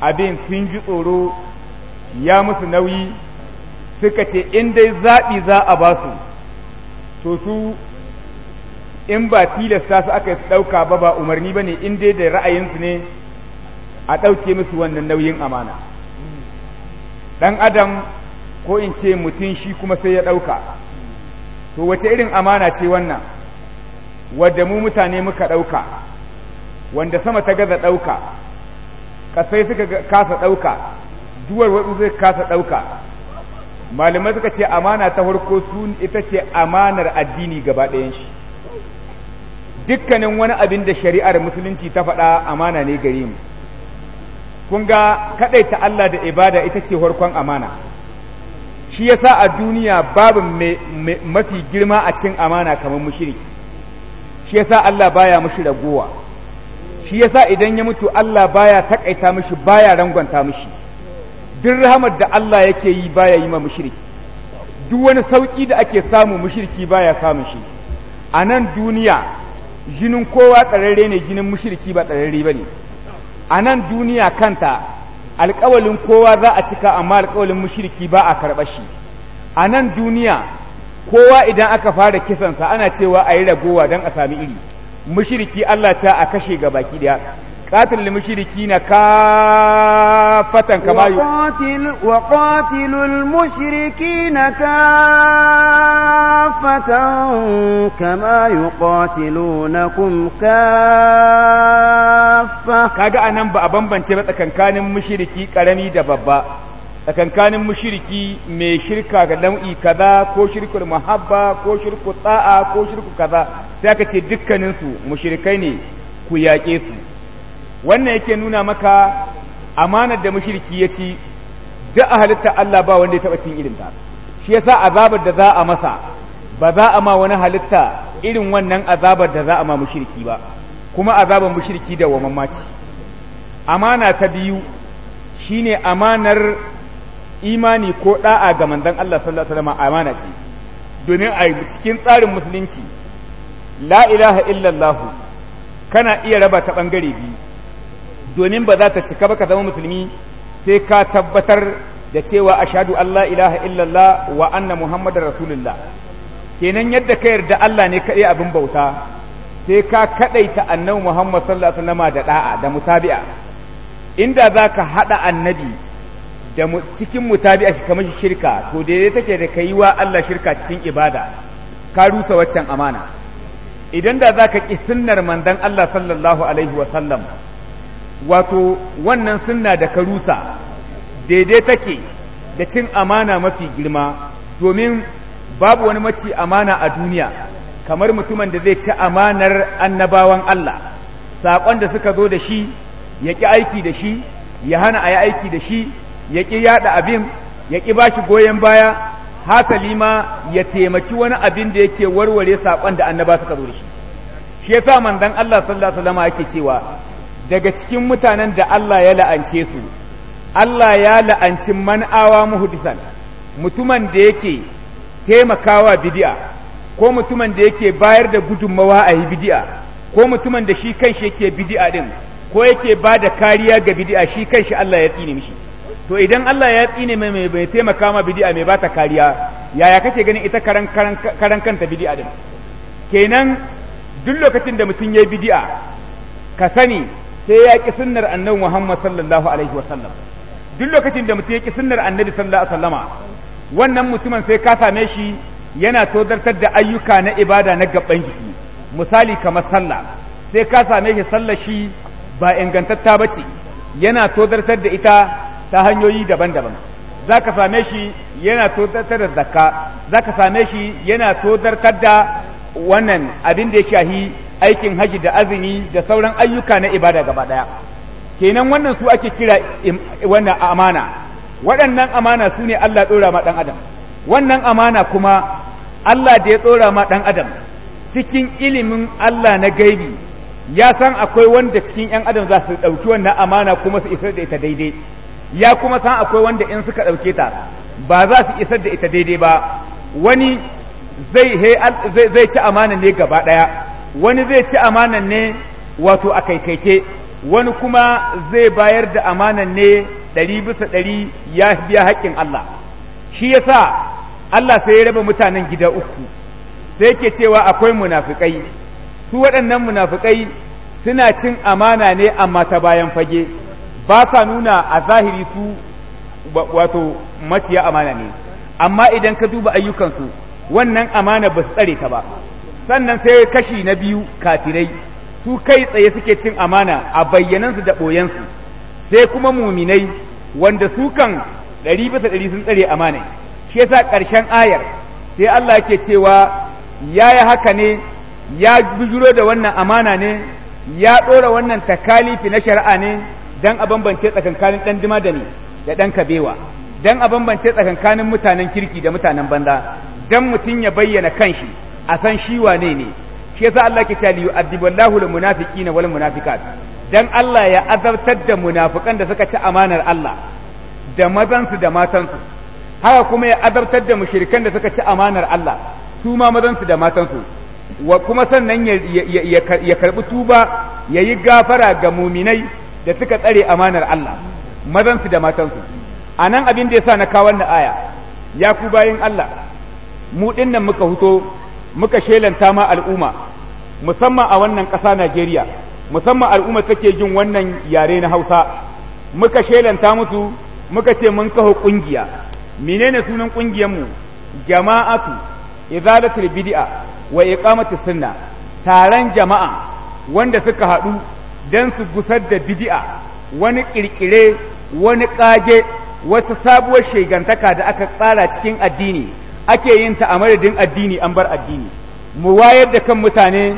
abin sun ji tsoro ya musu nauyi suka ce in dai zaɓi za a ba su to su in ba tilasta su aka su ɗauka ba ba umarni ba ne in dai da ra'ayinsu ne a ɗauke musu wannan nauyin amana ɗan adam ko in ce mutum shi kuma sai ya ɗauka to wace irin amana ce wannan wadda mu mutane muka ɗauka wanda sama ta gaza ɗauka kasai suka kasa ɗauka duwar wadu zai kasa ɗauka malamai suka ce amana ta farko su ita ce amanar addini gaba ɗayan shi dukkanin wani abin da shari'ar musulunci ta faɗa amana ne gare mu kun ga ta Allah da ibada ita ce farkon amana shi yasa a duniya babu mafi girma a cin amana kamar mushiri shi yasa Allah baya mushi ragowa shi yasa idan ya mutu Allah baya takaita mishi baya rangwanta mishi duk rahamar da Allah yake yi baya yi ma mushriki duk wani sauki da ake samu mushriki baya samu shi a nan duniya jinin kowa tsararre ne jinin mushriki ba tsararre bane a nan duniya kanta alƙawalin kowa za a cika amma alƙawalin mushriki ba a karɓa shi a nan duniya kowa idan aka fara kisansa ana cewa a yi ragowa don a sami iri Mushiriki Allah ta a kashe ga baki daya قاتل المشركين كافة كما وقاتل وقاتل المشركين كافة كما يقاتلونكم كافة kaga anan ba a bambance ba tsakankanin mushriki ƙarami da babba tsakankanin mushiriki mai shirka ga nau'i kaza ko shirku muhabba ko shirku tsa'a ko shirku kaza sai aka ce dukkaninsu mushrikai ne ku yaƙe su wannan yake nuna maka amanar da mushiriki ya ci duk a halitta Allah ba wanda ya taɓa cin irin ta shi yasa azabar da za a masa ba za a ma wani halitta irin wannan azabar da za a ma mushiriki ba kuma azabar mushiriki da wa mamaci amana ta biyu shine amanar imani ko da'a ga manzon Allah sallallahu alaihi wasallam amana ce domin a cikin tsarin musulunci la ilaha illallah kana iya raba ta bangare biyu domin ba za ta cika ba ka zama musulmi sai ka tabbatar da cewa ashadu Allah ilaha illallah wa anna muhammadar rasulullah kenan yadda ka yarda Allah ne kaɗai abin bauta sai ka kaɗaita annabi muhammad sallallahu alaihi wasallam da da'a da mutabi'a inda za ka haɗa annabi da cikin mutabi'a shi kamar shirka to daidai take da kai wa Allah shirka cikin ibada ka rusa waccan amana idan da zaka ki sunnar mandan Allah sallallahu alaihi wa sallam wato wannan sunna da ka rusa daidai take da cin amana mafi girma domin babu wani mace amana a duniya kamar mutumin da zai ci amanar annabawan Allah saƙon da suka zo da shi ya ƙi aiki da shi ya hana a yi aiki da shi ya ƙi yaɗa abin ya ƙi ba shi goyon baya hasali ma ya taimaki wani abin da yake warware saƙon da annaba suka zo da shi shi yasa manzon Allah sallallahu alaihi wasallam yake cewa daga cikin mutanen da Allah ya la'ance su Allah ya la'anci man'awa muhdisan mutumin da yake taimakawa bid'a ko mutumin da yake bayar da gudunmawa a bid'a ko mutumin da shi kanshi yake bid'a din ko yake ba da kariya ga bid'a shi kanshi Allah ya tsine mishi to idan Allah ya tsine mai mai taimaka ma bidi'a mai ta kariya yaya kake ganin ita karan karan kanta bidi'a din kenan duk lokacin da mutum yayi bidi'a ka sani sai ya ki sunnar annabi Muhammad sallallahu alaihi wasallam duk lokacin da mutum ya ki sunnar annabi sallallahu alaihi wasallama wannan mutumin sai ka same shi yana tozartar da ayyuka na ibada na gaban jiki misali kamar sallah sai ka same shi sallar shi ba ingantatta bace yana tozartar da ita ta hanyoyi daban-daban za ka same shi yana tozartar da zakka za ka same shi yana tozartar da wannan abin da ya shahi aikin haji da azumi da sauran ayyuka na ibada gaba daya kenan wannan su ake kira wannan amana waɗannan amana su ne Allah ɗora ma ɗan adam wannan amana kuma Allah da ya ɗora ma ɗan adam cikin ilimin Allah na gaibi ya san akwai wanda cikin ‘yan adam za su ɗauki wannan amana kuma su isar da ita daidai ya kuma san akwai wanda in suka ɗauke ta ba za su isar da ita daidai ba wani zai ci amanan ne gaba ɗaya wani zai ci amanan ne wato a kaikaice wani kuma zai bayar da amanan ne ɗari bisa ɗari ya biya haƙƙin Allah shi yasa Allah sai ya raba mutanen gida uku sai ke cewa akwai munafukai su waɗannan munafikai suna cin amana ne amma ta bayan fage ba sa nuna a zahiri su wato maciya amana ne amma idan ka duba ayyukansu wannan amana ba su tsare ta ba sannan sai kashi na biyu katirai su kai tsaye suke cin amana a bayyanansu da ɓoyensu sai kuma muminai wanda su kan ɗari bisa ɗari sun tsare amana shi yasa ƙarshen ayar sai Allah ke cewa ya yi haka ne ya bijiro da wannan amana ne ya ɗora wannan takalifi na shari'a ne dan a bambance tsakankanin dan dima da ni da dan kabewa dan a bambance tsakankanin mutanen kirki da mutanen banza dan mutum ya bayyana kanshi a san shi wane ne shi yasa Allah ke cewa yu'adhiballahu lil munafiqina wal munafiqat dan Allah ya azabtar da munafikan da suka ci amanar Allah da mazansu da matansu haka kuma ya azabtar da mushrikan da suka ci amanar Allah su ma mazansu da matansu wa kuma sannan ya karɓi tuba yayi gafara ga muminai da suka tsare amanar Allah mazansu da matansu a nan abin da ya sa na kawo wannan aya ya ku bayin Allah mu dinnan muka huto muka shelanta ma al'umma musamman a wannan ƙasa Najeriya musamman al'umma take jin wannan yare na Hausa muka shelanta musu muka ce mun kaho kungiya menene sunan kungiyar mu jama'atu izalatul bid'a wa iqamatus sunna taron jama'a wanda suka haɗu don su gusar da bidi'a wani ƙirƙire wani ƙage wata sabuwar shegantaka da aka tsara cikin addini ake yin ta a madadin addini an bar addini mu wayar da kan mutane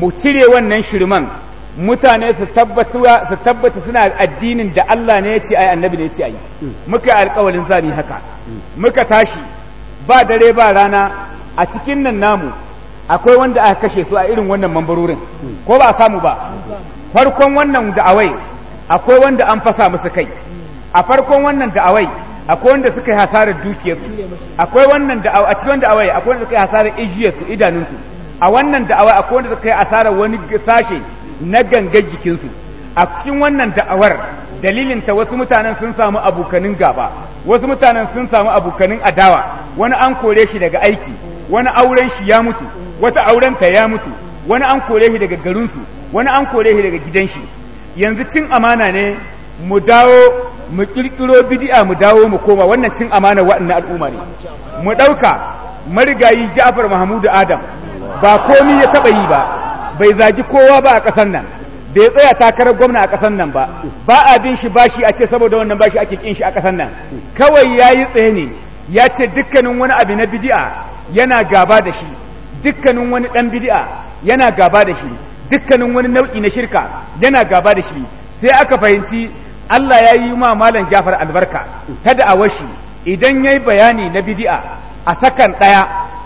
mu cire wannan shirman mutane su tabbata suna addinin da Allah ne ya ce ai annabi ne ya ce ai muka yi alƙawalin haka muka tashi ba dare ba rana a cikin nan namu akwai wanda aka kashe su a irin wannan mambarorin ko ba samu ba farkon wannan da'awai akwai wanda an fasa musu kai a farkon wannan da'awai akwai wanda suka yi hasarar su akwai wannan da a cikin da'awai akwai wanda suka yi hasarar idanun idanunsu a wannan da'awai akwai wanda suka yi hasarar wani sashe na gangan jikinsu a cikin wannan da'awar ta wasu mutanen sun samu abokanin gaba wasu mutanen sun samu abokanin adawa wani an kore shi daga aiki wani auren shi ya mutu wata aurenta ya mutu wani an kore shi daga garinsu wani an kore shi daga gidan shi yanzu cin amana ne mu dawo mu kirkiro bidi'a mu dawo mu koma wannan cin amana waɗannan al'umma ne mu ɗauka marigayi Ja'far Mahmudu Adam ba komi ya taɓa yi ba bai zagi kowa ba a ƙasar nan bai tsaya takarar gwamna a ƙasar nan ba ba a bin shi bashi a ce saboda wannan shi ake kin shi a ƙasar nan kawai yayi tsaye ne ya ce dukkanin wani abu na bidi'a yana gaba da shi dukkanin wani ɗan bid'a yana gaba da shi dukkanin wani nau'i na shirka yana gaba da shi sai aka fahimci Allah ya yi ma malam Jafar albarka ta da shi idan ya yi bayani na bid'a a sakan ɗaya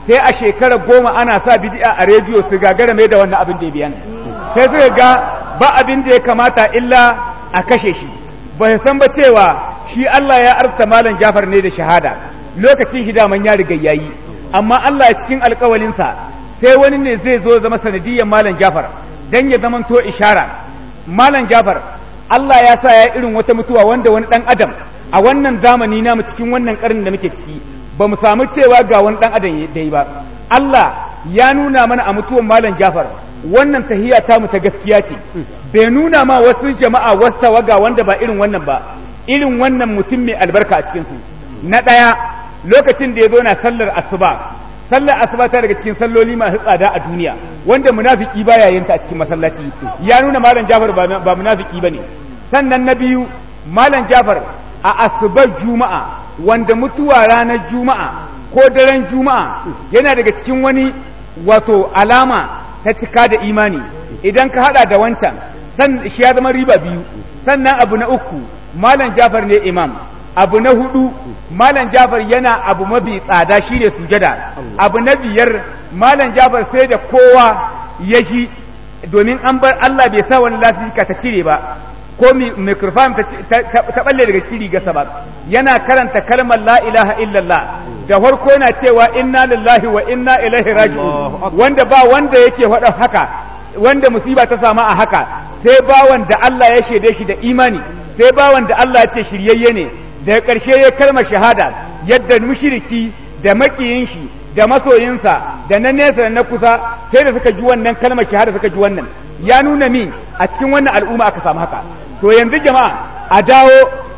sai a shekara goma ana sa bid'a a rediyo su gagara mai da wannan abin da ya biyan sai suka ga ba abin da ya kamata illa a kashe shi ba san ba cewa shi Allah ya arsa malam Jafar ne da shahada lokacin shi daman ya riga yayi amma Allah a cikin alƙawalinsa sai wani ne zai zo zama sanadiyyar malam Jafar dan ya zamanto ishara malam Jafar Allah ya sa ya irin wata mutuwa wanda wani dan adam a wannan zamani mu cikin wannan karin da muke ciki ba mu samu cewa ga wani dan adam dai ba Allah ya nuna mana a mutuwan malam jafar wannan tahiya ta mu ta gaskiya ce bai nuna ma wasu jama'a wasu tawaga wanda ba irin wannan ba irin wannan mutum mai albarka a cikinsu na ɗaya lokacin da ya zo na sallar asuba sallar asuba ta daga cikin salloli masu tsada a duniya wanda munafiki baya yin ta a cikin masallaci ya nuna malam Jafar ba munafiki ne sannan na biyu malam Jafar a asubar juma'a wanda mutuwa ranar juma'a ko daren juma'a yana daga cikin wani wato alama ta cika da imani idan ka hada da wancan san shi ya zama riba biyu sannan abu na uku malam jafar ne imam abu na hudu malam jafar yana abu mabi tsada shi shine sujada abu na biyar malam jafar sai da kowa ya ji domin an bar Allah bai sa wani lasika ta cire ba ko microphone ta balle daga cikin rigarsa ba yana karanta kalmar la ilaha illallah da farko yana cewa inna lillahi wa inna ilaihi raji'un wanda ba wanda yake faɗa haka wanda musiba ta samu a haka sai ba wanda Allah ya shaide shi da imani sai ba wanda Allah ya ce shiryayye ne da ƙarshe ya kalmar shahada yadda mushriki da makiyin shi da masoyinsa da na nesa da na kusa sai da suka ji wannan kalmar shahada suka ji wannan ya nuna min a cikin wannan al'umma aka samu haka to yanzu jama'a a dawo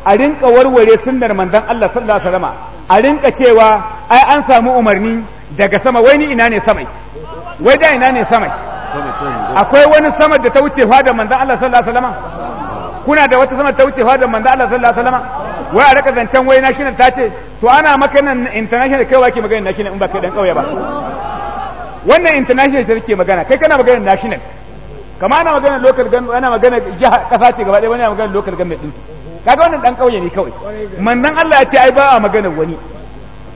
a rinka warware sunnar manzon Allah sallallahu alaihi wasallam a rinka cewa ai an samu umarni daga sama wai ni ina ne samai wai da ina ne samai akwai wani sama da ta wuce fa da manzon Allah sallallahu alaihi wasallam kuna da wata sama da ta wuce fa da manzon Allah sallallahu alaihi wasallam wai a rika zancen wai national ta ce to ana maka nan international kai wake magana national in ba kai dan kauye ba wannan international sai ke magana kai kana magana national kama ana magana lokal gan ana magana jiha kasa ce gaba ɗaya wani magana local government ɗinsu kaga wannan ɗan ƙauye ne kawai mandan Allah ya ce ai ba a magana wani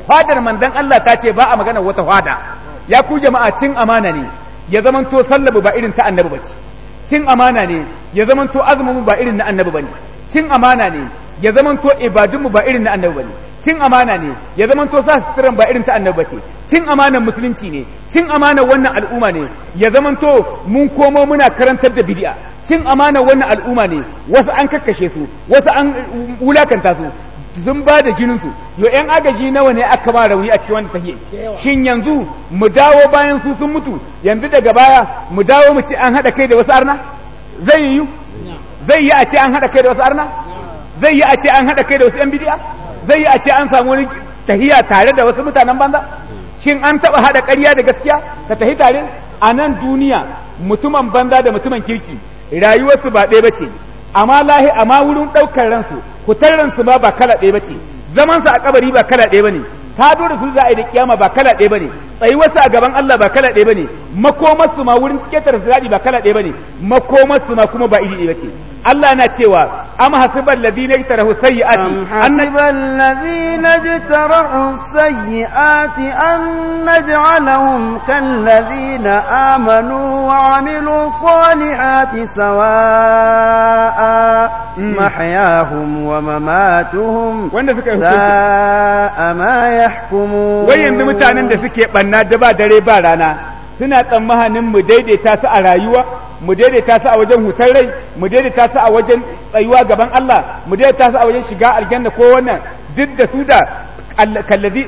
fadar mandan Allah ta ce ba a magana wata fada ya ku jama'a cin amana ne ya zamanto sallabu ba irin ta annabi ba cin amana ne ya zamanto azumin ba irin na annabi ba ne cin amana ne ya zamanto ibadunmu ba irin na annabi bane cin amana ne ya zamanto sa suturan ba irin ta annabi bace cin amanan musulunci ne cin amanan wannan al'umma ne ya zamanto mun komo muna karantar da bid'a cin amanan wannan al'umma ne wasu an kakkashe su wasu an wulakanta su sun ba da su. yo yan agaji nawa ne aka ba rauni a cikin wanda tahiye shin yanzu mu dawo bayan su sun mutu yanzu daga baya mu dawo mu ci an haɗa kai da wasu arna zai yi zai yi a ce an haɗa kai da wasu arna zai yi a ce an haɗa kai da wasu 'yan bidiya zai yi a ce an samu wani tahiya tare da wasu mutanen banza shin an taɓa haɗa ƙarya da gaskiya ka tahi tare a nan duniya mutumin banza da mutumin kirki rayuwarsu ba ɗaya bace amma lahi amma wurin ɗaukar ransu kutar ransu ma ba kala ɗaya bace zamansu a kabari ba kala ɗaya bane tado da su za a yi da kiyama ba kala ɗaya bane tsayuwarsu a gaban Allah ba kala ɗaya bane makomarsu ma wurin ketar sirati ba kala ɗaya bane makomarsu ma kuma ba iri ɗaya bace Allah na cewa am hasibal ladina yatarahu sayyi'ati an hasibal ladina yatarahu sayyi'ati an naj'alahum kal ladina amanu wa amilu salihati sawa'a hmm. mahyahum wa mamatuhum wanda suka yi sa'a يحكمون وين da suke banna da ba dare ba rana suna tsammanin mu daidaita su a rayuwa mu daidaita su a wajen hutar rai mu daidaita su a wajen tsayuwa gaban Allah mu daidaita su a wajen shiga aljanna ko wannan duk da su da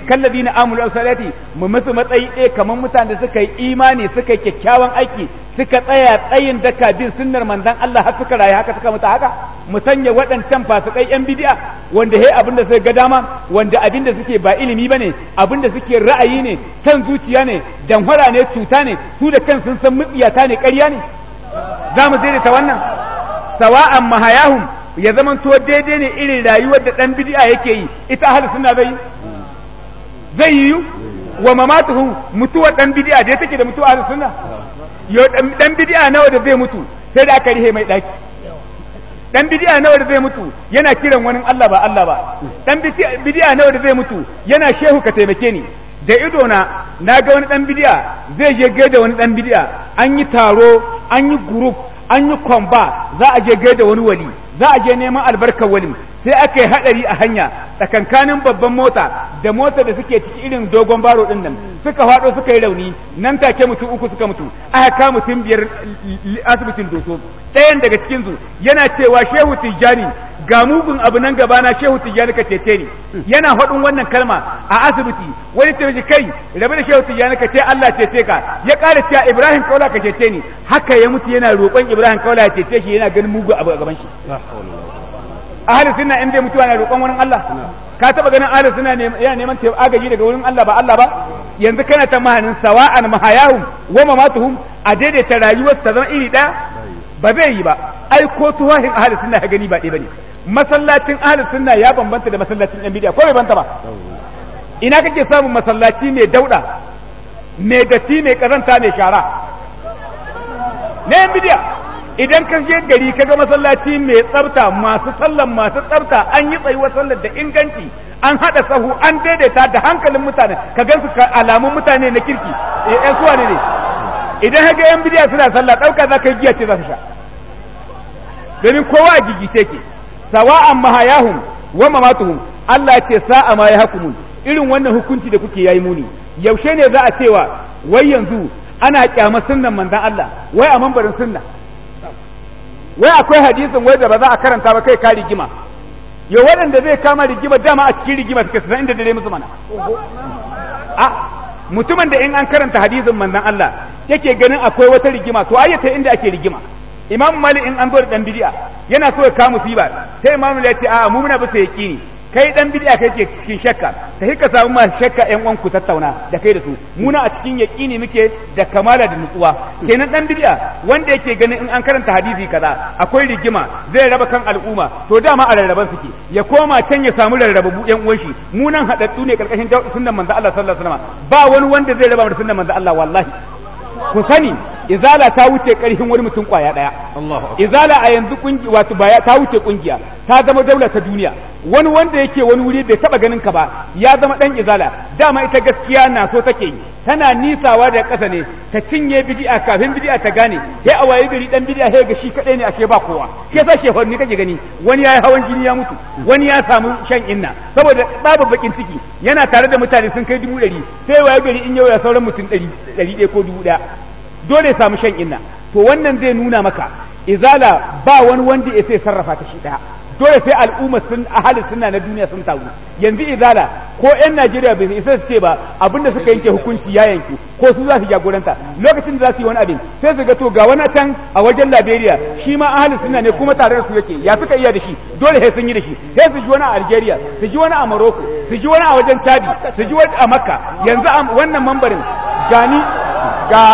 kallazi na amulu salati mu mutu matsayi ɗaya kamar mutane suka yi imani suka yi kyakkyawan aiki suka tsaya tsayin daka bin sunnar manzan Allah har suka rayu haka suka mutu haka mu sanya waɗancan fasikai yan bidi'a wanda he abin da suka ga dama wanda abin da suke ba ilimi ba ne abin da suke ra'ayi ne san zuciya ne danhwara ne cuta ne su da kan sun san mutsiyata ne ƙarya ne za mu ta wannan sawa'an mahayahum ya zaman to daidai ne irin rayuwar da dan bid'a yake yi ita ahli sunna zai zai yi wa mamatuhu mutuwar dan bid'a dai take da mutuwa ahli sunna yo dan bid'a nawa da zai mutu sai da aka rihe mai daki dan bid'a nawa da zai mutu yana kiran wani Allah ba Allah ba dan bid'a nawa da zai mutu yana shehu ka taimake ni da ido na na ga wani dan bid'a zai je da wani dan bid'a an yi taro an yi group an yi kwamba za a je gaida wani wali za a je neman albarkar wani sai aka yi hadari a hanya tsakankanin babban mota da motar da suke ciki irin dogon baro din nan suka haɗo suka yi rauni nan take mutum uku suka mutu aka kama mutum biyar asibitin doso ɗayan daga cikin su yana cewa shehu tijjani ga mugun abu nan gaba na shehu tijjani ka cece ni yana faɗin wannan kalma a asibiti wani ce kai rabu da shehu tijjani ka ce Allah cece ka ya ƙara cewa Ibrahim Kaula ka cece ni haka ya mutu yana roƙon Ibrahim Kaula ya cece shi yana ganin mugun abu a gaban shi ah. ahli sunna in dai mutuwa na roƙon wurin Allah ka taba ganin ahli sunna yana neman agaji daga wurin Allah ba Allah ba yanzu kana ta mahanin sawa'an mahayahum wa mamatuhum a daidaita rayuwar ta zama iri ɗaya ba zai yi ba ai ko tuwahin ahli sunna ya gani ba ɗaya bane masallacin ahli sunna ya bambanta da masallacin ɗan bidiya ko bai banta ba ina kake samun masallaci mai dauda mai datti mai karanta mai shara ne bidiya idan ka je gari ka ga masallaci mai tsafta masu sallan masu tsafta an yi tsayuwar sallar da inganci an hada sahu an daidaita da hankalin mutane ka gansu alamun mutane na kirki yan eh, suwa ne ne idan ka ga yan bidiya suna sallah dauka za ka giya ce za ka sha domin kowa a gigice ke sawa'an mahayahum wa mamatuhum Allah ce sa'a ma yahkumun irin wannan hukunci da kuke yayi muni yaushe ne za a cewa wai yanzu ana kyamar sunnan manzon Allah wai a mambarin sunna wai akwai hadisin wai da ba za a karanta ba kai ka rigima yau waɗanda zai kama rigima dama a cikin rigima suka san inda dare musu mana a mutumin da in an karanta hadisin manzon Allah yake ganin akwai wata rigima to ayyata inda ake rigima imam malik in an zo da dan bid'a yana so ya kamu siba sai imam ya ce a mu muna sai yaqini kai dan bid'a kai ke cikin shakka ta hika samu ma shakka ƴan uwan ku tattauna da kai da su muna a cikin yaqini muke da kamala da nutsuwa kenan dan bid'a wanda yake ganin in an karanta hadisi kaza akwai rigima zai raba kan al'umma to dama a rarraban suke ya koma can ya samu rarrabu ƴan uwan shi mu nan hadattu ne karkashin sunnan manzo Allah sallallahu alaihi wasallam ba wani wanda zai raba mu sunnan manzo Allah wallahi ku sani izala ta wuce karhin wani mutum kwaya ɗaya izala a yanzu kungiya wato baya ta wuce kungiya ta zama daula ta duniya wani wanda yake wani wuri bai taba ganin ka ba ya zama ɗan izala dama ita gaskiya na so take yi tana nisawa da ƙasa ne ta cinye bid'a kafin bid'a ta gane sai a waye gari dan bid'a sai ga shi kadai ne ake ba kowa ke sa shehu ne kake gani wani yayi hawan jini ya mutu wani ya samu shan inna saboda babu bakin ciki yana tare da mutane sun kai dubu ɗari sai waye gari in yau ya sauran mutum ɗari ɗari ko dubu ɗaya dole samu shan inna to wannan zai nuna maka izala ba wani wanda ya sai sarrafa ta shi daya dole sai al'umma sun ahalin suna na duniya sun taru yanzu izala ko yan Najeriya bai isa su ce ba abinda suka yanke hukunci ya yanke ko su za su jagoranta lokacin da za su yi wani abin sai su ga to ga wani can a wajen Liberia shi ma ahalin suna ne kuma tare da su yake ya suka iya da shi dole sai sun yi da shi sai su ji wani a Algeria su ji wani a Morocco su ji wani a wajen chadi su ji wani a Makka yanzu wannan mambarin gani ga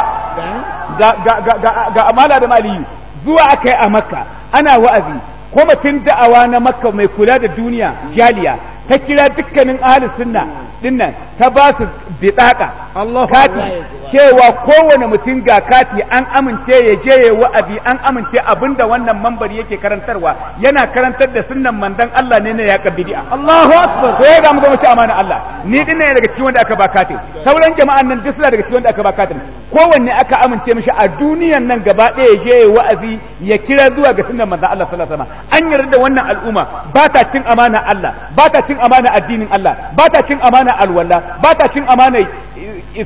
ga amala da maliyu zuwa aka yi a makka ana wa'azi ko mutum da'awa na makka mai kula da duniya jaliya ta kira dukkanin ahli sunna dinnan ta ba su bidaka kati cewa kowane mutum ga kati an amince ya je ya wa'azi an amince abinda wannan mambari yake karantarwa yana karantar da sunnan mandan Allah ne na ya kabbidi'a Allahu akbar ko ya ga mu gwamnati amana Allah ni din ne daga cikin wanda aka ba kati sauran jama'an nan duk suna daga cikin wanda aka ba katin kowanne aka amince mishi a duniyan nan gaba ɗaya ya je ya wa'azi ya kira zuwa ga sunnan mandan Allah sallallahu alaihi wasallam an yarda da wannan al'umma ba ta cin amana Allah ba ta cin cin amana addinin Allah ba ta cin amana alwala ba ta cin amana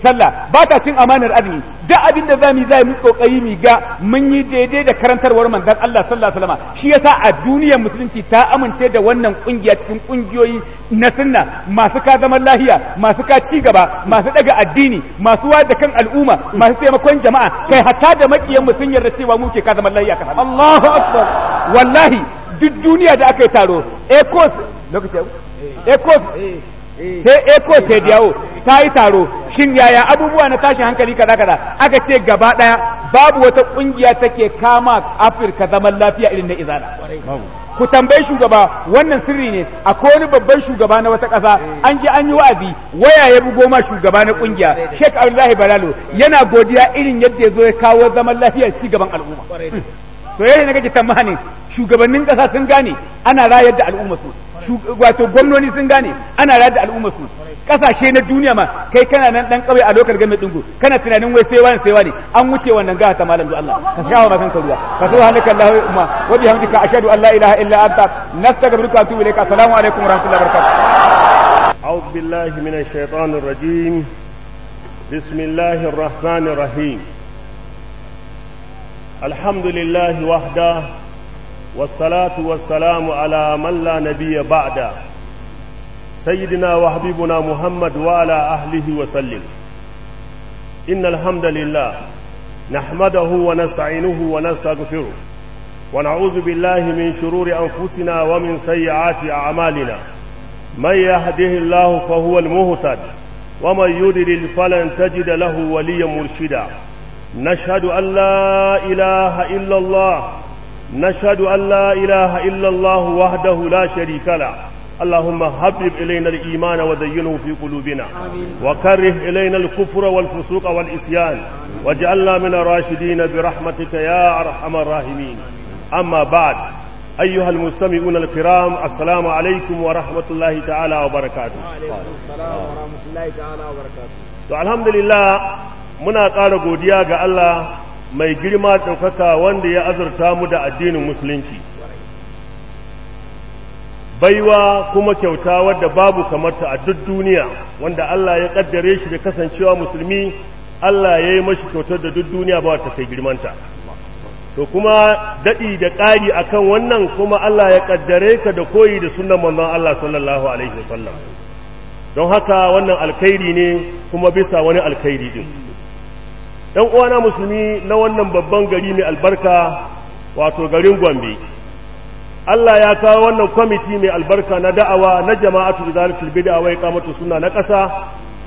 sallah ba ta cin amanar azumi duk abin da zamu za mu kokari mu ga mun yi daidai da karantarwar manzon Allah sallallahu alaihi wasallam shi yasa a duniyar musulunci ta amince da wannan kungiya cikin kungiyoyi na sunna masu ka zaman lahiya masu ka ci gaba masu daga addini masu wada kan al'umma masu taimakon jama'a kai hatta da makiyan mu sun yarda cewa mu ke ka zaman lahiya ka Allahu akbar wallahi duk duniya da aka yi taro ecos lokacin eh. ecos eh, eh. sai diyawo ta yi taro shin yaya abubuwa na tashin hankali kada kada aka ce gaba daya babu wata kungiya take kama afirka zaman lafiya irin na izala ku tambayi shugaba wannan sirri ne akwai wani babban shugaba na wata ƙasa an ji an yi wa'azi waya ya bugo ma shugaba na kungiya sheik abdullahi balalo yana godiya irin yadda ya zo ya kawo zaman lafiya ci gaban al'umma to yayin da kake tsammanin shugabannin kasa sun gane ana rayar da al'umma su wato gwamnoni sun gane ana rayar da al'umma su kasashe na duniya ma kai kana nan dan kauye a lokar game dingo kana tunanin wai sai wani sai wani an wuce wannan gaha ta malam Allah ka shawo ma kanka ruwa ka so halaka Allah umma wa bihamdika ashhadu an la ilaha illa anta nastaghfiruka wa atubu ilaika assalamu alaikum wa rahmatullahi wa barakatuh a'udhu billahi minash shaitanir rajim بسم الله الرحمن الرحيم الحمد لله وحده والصلاة والسلام على من لا نبي بعده سيدنا وحبيبنا محمد وعلى أهله وسلم إن الحمد لله نحمده ونستعينه ونستغفره ونعوذ بالله من شرور أنفسنا ومن سيئات أعمالنا من يهده الله فهو المهتد ومن يدلل فلن تجد له وليا مرشدا نشهد أن لا إله إلا الله نشهد أن لا إله إلا الله وحده لا شريك له اللهم هبب إلينا الإيمان وزينه في قلوبنا وكره إلينا الكفر والفسوق والإسيان واجعلنا من الراشدين برحمتك يا أرحم الراحمين أما بعد أيها المستمعون الكرام السلام عليكم ورحمة الله تعالى وبركاته وعليكم السلام ورحمة الله تعالى وبركاته الحمد لله muna ƙara godiya ga Allah mai girma ɗaukaka wanda ya azurta mu da addinin musulunci baiwa kuma kyauta wadda babu kamarta a duk duniya wanda Allah ya ƙaddare shi da kasancewa musulmi Allah ya yi mashi kyautar da duk duniya ba ta kai girmanta to kuma daɗi da ƙari akan wannan kuma Allah ya ƙaddare ka da koyi da sunan manzon Allah sallallahu alaihi wasallam don haka wannan alkhairi ne kuma bisa wani alkhairi din ɗan uwana musulmi na wannan babban gari mai albarka wato garin gombe Allah ya kawo wannan kwamiti mai albarka na da'awa na jama'atu da zalatul da awai kamata suna na ƙasa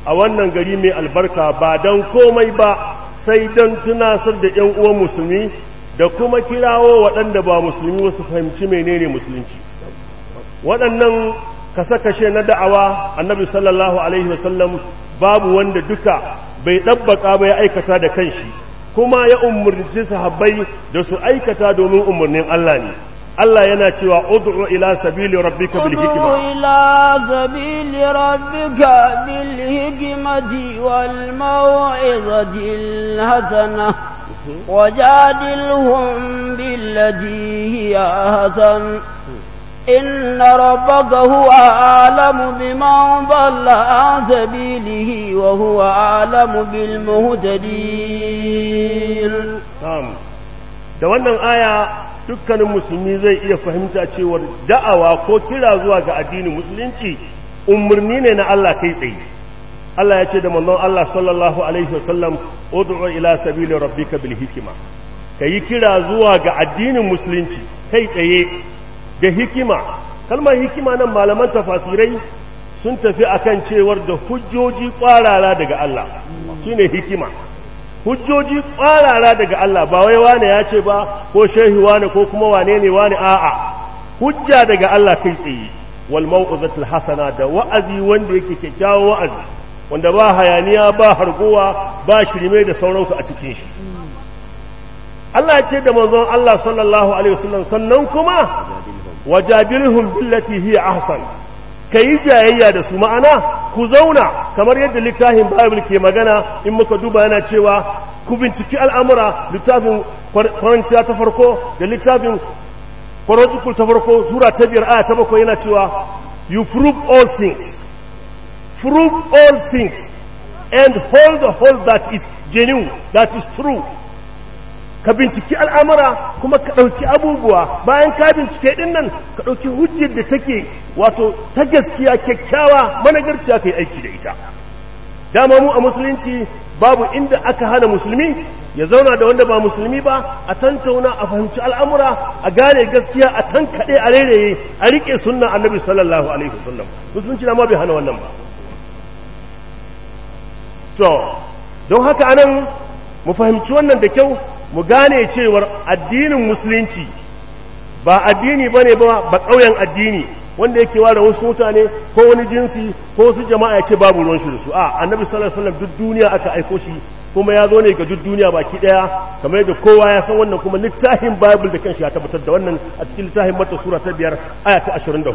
a wannan gari mai albarka ba don komai ba sai don tunasar da ƴan uwan musulmi da kuma kirawo waɗanda ba musulmi wasu fahimci menene musulunci waɗannan kasa kashe na da'awa annabi sallallahu alaihi wasallam babu wanda duka bai ɗabbaƙa ba ya aikata da kanshi kuma ya umarci sahabbai da su aikata domin umarnin Allah ne Allah yana cewa ud'u ila sabili rabbika bil hikma ud'u ila sabili rabbika bil hikmati wal maw'izati hasana wajadilhum billati hiya hasan إن ربك هو أعلم بمن ضل عن سبيله وهو أعلم بالمهتدين نعم da wannan aya dukkanin musulmi zai iya fahimta cewar da'awa ko kira zuwa ga addinin musulunci umarni ne na Allah kai tsaye Allah ya ce da manzon Allah sallallahu alaihi wasallam ud'u ila sabili rabbika bil hikma kayi kira zuwa ga addinin musulunci kai tsaye da hikima kalmar hikima nan malaman tafasirai sun tafi akan cewar da hujjoji kwarara daga Allah shine hikima hujjoji kwarara daga Allah ba wai wane ya ce ba ko shehi wane ko kuma wane ne wane a'a hujja daga Allah kai tsaye wal mau'izatul hasana da wa'azi wanda yake kyakkyawan wa'azi wanda ba hayaniya ba harguwa ba shirme da sauransu a cikin shi Allah ya ce da manzon Allah sallallahu alaihi wasallam sannan kuma wajadilhum billati hiya ahsan kai jayayya da su ma'ana ku zauna kamar yadda littafin bible ke magana in muka duba yana cewa ku binciki al'amura littafin kwanciya ta farko da littafin kwarantikul ta farko sura ta biyar aya ta bakwai yana cewa you prove all things prove all things and hold the hold that is genuine that is true ka binciki al'amura kuma ka ɗauki abubuwa bayan ka bincike ɗin nan ka ɗauki hujjar da take wato ta gaskiya kyakkyawa managarciya ka yi aiki da ita dama mu a musulunci babu inda aka hana musulmi ya zauna da wanda ba musulmi ba a tantauna a fahimci al'amura a gane gaskiya a tankaɗe a rairaye a riƙe sunna annabi sallallahu alaihi wasallam musulunci na ma bai hana wannan ba to don haka anan mu fahimci wannan da kyau mu gane cewar addinin musulunci ba addini ba ne ba ƙauyen addini wanda yake ware wasu mutane ko wani jinsi ko wasu jama'a ya ce babu ruwan shi da su a annabi sallallahu alaihi wasallam duk duniya aka aiko shi kuma ya zo ne ga duk duniya baki daya kamar yadda kowa ya san wannan kuma littafin bible da kanshi ya tabbatar da wannan a cikin littafin mata sura ta biyar aya ta 24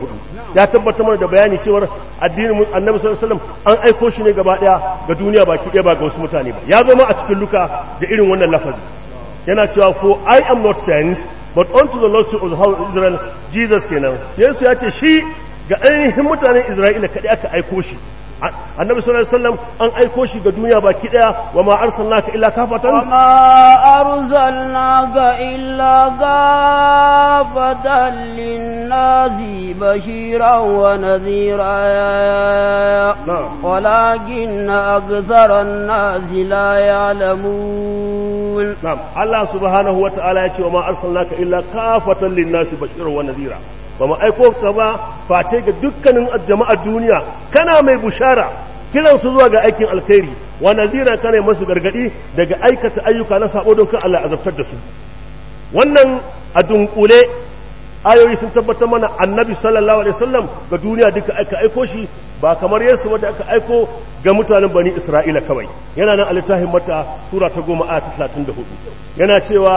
ya tabbatar mana da bayani cewar addinin annabi sallallahu alaihi wasallam an aiko shi ne gaba daya ga duniya baki daya ba ga wasu mutane ba ya zo ma a cikin luka da irin wannan lafazi yana cewa for I am not sent but unto the lordship of the house Israel Jesus kenan Yesu ya ce shi ga ainihin mutanen Isra'ila kaɗai aka aiko shi annabi sallallahu alaihi wasallam an aiko shi ga duniya baki daya wa ma arsalnaka illa kafatan wa ma arsalnaka illa kafatan linnazi bashiran wa nadhira walakin aktharan nasi la ya'lamun na'am Allah subhanahu wa ta'ala ya ce wa ma arsalnaka illa kafatan linnasi bashiran wa nadhira ba mu aiko ka ba face ga dukkanin jama'ar duniya kana mai bushara kiransu zuwa ga aikin alkhairi wa nazira kana masu gargadi daga aikata ayyuka na sabo don kan Allah azabtar da su wannan a dunkule ayoyi sun tabbatar mana annabi sallallahu alaihi wasallam ga duniya duka aka aiko shi ba kamar yesu wanda aka aiko ga mutanen bani isra'ila kawai yana nan alitahin mata sura ta goma aya ta talatin yana cewa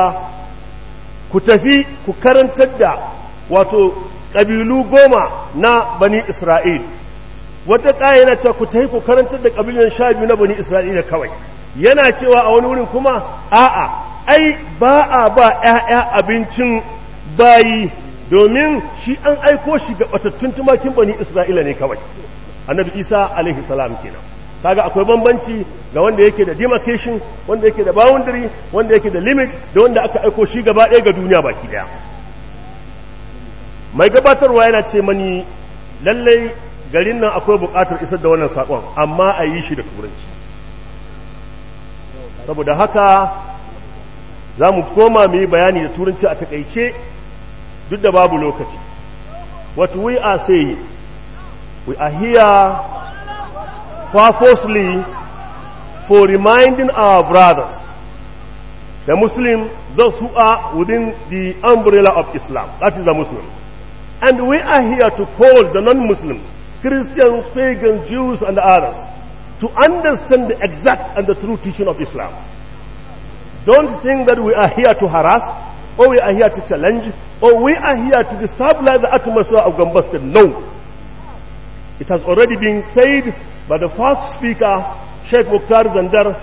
ku tafi ku karantar da wato kabilu goma na bani isra'il wata ƙaya yana cewa ku ta yi ku karantar da ƙabilun sha biyu na bani isra'ila kawai yana cewa a wani wurin kuma a'a ai ba a ba 'ya'ya abincin bayi domin shi an aiko shi ga batattun tumakin bani isra'ila ne kawai annabi isa alaihi salam kenan kaga akwai bambanci ga wanda yake da demarcation wanda yake da boundary wanda yake da limit da wanda aka aiko shi gaba ɗaya ga duniya baki ɗaya. mai gabatarwa yana ce mani lallai garin nan akwai buƙatar isar da wannan saƙon amma a yi shi da turanci saboda haka za mu koma mu yi bayani da turanci a takaice duk da babu lokaci what we are saying we are here purposely for reminding our brothers the muslim those who are within the umbrella of islam that is muslim And we are here to call the non-Muslims, Christians, pagans, Jews and others, to understand the exact and the true teaching of Islam. Don't think that we are here to harass, or we are here to challenge, or we are here to destabilize the atmosphere of Gambastan. No. It has already been said by the first speaker, Sheikh Mukhtar Zandar,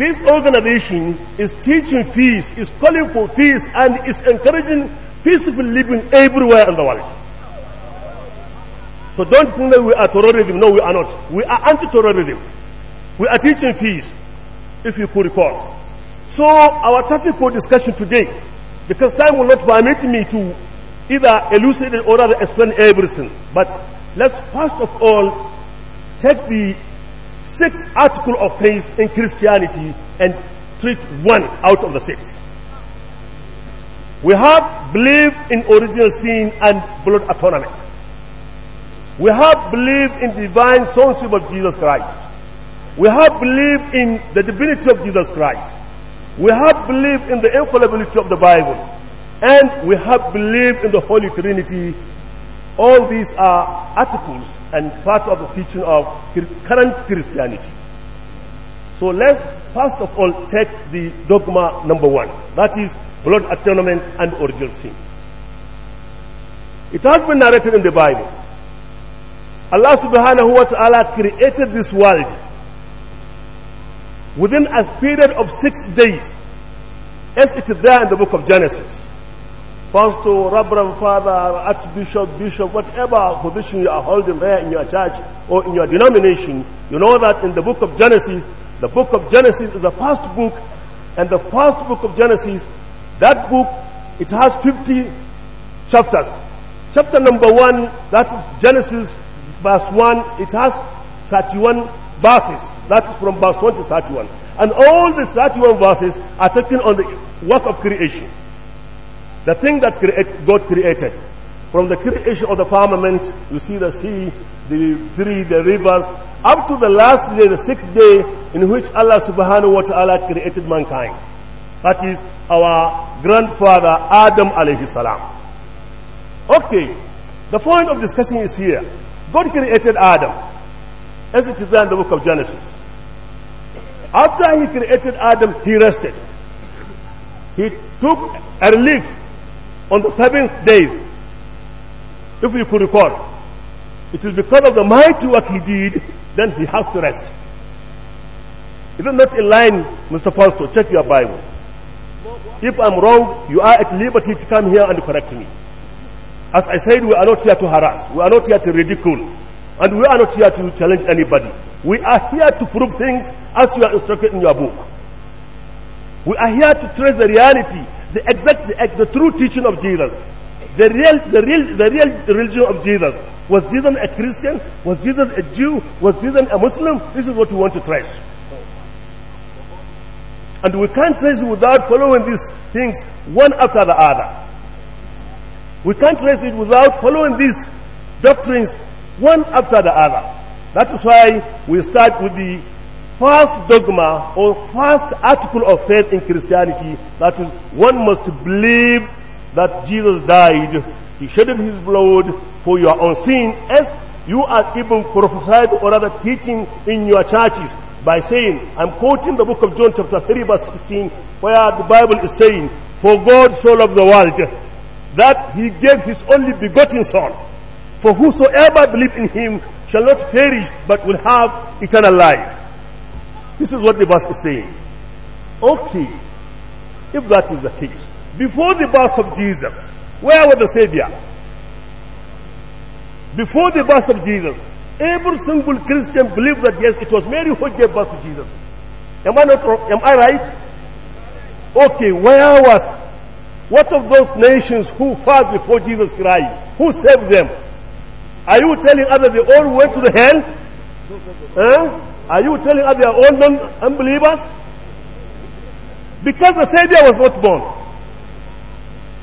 this organization is teaching peace, is calling for peace, and is encouraging peaceful living everywhere in the world. So don't think that we are terrorism. No, we are not. We are anti-terrorism. We are teaching peace, if you could recall. So our topic for discussion today, because time will not permit me to either elucidate or rather explain everything. But let's first of all take the six article of faith in Christianity and treat one out of the six. We have believed in original sin and blood atonement. We have believed in divine sonship of Jesus Christ. We have believed in the divinity of Jesus Christ. We have believed in the infallibility of the Bible. And we have believed in the Holy Trinity. All these are articles and part of the teaching of current Christianity. So let's first of all take the dogma number one. That is blood atonement and original sin. It has been narrated in the Bible. Allah subhanahu wa ta'ala created this world within a period of six days as it is there in the book of Genesis. pastor, reverend father, archbishop, bishop, whatever position you are holding there in your church or in your denomination, you know that in the book of Genesis, the book of Genesis is the first book, and the first book of Genesis, that book, it has 50 chapters. Chapter number 1, that is Genesis verse 1, it has 31 verses. That is from verse 1 to 31. And all the 31 verses are taken on the work of creation. The thing that create, God created. From the creation of the firmament, you see the sea, the tree, the rivers, up to the last day, the sixth day, in which Allah subhanahu wa ta'ala created mankind. That is our grandfather Adam alayhi salam. Okay, the point of discussion is here. God created Adam, as it is there in the book of Genesis. After he created Adam, he rested. He took a relief on the seventh day, if you could record, it is because of the mighty work he did, then he has to rest. Is it not in line, Mr. Pastor? Check your Bible. If I'm wrong, you are at liberty to come here and correct me. As I said, we are not here to harass, we are not here to ridicule, and we are not here to challenge anybody. We are here to prove things as you are instructed in your book. We are here to trace the reality, the exact, the, the true teaching of Jesus. The real, the real, the real religion of Jesus. Was Jesus a Christian? Was Jesus a Jew? Was Jesus a Muslim? This is what we want to trace. And we can't trace it without following these things one after the other. We can't trace it without following these doctrines one after the other. That is why we start with the first dogma or first article of faith in Christianity that is one must believe that Jesus died, he shedded his blood for your own sin as you are even prophesied or rather teaching in your churches by saying, I'm quoting the book of John chapter 3 verse 16 where the Bible is saying, For God so loved the world that he gave his only begotten son. For whosoever believes in him shall not perish but will have eternal life. This is what the verse is saying. Okay, if that is the case, before the birth of Jesus, where was the Savior? Before the birth of Jesus, every single Christian believed that yes, it was Mary who gave birth to Jesus. Am I not? Am I right? Okay, where was? What of those nations who fought before Jesus Christ? Who saved them? Are you telling others they all went to the hell? Eh? Are you telling us they are all non unbelievers? Because the Savior was not born.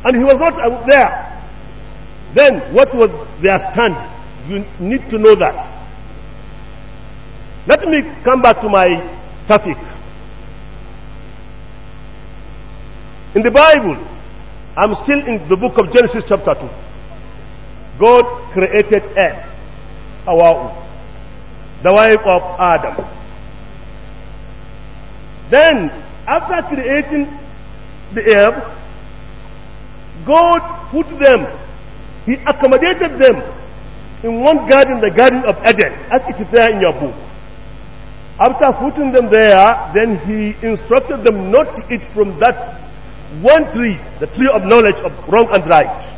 And he was not there. Then what was their stand? You need to know that. Let me come back to my topic. In the Bible, I'm still in the book of Genesis chapter 2. God created earth, the wife of Adam. Then, after creating the earth, God put them, He accommodated them in one garden, the garden of Eden, as it is there in your book. After putting them there, then He instructed them not to eat from that one tree, the tree of knowledge of wrong and right.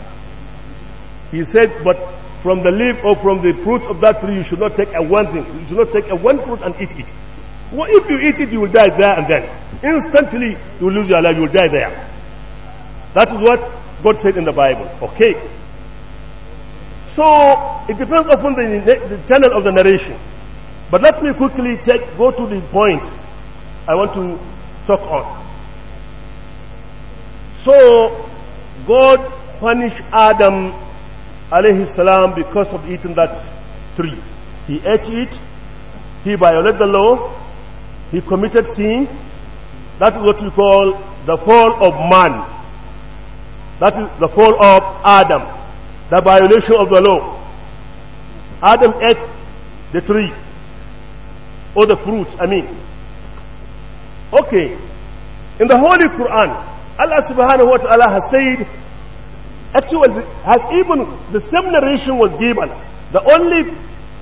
He said, but From the leaf or from the fruit of that tree, you should not take a one thing. You should not take a one fruit and eat it. Well, if you eat it, you will die there and then. Instantly, you will lose your life. You will die there. That is what God said in the Bible. Okay. So, it depends upon the, the channel of the narration. But let me quickly take, go to the point I want to talk on. So, God punished Adam alayhi salam because of eating that tree. He ate it, he violated the law, he committed sin. That is what we call the fall of man. That is the fall of Adam, the violation of the law. Adam ate the tree, or the fruit, I mean. Okay, in the Holy Quran, Allah subhanahu wa ta'ala has said, actually has even the same narration was given. The only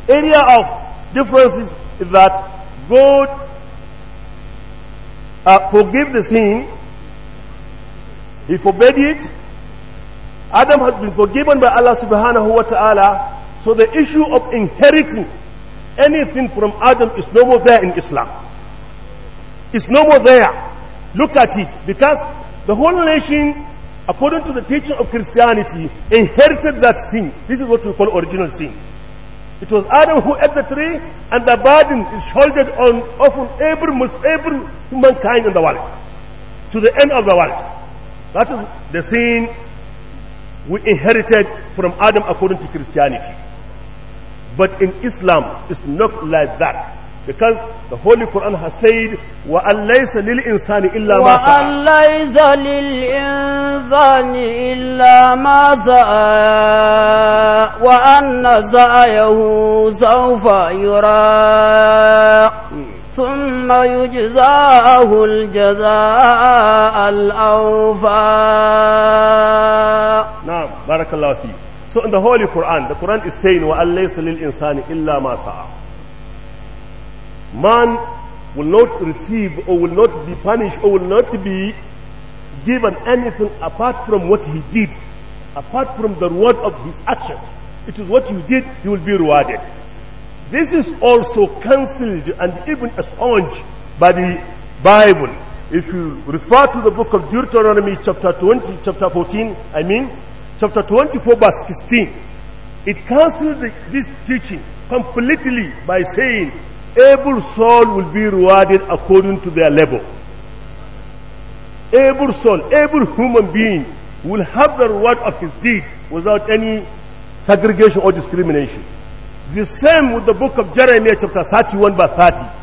area of difference is that God uh, forgive the sin. He forbade it. Adam has been forgiven by Allah subhanahu wa ta'ala. So the issue of inheriting anything from Adam is no more there in Islam. It's no more there. Look at it. Because the whole nation according to the teaching of Christianity, inherited that sin. This is what we call original sin. It was Adam who ate the tree, and the burden is shouldered on often every every humankind in the world, to the end of the world. That is the sin we inherited from Adam according to Christianity. But in Islam, it's not like that. because the holy quran has said wa alaysa lil insani illa ma sa'a wa alaysa lil insani illa ma sa'a wa anna sa'ayahu sawfa yura thumma yujzahu al jazaa al awfa na'am barakallahu fi so in the holy quran the quran is saying wa alaysa lil insani illa ma sa'a man will not receive or will not be punished or will not be given anything apart from what he did, apart from the reward of his actions. It is what you did, you will be rewarded. This is also cancelled and even expunged by the Bible. If you refer to the book of Deuteronomy chapter 20, chapter 14, I mean, chapter 24 verse 16, it cancels this teaching completely by saying Able soul will be rewarded according to their level. Able soul, able human being will have the reward of his deed without any segregation or discrimination. The same with the book of Jeremiah chapter 31 by 30.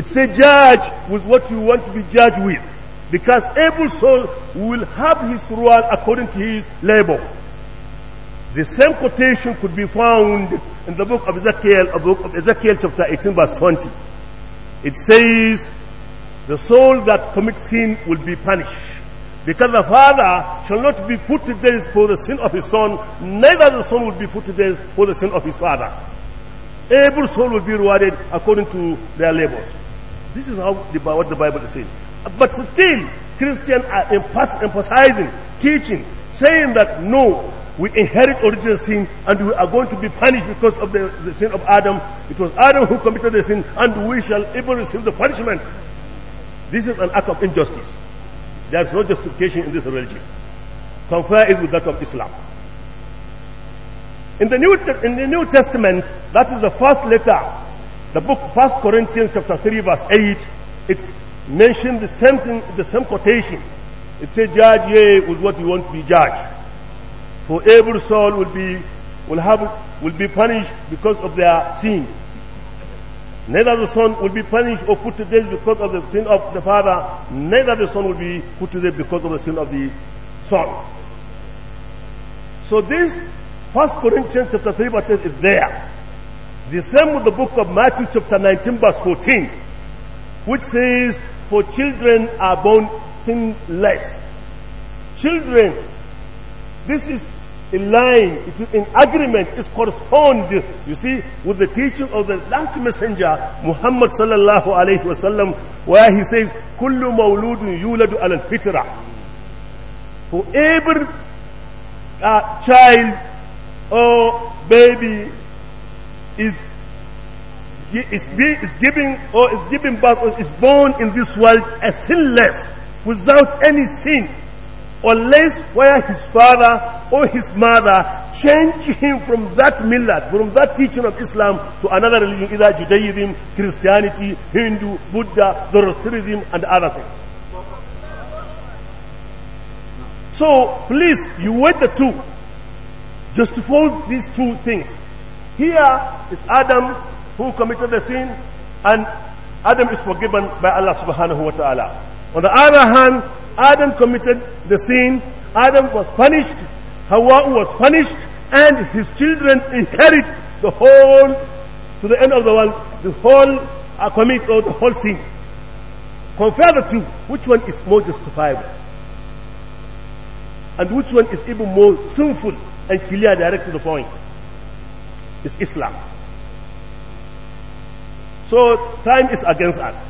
It says judge with what you want to be judged with because able soul will have his reward according to his labor. The same quotation could be found in the book of Ezekiel, a book of Ezekiel chapter 18 verse 20. It says, the soul that commits sin will be punished. Because the father shall not be put to death for the sin of his son, neither the son will be put to death for the sin of his father. Every soul will be rewarded according to their labors. This is how the, what the Bible is saying. But still, Christians are emphasizing, teaching, saying that no, we inherit original sin and we are going to be punished because of the, the sin of Adam. It was Adam who committed the sin and we shall even receive the punishment. This is an act of injustice. There's no justification in this religion. Compare it with that of Islam. In the New, in the New Testament, that is the first letter, the book 1 Corinthians chapter 3 verse 8, it's mentioned the same thing, the same quotation. It says, judge ye with what you want to be judged for every soul will be will have will be punished because of their sin. Neither the son will be punished or put to death because of the sin of the father, neither the son will be put to death because of the sin of the son. So this First Corinthians chapter 3 verse 8 is there. The same with the book of Matthew chapter 19 verse 14, which says, For children are born sinless. Children, this is in line, it is in agreement, it corresponds, you see, with the teaching of the last messenger, Muhammad sallallahu alayhi wasallam, where he says, "Kullu مَوْلُودٌ يُولَدُ عَلَى fitrah For every uh, child or baby is is, is giving or is giving birth or is born in this world as sinless, without any sin, unless where his father or his mother change him from that millet, from that teaching of Islam to another religion, either Judaism, Christianity, Hindu, Buddha, Zoroastrianism, and other things. So please, you wait the two. Just to fold these two things. Here is Adam who committed the sin, and Adam is forgiven by Allah subhanahu wa ta'ala. On the other hand, Adam committed the sin, Adam was punished, Hawa was punished, and his children inherit the whole, to the end of the world, the whole uh, commit or the whole sin. Compare the two, which one is more justifiable? And which one is even more sinful and clear, direct to the point? It's Islam. So time is against us.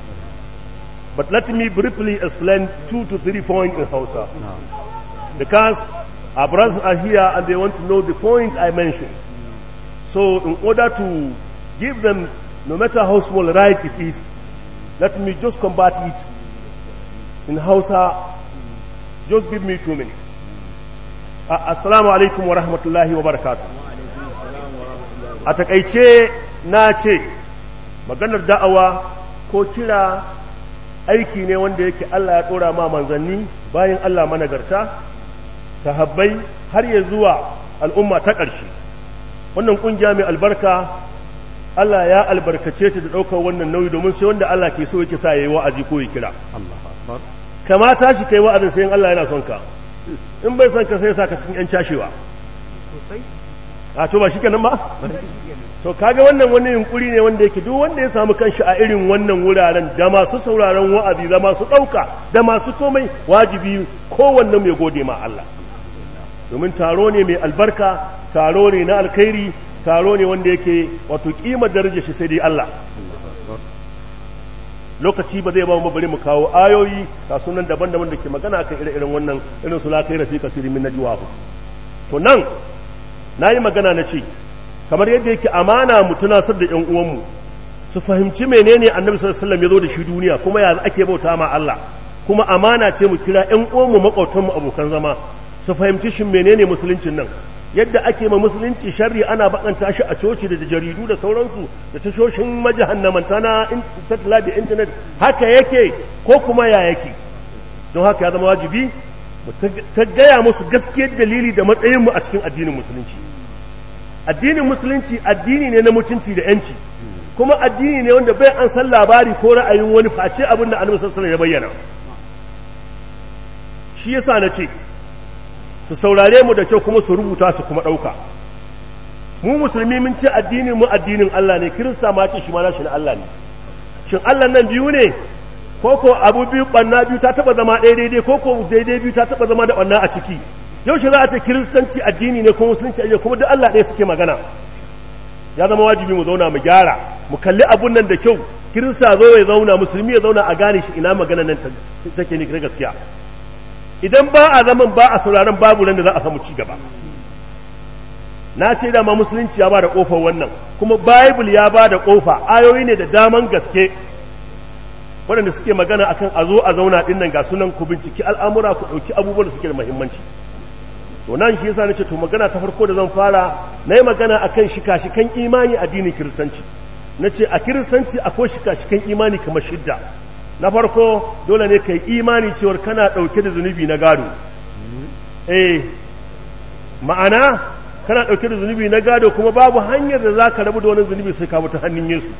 But let me briefly explain two to three points in Hausa. Because our brothers are here and they want to know the point I mentioned. So in order to give them, no matter how small right it is, let me just combat it in Hausa. Just give me two minutes. Uh, assalamu alaikum wa rahmatullahi wa barakatuh. A takaice na ce maganar da'awa ko kira aiki ne wanda yake Allah ya tsora ma manzanni bayan Allah managarta sahabbai har ya zuwa al'umma ta ƙarshe wannan ƙungiya mai albarka Allah ya albarkace ta da ɗaukar wannan nauyi domin sai wanda Allah ke so yake sa yayi wa'azi ko ya kira kamata shi kai wa'azin sai Allah yana son ka in bai son ka sai sa ka cikin 'yan cashewa a to ba shi kenan ba to kaga wannan wani yunkuri ne wanda yake duk wanda ya samu kanshi a irin wannan wuraren da masu sauraron wa'azi da masu ɗauka da masu komai wajibi kowanne mai gode ma Allah domin taro ne mai albarka taro ne na alkhairi taro ne wanda yake wato kima daraja shi sai dai Allah lokaci ba zai ba mu bari mu kawo ayoyi ta sunan daban-daban da ke magana kan ire-iren wannan irin su la rafi kasiri min najwa to nan na yi magana na ce kamar yadda yake amana mu tunasar da ‘yan uwanmu su fahimci menene annabi sallallahu alaihi wasallam ya zo da shi duniya kuma ya ake bauta ma Allah kuma amana ce mu kira ‘yan uwanmu mu abokan zama su fahimci shin menene musuluncin nan yadda ake ma musulunci sharri ana bakanta shi a coci da jaridu da sauransu da tashoshin majahannamanta na satellite da internet haka yake ko kuma ya yake don haka ya zama wajibi ta gaya musu gaskiyar dalili da matsayinmu a cikin addinin musulunci addinin musulunci addini ne na mutunci da yanci kuma addini ne wanda bai an san labari ko ra'ayin wani face abin da annabi sallallahu ya bayyana shi yasa na ce su saurare mu da kyau kuma su rubuta su kuma ɗauka mu musulmi mun ce addinin mu addinin Allah ne kirista ma ce shi ma nashi na Allah ne shin Allah nan biyu ne koko abu biyu ɓanna biyu ta taɓa zama ɗaya daidai koko daidai biyu ta taɓa zama da ɓanna a ciki yau shi za a ce kiristanci addini ne kuma musulunci addini kuma duk Allah ɗaya suke magana ya zama wajibi mu zauna mu gyara mu kalli abun nan da kyau kirista zo ya zauna musulmi ya zauna a gane shi ina magana nan take ne gaskiya idan ba a zaman ba a sauraron babu nan da za a samu ci gaba na ce dama musulunci ya ba da kofar wannan kuma bible ya ba da kofa ayoyi ne da daman gaske waɗanda suke magana akan a zo a zauna ɗin nan ga sunan ku binciki al'amura ku ɗauki abubuwan da suke da muhimmanci to nan shi yasa nace to magana ta farko da zan fara na yi magana akan shika-shikan imani addinin kiristanci na ce a kiristanci akwai shika-shikan imani kamar shidda na farko dole ne ka yi imani cewar kana ɗauke da zunubi na gado eh ma'ana kana ɗauke da zunubi na gado kuma babu hanyar da za ka rabu da wani zunubi sai ka ta hannun yesu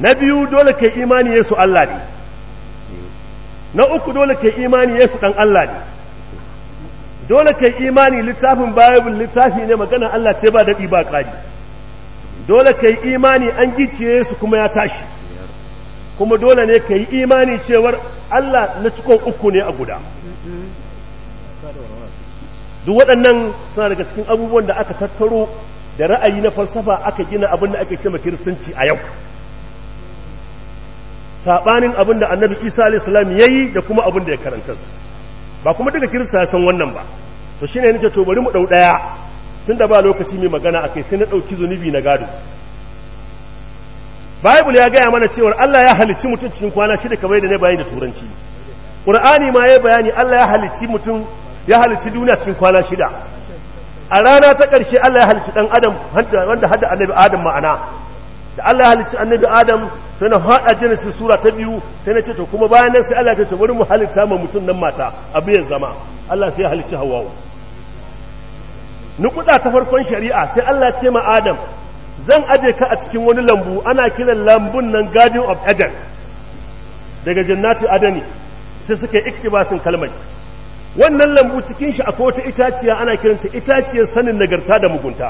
na biyu dole kai imani yesu Allah ne na uku dole kai imani yesu dan Allah ne dole kai imani littafin bible littafi ne magana Allah ce ba daɗi ba ƙari dole kai imani an gicciye yesu kuma ya tashi kuma dole ne ka yi imani cewar Allah na cikon uku ne a guda duk waɗannan suna daga cikin abubuwan da aka tattaro da ra'ayi na falsafa aka gina abin da ake cema kiristanci a yau sabanin abin da annabi isa alaihissalam ya yi da kuma abin da ya karanta ba kuma duka kirista ya san wannan ba to shine nace to bari mu ɗau daya tun da ba lokaci mai magana akai sai na ɗauki zunubi na gado bible ya gaya mana cewa Allah ya halicci mutum cikin kwana shida kamar da ne bayani da turanci qur'ani ma ya bayani Allah ya halicci mutum ya halicci duniya cikin kwana shida a rana ta karshe Allah ya halicci dan adam wanda hada annabi adam ma'ana da Allah halicci annabi Adam sai na faɗa Genesis sura ta biyu sai na ce to kuma bayan nan sai Allah ya ce bari mu halitta ma mutum nan mata abu ya zama Allah sai ya halicci Hawwa nukuda ta farkon shari'a sai Allah ce ma Adam zan aje ka a cikin wani lambu ana kiran lambun nan Garden of Eden daga jannatu adani sai suka yi iktibasin kalmar wannan lambu cikin shi akwai wata itaciya ana kiranta itaciyar sanin nagarta da mugunta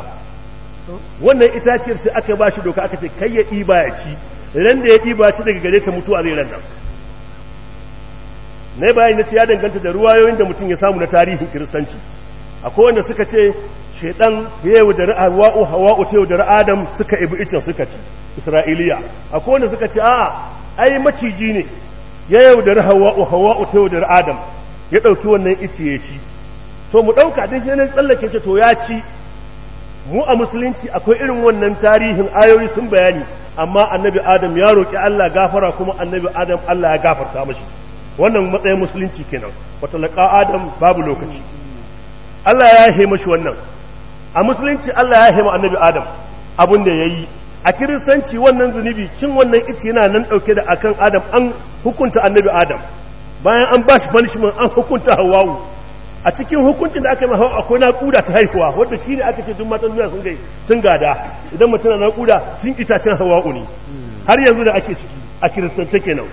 wannan itaciyar sai aka ba shi doka aka ce kai ya ɗiba ya ci ran da ya ɗiba ci daga gare ta mutuwa zai ran na bayan na ya danganta da ruwayoyin da mutum ya samu na tarihin kiristanci akwai wanda suka ce shaidan ya da ra'awa'u hawa'u ta yau da adam suka ibi icen suka ci isra'iliya akwai wanda suka ce a'a ai maciji ne ya yau da ra'awa'u hawa'u ta yau da adam ya ɗauki wannan ice ya ci to mu ɗauka dai sai na tsallake ce to ya ci mu a musulunci akwai irin wannan tarihin ayoyi sun bayani amma annabi adam ya roƙi Allah gafara kuma annabi adam Allah ya gafarta mashi wannan matsayin musulunci kenan wata laƙa adam babu lokaci Allah ya yi mashi wannan a musulunci Allah ya yi ma annabi adam abin da ya yi a kiristanci wannan zunubi cin wannan ice yana nan ɗauke da akan adam an hukunta annabi adam bayan an ba shi punishment an hukunta hawawu a cikin hukuncin da aka yi mahawa akwai naƙuda ta haifuwa wadda shi ne aka ce duk matan duniya sun gai sun gada idan mutum na naƙuda sun itacen hawa uni har yanzu da ake ciki a kiristance kenan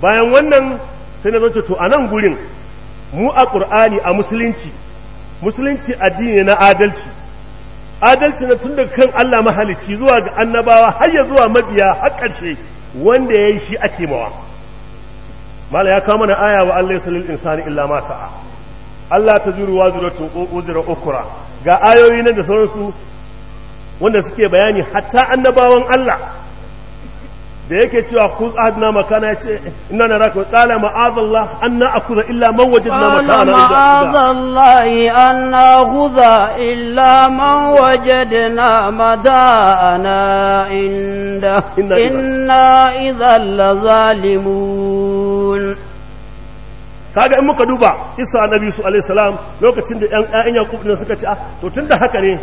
bayan wannan sai na zance to a nan gurin mu a ƙur'ani a musulunci musulunci addini na adalci adalci na tun daga kan Allah mahalicci zuwa ga annabawa har ya zuwa mabiya har ƙarshe wanda ya yi shi ake mawa mala ya kawo mana aya wa Allah ya salil insani illa ma sa'a Allah ta zuru wa ta uzura ukura ga ayoyi nan da sauransu wanda suke bayani hatta annabawan Allah da yake cewa kuz adna makana ya yace inna naraka qala ma'az Allah an na na'khudha illa man wajen na makana ma'az Allah an na'khudha illa man wajadna madana inda inna idhal zalimun kaga in muka duba isa annabi su alaihi salam lokacin da yan ƴaƴan yakub din suka ce ah to tunda haka ne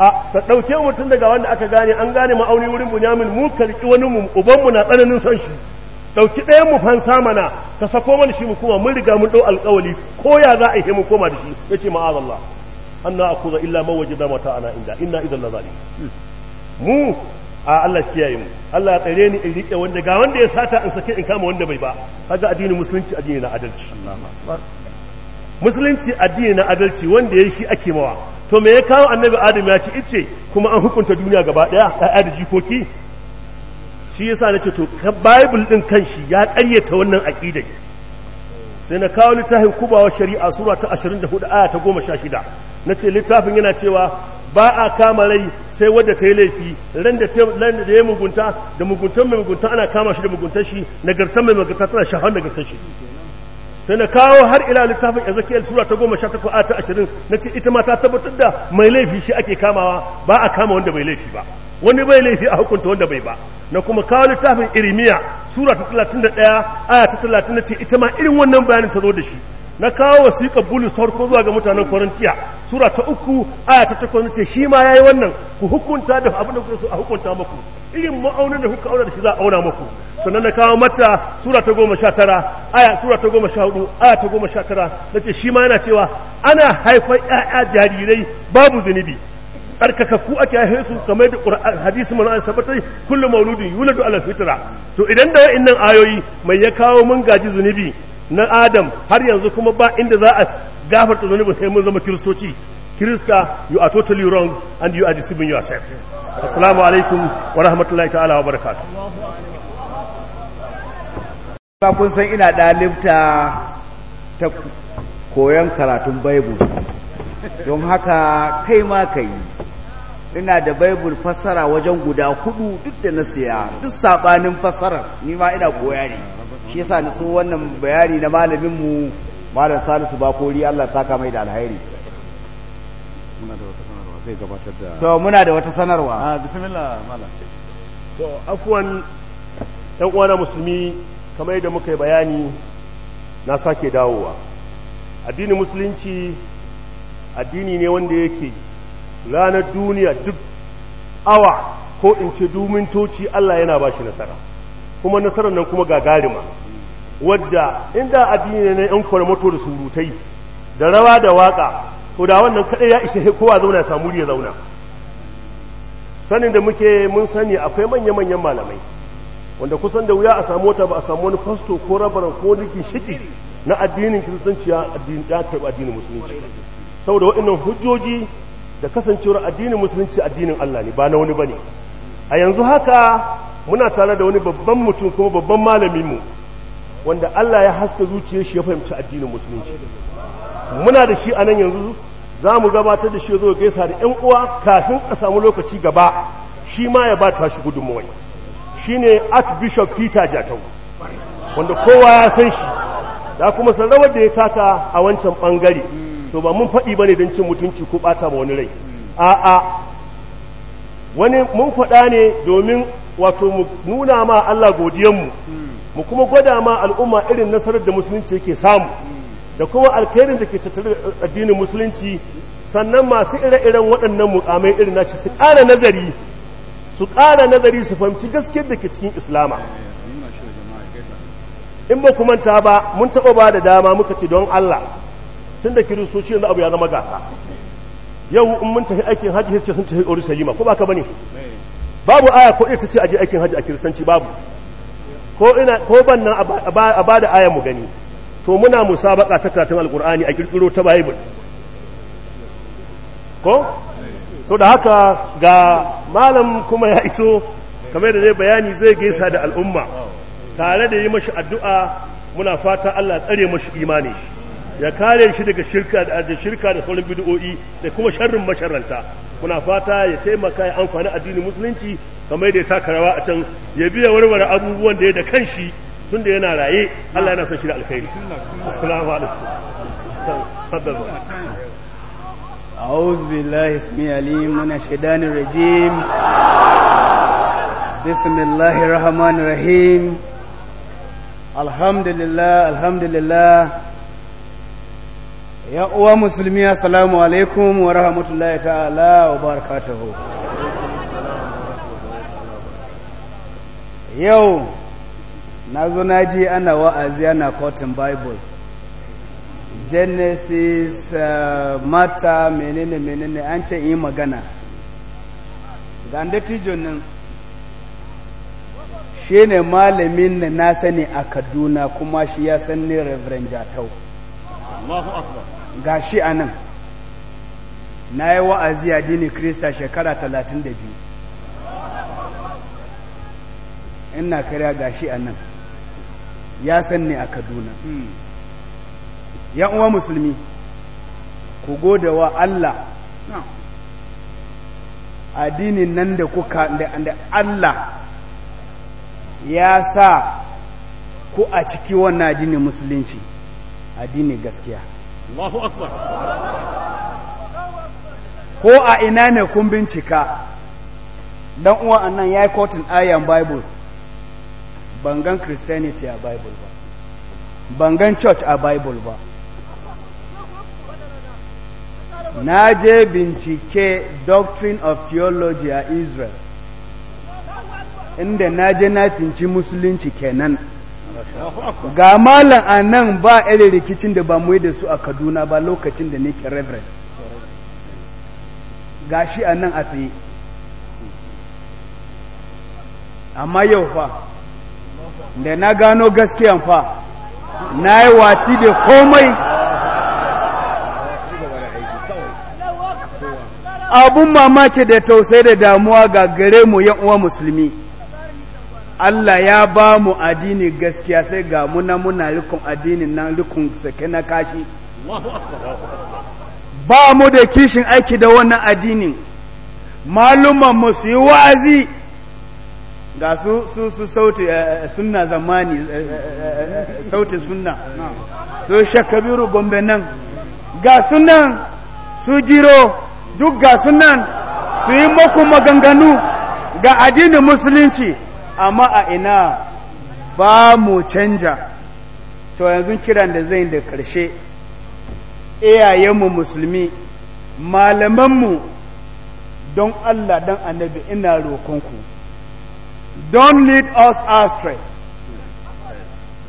a ta dauke mu tun daga wanda aka gane an gane ma'auni wurin bunyamin mu karki wani mu uban mu na tsananin son shi dauki ɗayan mu fansa mana ka sako mana shi mu kuma mun riga mun dau alƙawali ko ya za a yi mu koma da shi yace ma'azallah anna akuza illa mawajida mata ana inda inna idan la zalim hmm. mu a Allah shi kiyaye mu Allah ya tsare ni in rike wanda ga wanda ya sata in sake in kama wanda bai ba kaga addinin musulunci addini na adalci musulunci addini na adalci wanda ya shi ake mawa to me ya kawo annabi adam ya ci ice kuma an hukunta duniya gaba daya ɗaya da jikoki shi yasa nace to bible din kanshi ya ƙaryata wannan aqidar sai na kawo littafin kubawa shari'a sura ta 24 aya ta 16 na ce littafin yana cewa ba a kama rai sai wadda ta yi laifi ran da ya mugunta da muguntan mai mugunta ana kama shi da muguntan shi nagartan mai nagarta tana shahar nagartan shi sai na kawo har ila littafin ezekiel sura ta goma sha takwas a ta ashirin na ce ita ma ta tabbatar da mai laifi shi ake kamawa ba a kama wanda bai laifi ba wani bai laifi a hukunta wanda bai ba na kuma kawo littafin irimiya sura ta talatin da ɗaya aya ta talatin na ce ita ma irin wannan bayanin ta zo da shi na kawo wasiƙar bulus farko zuwa ga mutanen korintiya sura ta uku aya ta takwas na ce shi ma ya yi wannan ku hukunta da abin da kuka a hukunta maku irin ma'aunin da kuka auna da shi za a auna maku sannan na kawo mata sura ta goma sha tara aya sura ta goma sha hudu aya ta goma sha tara na ce shi ma yana cewa ana haifar 'ya'ya jarirai babu zunubi ku ake haife su kamar da Qur'an hadisi mana a sabata kullum mauludin yula ala fitra to idan da nan ayoyi mai ya kawo mun gaji zunubi na Adam har yanzu kuma ba inda za a gafarta zunubi sai mun zama kiristoci kirista you are totally wrong and you are deceiving yourself assalamu alaikum wa rahmatullahi ta'ala wa barakatuh kun san ina dalibta ta koyon karatun bible don haka kai ma ka yi ina da baibul fassara wajen guda hudu duk da na siya duk sabanin fassara ni ma ina koya ne shi yasa na so wannan bayani na malamin mu malam Salisu Bakori Allah saka mai da alheri muna da wata sanarwa zai gabatar da to muna da wata sanarwa a ah, bismillah malam to afwan ɗan uwana musulmi kamar yadda muka yi bayani na sake dawowa addinin musulunci addini ne wanda yake ranar duniya duk awa ko in ce toci Allah yana ba shi nasara kuma nasarar nan kuma gagarima wadda inda addini ne na yan kwarmato da surutai da rawa da waka ko da wannan kadai ya ishe kowa zauna samu ya zauna sanin da muke mun sani akwai manya-manyan malamai wanda kusan da wuya a samu wata ba a samu wani fasto ko rabaran ko duki shiki na addinin kiristanci ya addinin musulunci saboda waɗannan hujjoji da kasancewar addinin musulunci addinin Allah ne ba na wani bane a yanzu haka muna tare da wani babban mutum kuma babban malamin mu wanda Allah ya haska zuciyar shi ya fahimci addinin musulunci muna da shi a nan yanzu za mu gabatar da shi zo gaisa da ‘yan uwa kafin a samu lokaci gaba shi ma ya ba ta shi gudunmuwai shi ne archbishop peter jatau wanda kowa ya san shi da kuma sarrawar da ya taka a wancan ɓangare to ba mun faɗi bane don cin mutunci ko ɓata ba wani rai a'a wani mun faɗa ne domin wato mu nuna ma Allah godiyanmu mu kuma gwada ma al'umma irin nasarar da musulunci yake samu da kuma alkhairin da ke tattare da addinin musulunci sannan masu ire-iren waɗannan mukamai irin nashi su ƙara nazari su ƙara nazari su fahimci gaskiyar da ke cikin islama in ba kuma ta ba mun taɓa ba da dama muka ce don Allah tun da kiristoci yanzu abu ya zama gasa yau in mun tafi aikin hajji sai sun tafi Urushalima ko baka bane babu aya ko ita ce aje aikin hajji a kiristanci babu ko ina ko ban nan a ba da aya mu gani to muna musabaka ta karatun alqur'ani a kirkiro ta bible ko so da haka ga malam kuma ya iso kamar da zai bayani zai gaisa da al'umma tare da yi mashi addu'a muna fata Allah tsare mashi imani shi ya kare shi daga shirka da shirka da sauran bid'o'i da kuma sharrin masharanta muna fata ya taimaka ya amfani addinin musulunci kamar da ya saka rawa a can ya biya warware abubuwan da ya da kanshi tun da yana raye Allah yana son shi da alkhairi assalamu alaikum أعوذ بالله اسمي عليم من الشيطان الرجيم بسم الله الرحمن الرحيم الحمد لله الحمد لله ya uwa musulmi assalamu alaikum wa rahmatullahi ta'ala wa barakatuhu yau na zo na ji ana wa'azi ana cotton bible genesis uh, eh, mata menene menene an ce yi magana ga nan shi ne malamin na na sani a kaduna kuma shi ya san reverend jatau ga shi a nan na yi wa'azi a dini krista shekara 32 ina karya ga shi a nan ya san ne a kaduna yan uwa musulmi ku gode wa allah addinin nan da kuka da allah ya sa ku a ciki wannan addinin musulunci addinin gaskiya Allahu akbar ko a ina ne kun bincika dan uwa annan yayi kotun ayan bible bangan christianity a bible ba bangan church a bible ba na je bincike doctrine of theology a israel inda na je na cinci musulunci kenan ga malam a nan ba irin rikicin da ba mu yi da su a kaduna ba lokacin da nake reverend ga shi a nan a tsaye amma yau fa da na gano gaskiya fa na yi wati da komai abun mamaki da tausai da damuwa ga gare mu yan uwa musulmi Allah ya ba mu addini gaskiya sai ga muna muna rikon addinin nan rikon sake na kashi ba mu da kishin aiki da wannan addinin maluman mu su yi wa'azi ga su su su sauti eh, eh, sunna zamani eh, sautin sunna su shakabiru gombe nan ga sunan su jiro duk ga sunan su yi maku maganganu ga addinin musulunci amma a ina ba mu canja to yanzu kiran da zai da ƙarshe iyayenmu musulmi malamanmu don Allah don annabi ina roƙonku don lead us astray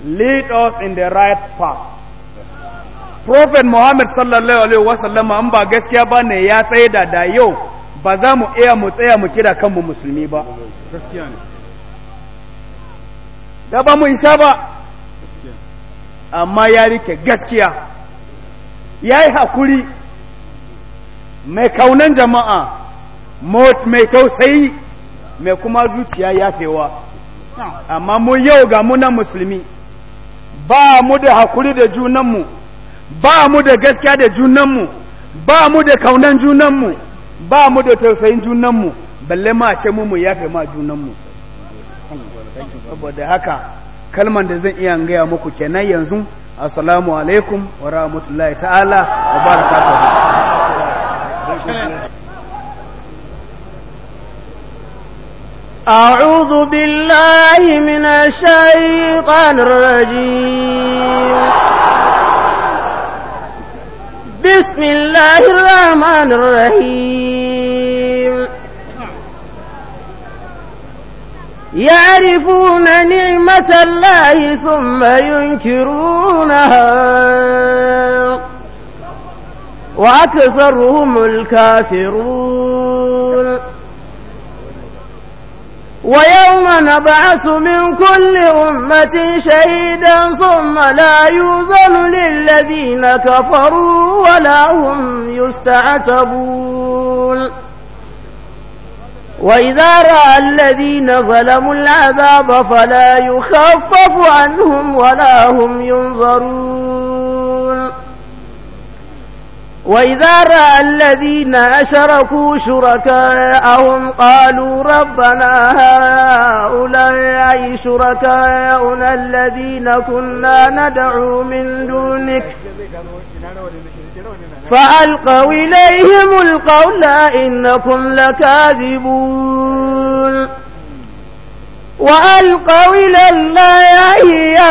lead us in the right path prophet muhammad sallallahu alaihi wasallam an ba gaskiya ba ne ya tsaye da da yau ba za mu iya mu tsaya mu kira kanmu musulmi ba da ba mu isa ba amma ya rike gaskiya ya yi haƙuri mai kaunan jama'a mai tausayi mai kuma zuciya yafewa amma mu yau ga munan musulmi ba mu da haƙuri da junanmu ba mu da gaskiya da junanmu ba mu da kaunan junanmu ba mu da tausayin junanmu balle ma ce mu mu yafe ma junanmu saboda haka kalman da zan iya gaya muku kenan yanzu assalamu alaikum wa rahmatullahi ta'ala wa barakatuh أعوذ بالله من الشيطان الرجيم بسم الله الرحمن الرحيم يعرفون نعمة الله ثم ينكرونها وأكثرهم الكافرون ويوم نبعث من كل أمة شهيدا ثم لا يوزن للذين كفروا ولا هم يستعتبون وإذا رأى الذين ظلموا العذاب فلا يخفف عنهم ولا هم ينظرون وإذا رأى الذين أشركوا شركاءهم قالوا ربنا هؤلاء شركاءنا الذين كنا ندعو من دونك فألقوا إليهم القول إنكم لكاذبون وألقوا إلى الله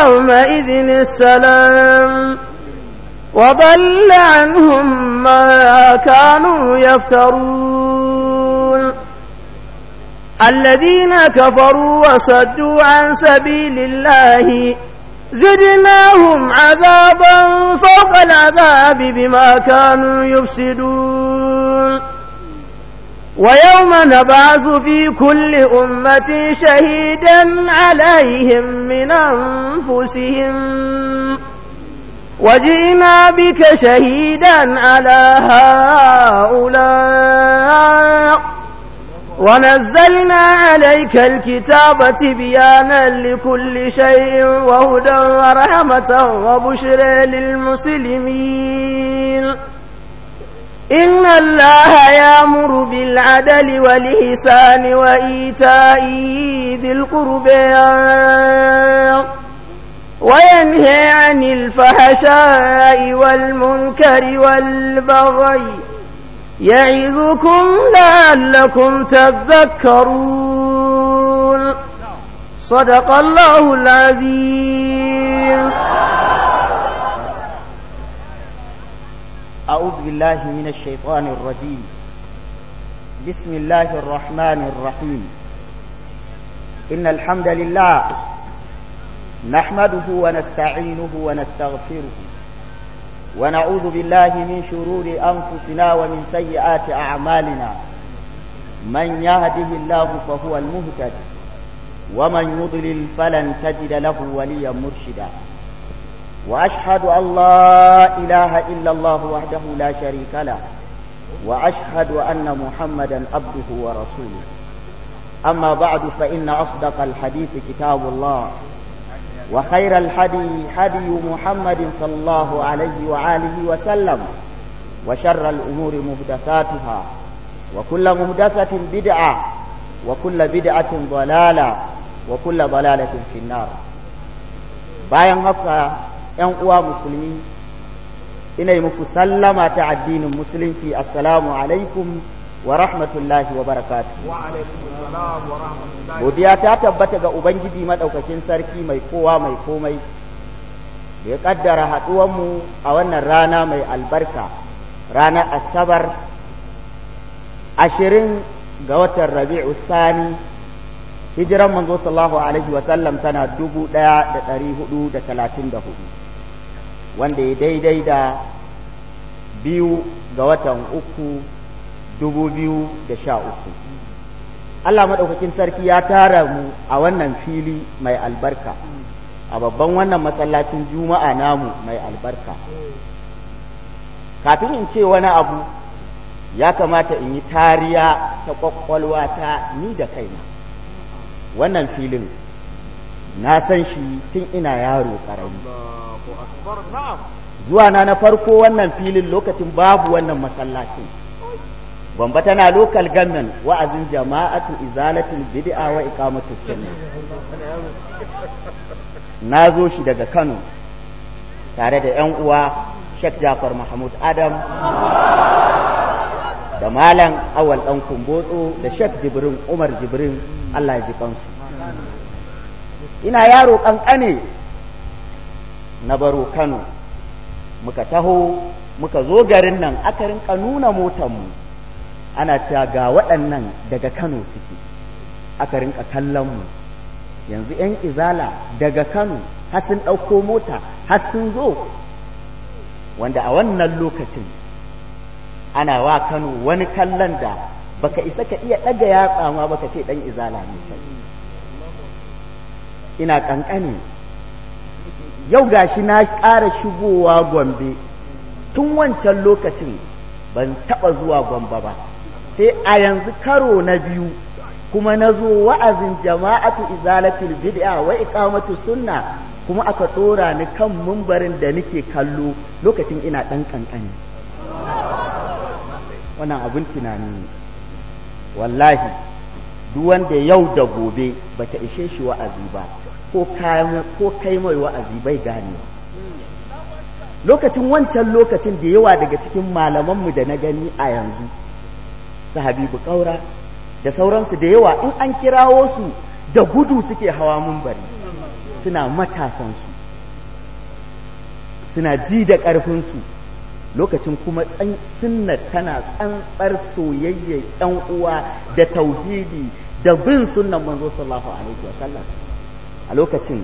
يومئذ السلام وضل عنهم ما كانوا يفترون الذين كفروا وصدوا عن سبيل الله زدناهم عذابا فوق العذاب بما كانوا يفسدون ويوم نبعث في كل أمة شهيدا عليهم من أنفسهم وجئنا بك شهيدا على هؤلاء ونزلنا عليك الكتاب تبيانا لكل شيء وهدى ورحمة وبشرى للمسلمين إن الله يامر بالعدل والإحسان وإيتاء ذي القربى وينهى عن الفحشاء والمنكر والبغي يعظكم لعلكم تذكرون صدق الله العظيم أعوذ بالله من الشيطان الرجيم بسم الله الرحمن الرحيم إن الحمد لله نحمده ونستعينه ونستغفره ونعوذ بالله من شرور أنفسنا ومن سيئات أعمالنا من يهده الله فهو المهتد ومن يضلل فلن تجد له وليا مرشدا وأشهد أن لا إله إلا الله وحده لا شريك له وأشهد أن محمدا عبده ورسوله أما بعد فإن أصدق الحديث كتاب الله وخير الحدي حدي محمد صلى الله عليه وآله وسلم وشر الأمور مهدساتها وكل مهدسة بدعة وكل بدعة ضلالة وكل ضلالة في النار bayan haka ‘yan uwa musulmi ina yi muku sallama ta addinin musulunci assalamu alaikum wa rahmatullahi wa barakatuh godiya ta tabbata ga ubangiji madaukakin sarki mai kowa mai komai da ya kaddara mu a wannan rana mai albarka ranar asabar ashirin ga watan rabi'u sani hijiran manzo sallallahu alaihi sallam tana dubu ɗaya da ɗari hudu da talatin da hudu wanda ya daidai da biyu ga watan uku 2013 Allah maɗaukakin sarki ya tara mu a wannan fili mai albarka a babban wannan masallacin juma'a namu mai albarka kafin in ce wani abu ya kamata in yi tariya ta kwakwalwa ta ni da kaina wannan filin na san shi tun ina yaro ƙarami zuwa na na farko wannan filin lokacin babu wannan masallacin gwamba tana local government wa'azin jama'atu izalatul bid'a wa iqamatu sunna na zo shi daga Kano tare da yan uwa Sheikh Jafar Mahmud Adam da malam awal dan kumbotso da Sheikh Jibrin Umar Jibrin Allah ya ji kansu ina yaro kankane na baro Kano muka taho muka zo garin nan akarin kanuna motar mu ana cewa ga waɗannan daga Kano suke aka rinka kallon mu yanzu 'yan izala daga Kano har sun ɗauko mota har sun zo wanda a wannan lokacin ana wa Kano wani kallon da baka isa ka iya ɗaga yatsa ma baka ce ɗan izala ne ina ƙanƙani yau gashi na ƙara shigowa gombe tun wancan lokacin ban taɓa zuwa gombe ba sai a yanzu karo na biyu kuma na zo wa'azin jama'atu izalatul bid'a wa ikamatu sunna kuma aka tsora ni kan mumbarin da nake kallo lokacin ina ɗan ƙanƙani wannan abin tunani ne wallahi duk wanda yau da gobe bata ishe shi wa'azi ba ko kai mai wa'azi bai gane lokacin wancan lokacin da yawa daga cikin malamanmu da na gani a yanzu su habibu ƙaura da sauransu da yawa in an kirawo su da gudu suke hawa mumbari suna matasansu suna ji da ƙarfinsu lokacin kuma sunna tana tsantsar soyayya ɗan uwa da tauhidi da bin sunan manzo sallallahu alaihi wa sallam a lokacin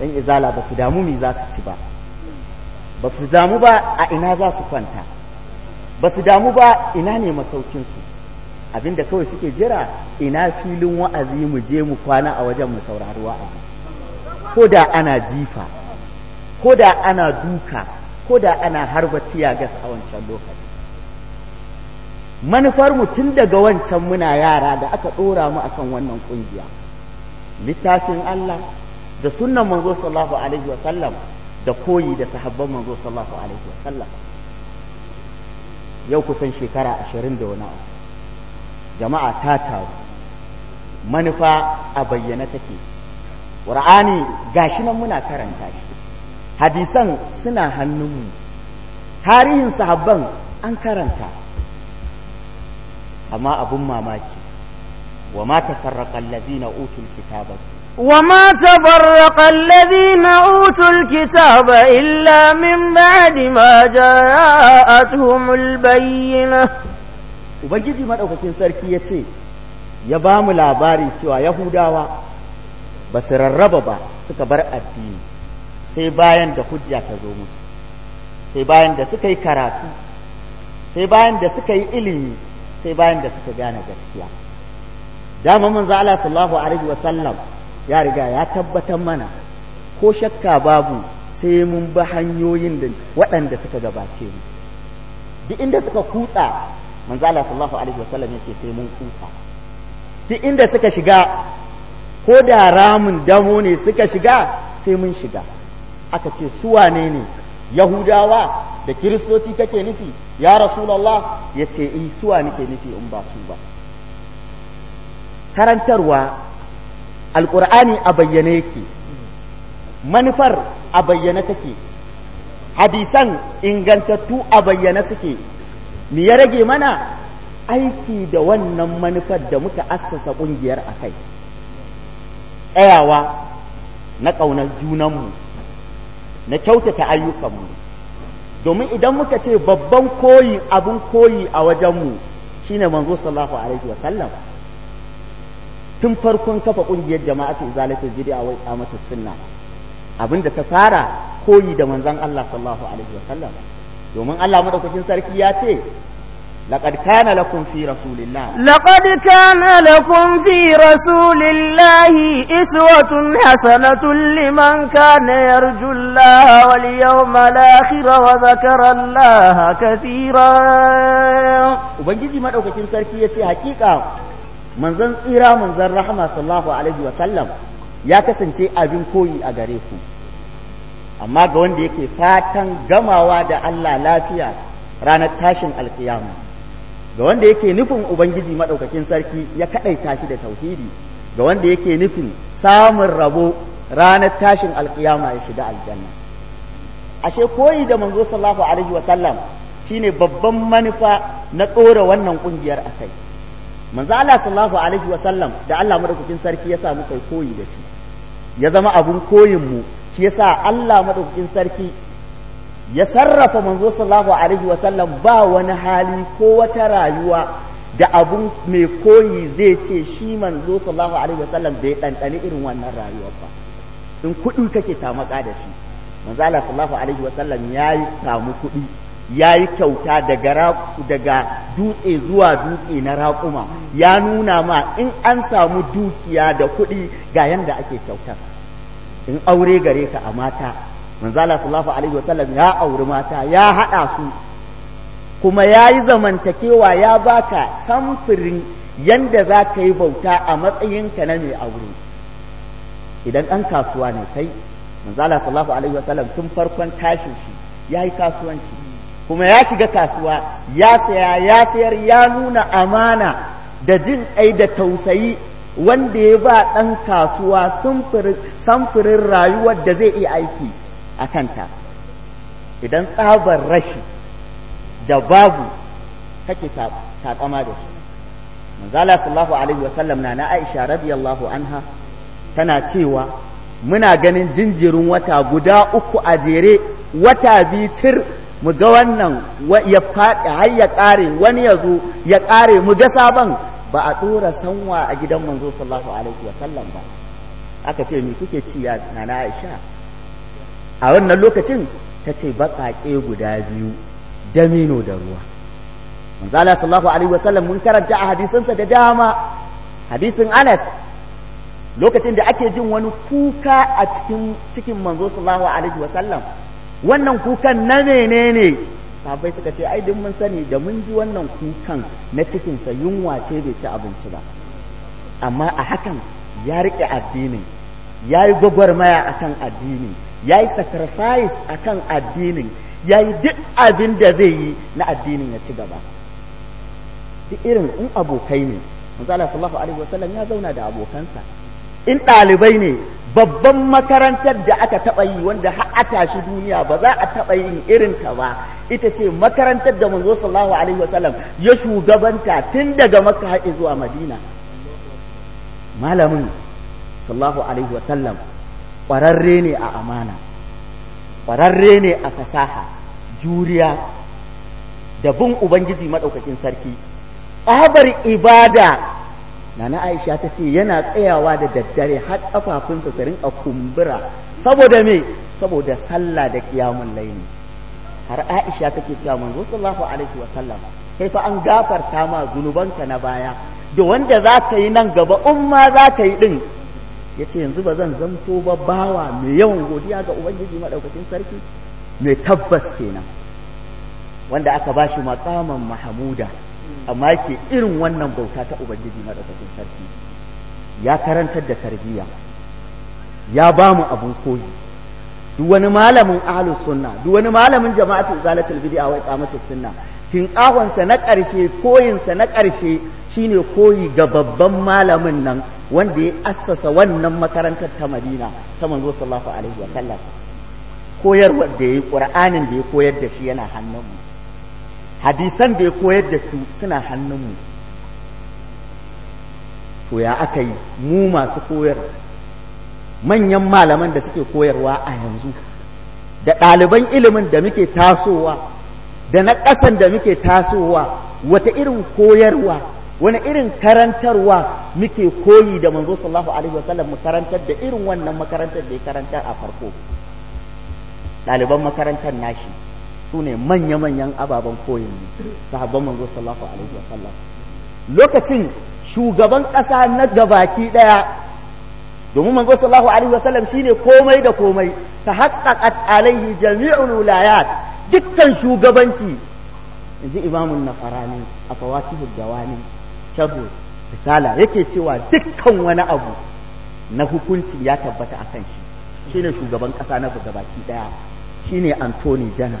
dan izala ba su damu mi za su ci ba ba su damu ba a ina za su kwanta ba su damu ba ina ne masaukinsu abinda kawai suke jira ina filin wa'azi mu je mu kwana a wajen mu saurari wa'azi ko da ana jifa ko da ana duka ko da ana harba tiyagas a wancan lokaci manufar mu tun daga wancan muna yara da aka ɗora mu akan wannan ƙungiya littafin Allah da sunnan manzo sallallahu alaihi wa sallam da koyi da sahabban manzo sallallahu alaihi wa sallam yau kusan shekara ashirin da wani abu jama'a ta taru manufa a bayyana take ƙur'ani gashi nan muna karanta shi hadisan suna hannunmu tarihin sahabban an karanta amma abin mamaki wa ma tafarraqa allazina utul kitaba وما تفرق الذين أوتوا الكتاب إلا من بعد ما جاءتهم البينة Ubangiji maɗaukakin sarki ya ce, Ya ba mu labari cewa Yahudawa ba su rarraba ba suka bar addini sai bayan da hujja ta zo musu, sai bayan da suka yi karatu, sai bayan da suka yi ilimi, sai bayan da suka gane gaskiya. Dama mun za, Allah sallallahu Alaihi wasallam ya riga ya tabbatar mana ko shakka babu sai mun bi hanyoyin da waɗanda suka gabace mu duk inda suka kutsa manzo Allah sallallahu alaihi wasallam yake sai mun kutsa duk inda suka shiga ko da ramin damo ne suka shiga sai mun shiga aka ce su wane ne yahudawa da kiristoci kake nufi ya rasulullah ya ce in eh, suwa nake nufi in ba su ba karantarwa alƙur'ani a bayyane yake manufar a bayyane take hadisan ingantattu a bayyane suke me ya rage mana aiki da wannan manufar da muka assasa ƙungiyar a kai tsayawa na ƙaunar junanmu na kyautata ayyukanmu domin idan muka ce babban koyi abin koyi a wajenmu shine manzo sallallahu alaihi wa sallam tun farkon kafa ƙungiyar jama'atu izalatul a wa iqamatus sunna abinda ta fara koyi da manzon Allah sallallahu alaihi wasallam domin Allah madaukakin sarki ya ce لقد كان لكم في رسول الله لقد كان لكم في رسول الله إسوة حسنة لمن كان يرجو الله واليوم الآخر وذكر الله كثيرا وبنجي ما دوكتين سركي يتي حقيقة manzon tsira manzon rahama sallallahu alaihi wasallam ya kasance abin koyi a gare ku amma ga wanda yake fatan gamawa da Allah lafiya ranar tashin alkiyama ga wanda yake nufin ubangiji madaukakin sarki ya kadaita tashi da tauhidi ga wanda yake nufin samun rabo ranar tashin alkiyama ya shiga aljanna ashe koyi da manzo sallallahu alaihi wasallam shine babban manufa na tsora wannan kungiyar akai manzo Allah sallallahu alaihi wa sallam da Allah madaukakin sarki ya samu kai koyi da shi ya zama abun koyin mu shi yasa Allah madaukakin sarki ya sarrafa manzo sallallahu alaihi wa sallam ba wani hali ko wata rayuwa da abun mai koyi zai ce shi manzo sallallahu alaihi wa sallam bai ɗanɗani irin wannan rayuwar ba in kuɗi kake tamaka da shi manzo Allah sallallahu alaihi wa sallam yayi samu kuɗi ya yi kyauta daga dutse zuwa dutse na raƙuma ya nuna ma in an samu dukiya da kuɗi ga yadda ake kyautar in aure gare ka a mata manzala sallallahu alaihi wasallam ya auri mata ya haɗa su kuma ya yi zamantakewa ya baka samfurin yadda za ka yi bauta a matsayinka na mai aure idan ɗan kasuwa ne kai manzala sallallahu alaihi wasallam tun farkon tashin shi ya yi kasuwanci kuma ya shiga kasuwa ya saya ya sayar ya nuna amana da jin ai da tausayi wanda ya ba ɗan kasuwa samfurin rayuwar da zai iya aiki a kanta idan tsabar rashi da babu kake takama da shi manzala sallallahu alaihi wasallam na na aisha radiyallahu anha tana cewa muna ganin jinjirin wata guda uku a jere wata bitir mu ga wannan ya faɗi har ya ƙare wani ya zo ya ƙare mu ga sabon ba a ɗora sanwa a gidan manzo sallallahu alaihi wa sallam ba aka ce me kuke ci ya nana Aisha a wannan lokacin ta ce baƙaƙe guda biyu damino da ruwa manzo Allah sallallahu alaihi wa sallam mun karanta a hadisinsa da dama hadisin Anas lokacin da ake jin wani kuka a cikin cikin manzo sallallahu alaihi wa sallam wannan kukan na menene sabai suka ce aidin mun sani da mun ji wannan kukan na cikinsa yunwa ce bai ci abinci ba amma a hakan ya riƙe addinin ya yi gwagwarmaya a kan addinin ya yi sacrifice a kan addinin ya yi duk abin da zai yi na addinin ya ci gaba duk irin in abokai ne manzo Allah sallallahu alaihi wasallam ya zauna da abokansa in ɗalibai ne babban makarantar da aka taɓa yi wanda har tashi duniya ba za a taɓa yi irin ta ba ita ce makarantar da manzo sallallahu alaihi wasallam ya shugabanta tun daga makka har zuwa madina malamin sallallahu alaihi wasallam ƙwararre ne a amana ƙwararre ne a fasaha juriya da bin ubangiji maɗaukakin sarki tsabar ibada nana aisha ta ce yana tsayawa da daddare har kafafunsa su rinka kumbura saboda me saboda sallah da kiyamun laini har aisha ta take cewa manzo sallallahu alaihi wa sallam kai fa an gafarta ma zunubanka na baya da wanda za ka yi nan gaba umma za ka yi din ya ce yanzu ba zan zanto ba bawa mai yawan godiya ga ubangiji maɗaukacin sarki mai tabbas kenan wanda aka ba shi mahmuda mahamuda amma ke irin wannan bauta ta ubangiji madaukakin sarki ya karantar da tarbiyya ya ba mu abun koyi duk wani malamin ahlus sunna duk wani malamin jama'atul zalatul bid'a wa iqamatus sunna kin kahonsa na ƙarshe koyinsa na ƙarshe shine koyi ga babban malamin nan wanda ya assasa wannan makarantar ta Madina ta manzo sallallahu alaihi wa sallam koyarwa da yayi Qur'anin da ya koyar da shi yana hannunmu hadisan da ya koyar da su suna hannunmu to ya aka yi mu masu koyar manyan malaman da suke koyarwa a yanzu da ɗaliban ilimin da muke tasowa da na ƙasan da muke tasowa wata irin koyarwa wani irin karantarwa muke koyi da manzo sallallahu alaihi wasallam mu karantar da irin wannan makarantar da ya karanta a farko ɗaliban makarantar nashi su ne manya-manyan ababen koyin sahabban manzo sallallahu alaihi wasallam lokacin shugaban ƙasa na gabaki ɗaya domin manzo sallallahu alaihi wasallam shine komai da komai ta haqqaqat alaihi jami'ul wilayat dukkan shugabanci inji imamun nafarani a fawatihu dawani shabu misala yake cewa dukkan wani abu na hukunci ya tabbata a kan shi shine shugaban ƙasa na gabaki ɗaya shine antoni Jana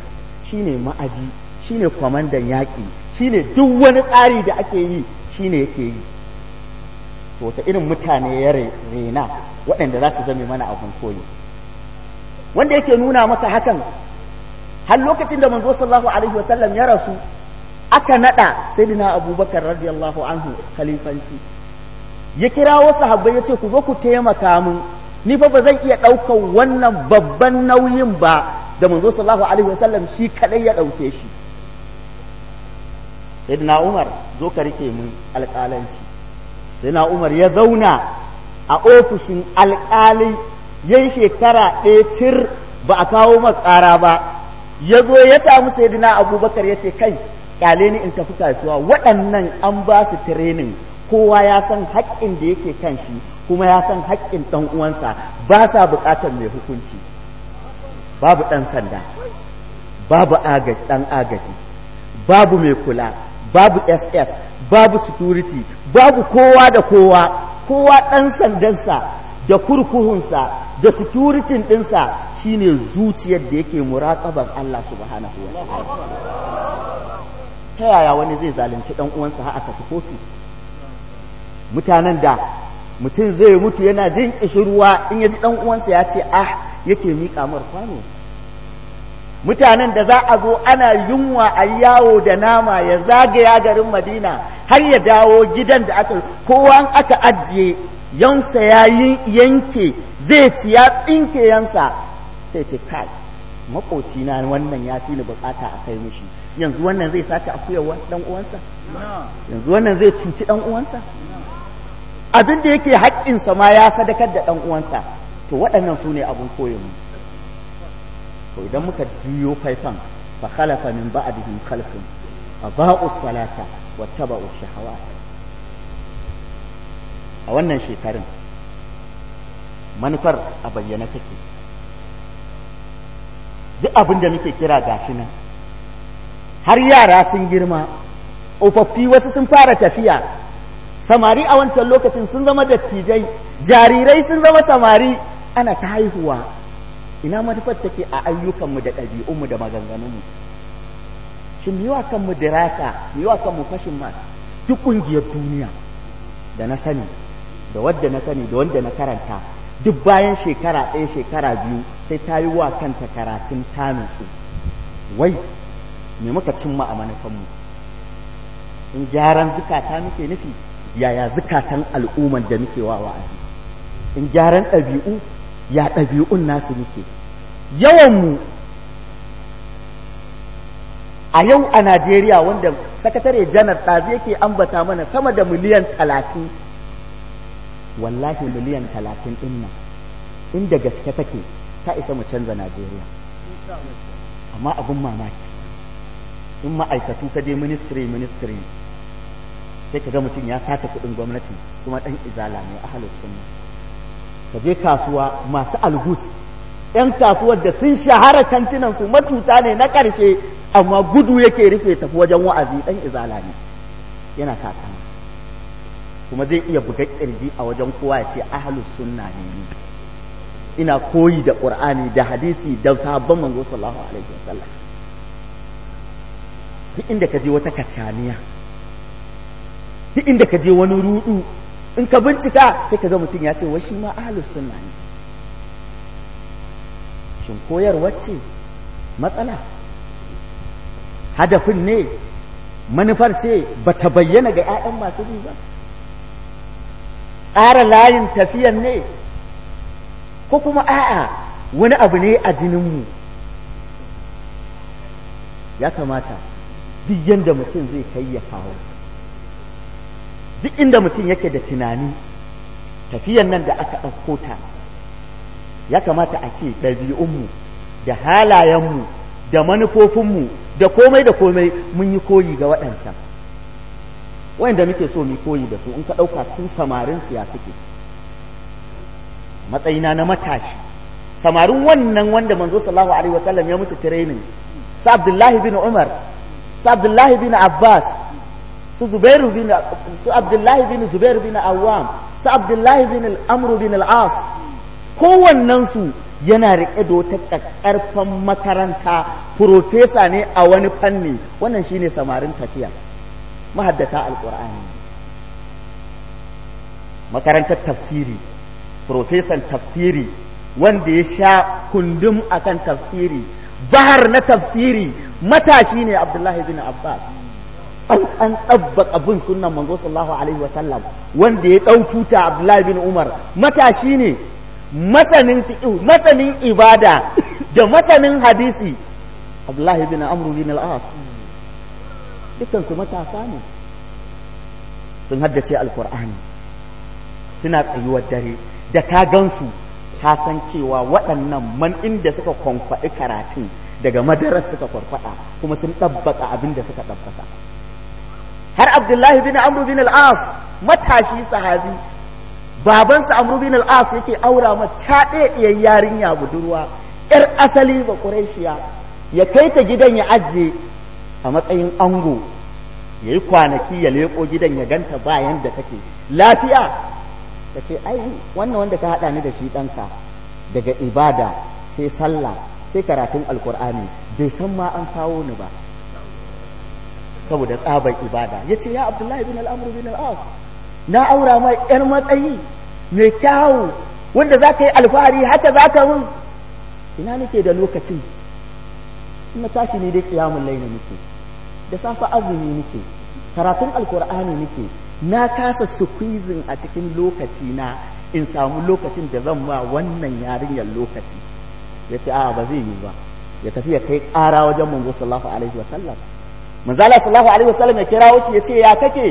shine ma'aji shine kwamandan yaƙi shine duk wani tsari da ake yi shine yake yi to ta irin mutane ya rena waɗanda za su zame mana abin koyi wanda yake nuna masa hakan har lokacin da manzo sallallahu alaihi wasallam ya rasu aka nada sayyidina abubakar radiyallahu anhu khalifanci ya kira wasu habbai ya ce ku zo ku taimaka mun ni fa ba zan iya ɗaukar wannan babban nauyin ba da manzo sallallahu alaihi wasallam shi kadai ya ɗauke shi sayyidina umar zo ka rike mun alƙalanci sayyidina umar ya zauna a ofishin alƙali yayi shekara ɗaya tir ba a kawo matsara ba ya zo ya samu sayyidina abubakar ya ce kai kyale ni in tafi kasuwa waɗannan an ba su training kowa ya san haƙƙin da yake kan shi kuma ya san haƙƙin ɗan uwansa ba sa buƙatar mai hukunci babu ɗan sanda babu ɗan agaji babu mai kula babu ss babu security babu kowa da kowa kowa ɗan sandansa da kurkuhunsa da security ɗinsa shine zuciyar da yake muraƙaban Allah subhanahu wa ta yaya wani zai zalunci ɗan uwansa har aka fi kotu mutanen da mutum zai mutu yana jin ƙishirwa in yaji ji dan uwansa ya ce ah yake miƙa mar kwano mutanen da za a zo ana yunwa a yawo da nama ya zagaya garin madina har ya dawo gidan da aka kowa aka ajiye yansa ya yanke zai ci ya tsinke yansa sai ce kai na wannan ya fi ni bukata a kai mishi yanzu wannan zai sace akuyar dan uwansa yanzu wannan zai cuci dan uwansa abin da yake haƙƙinsa ma ya sadakar da ɗan uwansa to waɗannan su ne abin koyon to idan muka juyo faifan fa khalafa min ba'dihim khalfun ba'u salata wattaba'u shahawat a wannan shekarun manufar a bayyana take duk abin da muke kira gashi nan har yara sun girma tsofaffi wasu sun fara tafiya samari a wancan lokacin sun zama dattijai jarirai sun zama samari ana ta haihuwa ina manufar take a ayyukanmu da ɗabi'unmu da maganganunmu shin miwa kanmu dirasa miwa kanmu fashin ma duk ƙungiyar duniya da na sani da wadda na sani da wanda na karanta duk bayan shekara ɗaya shekara biyu sai ta yi wa kanta karatun su wai me muka cimma a manufanmu in gyaran zukata muke nufi yaya zukatan al'ummar da muke wa wa'azi in gyaran ɗabi'u ya ɗabi'un nasu muke yawanmu a yau a najeriya wanda sakatare janar ɗazi yake ambata mana sama da miliyan talatin wallahi miliyan talatin ɗin nan inda gaske take ta isa mu canza najeriya amma abin mamaki in ma'aikatu ka je ministry ministry sai ka ga mutum ya sace kuɗin gwamnati kuma ɗan izala ne a halittun ka je kasuwa masu algus ‘yan kasuwar da sun shahara kantinan su matuta ne na ƙarshe amma gudu yake rufe tafi wajen wa'azi ɗan izala ne yana kakana kuma zai iya buga ƙirji a wajen kowa ya ce ahalus sunna ne ni ina koyi da ƙur'ani da hadisi da sabon manzo sallallahu alaihi wasallam duk inda ka je wata kacaniya duk inda ka je wani rudu in ka bincika sai ka ga mutum ya ce wa shi ma ahlus sunna ne shin koyarwar ce matsala hadafin ne manufar ce ba ta bayyana ga 'ya'yan masu bi ba tsara layin tafiyan ne ko kuma a'a wani abu ne a jininmu ya kamata duk yadda mutum zai kai ya kawo duk inda mutum yake da tunani tafiyan nan da aka ɗauko ta ya kamata a ce ɗabi'unmu da halayenmu da manufofinmu da komai da komai mun yi koyi ga waɗancan wanda muke so mu koyi da su in ka ɗauka sun samarin siya suke matsayina na matashi samarin wannan wanda manzo sallallahu alaihi wasallam ya musu training sa Abdullahi bin Umar sa Abdullahi bin Abbas su zubairu bin su abdullahi bin zubairu bin awam su abdullahi bin al'amru bin al'as kowannensu yana riƙe da wata ƙarfan makaranta furofesa ne a wani fanni wannan shine samarin tafiya mahaddata alƙur'ani makarantar tafsiri furofesan tafsiri wanda ya sha kundum akan tafsiri bahar na tafsiri matashi ne abdullahi bin abbas an an tsabbaka bin sunnan manzo sallallahu alaihi wasallam wanda ya dau tuta Abdullahi bin Umar matashi ne masanin fiqh masanin ibada da masanin hadisi Abdullahi bin Amr bin al-As dukkan su matasa ne sun haddace alqur'ani suna tsayuwar dare da ka gansu ka san cewa waɗannan man inda suka kwamfaɗi karatun daga madarar suka kwamfaɗa kuma sun ɗabbaka abin da suka ɗabbaka har abdullahi bin amru bin al-as matashi sahabi babansa amru bin al-as yake aura ma caɗe yarinya budurwa yar asali ba qurayshiya ya kai ta gidan ya ajiye a matsayin ango yayi kwanaki ya leƙo gidan ya ganta bayan da take lafiya ta ce ai wannan wanda ka haɗa ni da shi ɗanka daga ibada sai sallah sai karatun alkur'ani bai san ma an kawo ni ba saboda tsabar ibada ya ce ya abdullahi bin al'amur bin al'as na aura ma yar matsayi mai kyawu wanda za ka yi alfahari haka za ka mun ina nake da lokacin ina tashi ne dai kiyamun laini nake da safa azumi nake karatun alkur'ani nake na kasa squeezing a cikin lokaci na in samu lokacin da zan ma wannan yarinyar lokaci ya ce a ba zai yi ba ya tafi ya kai ƙara wajen manzo sallallahu alaihi wa sallam manzala sallallahu alaihi wasallam ya kirawo shi ya ce ya kake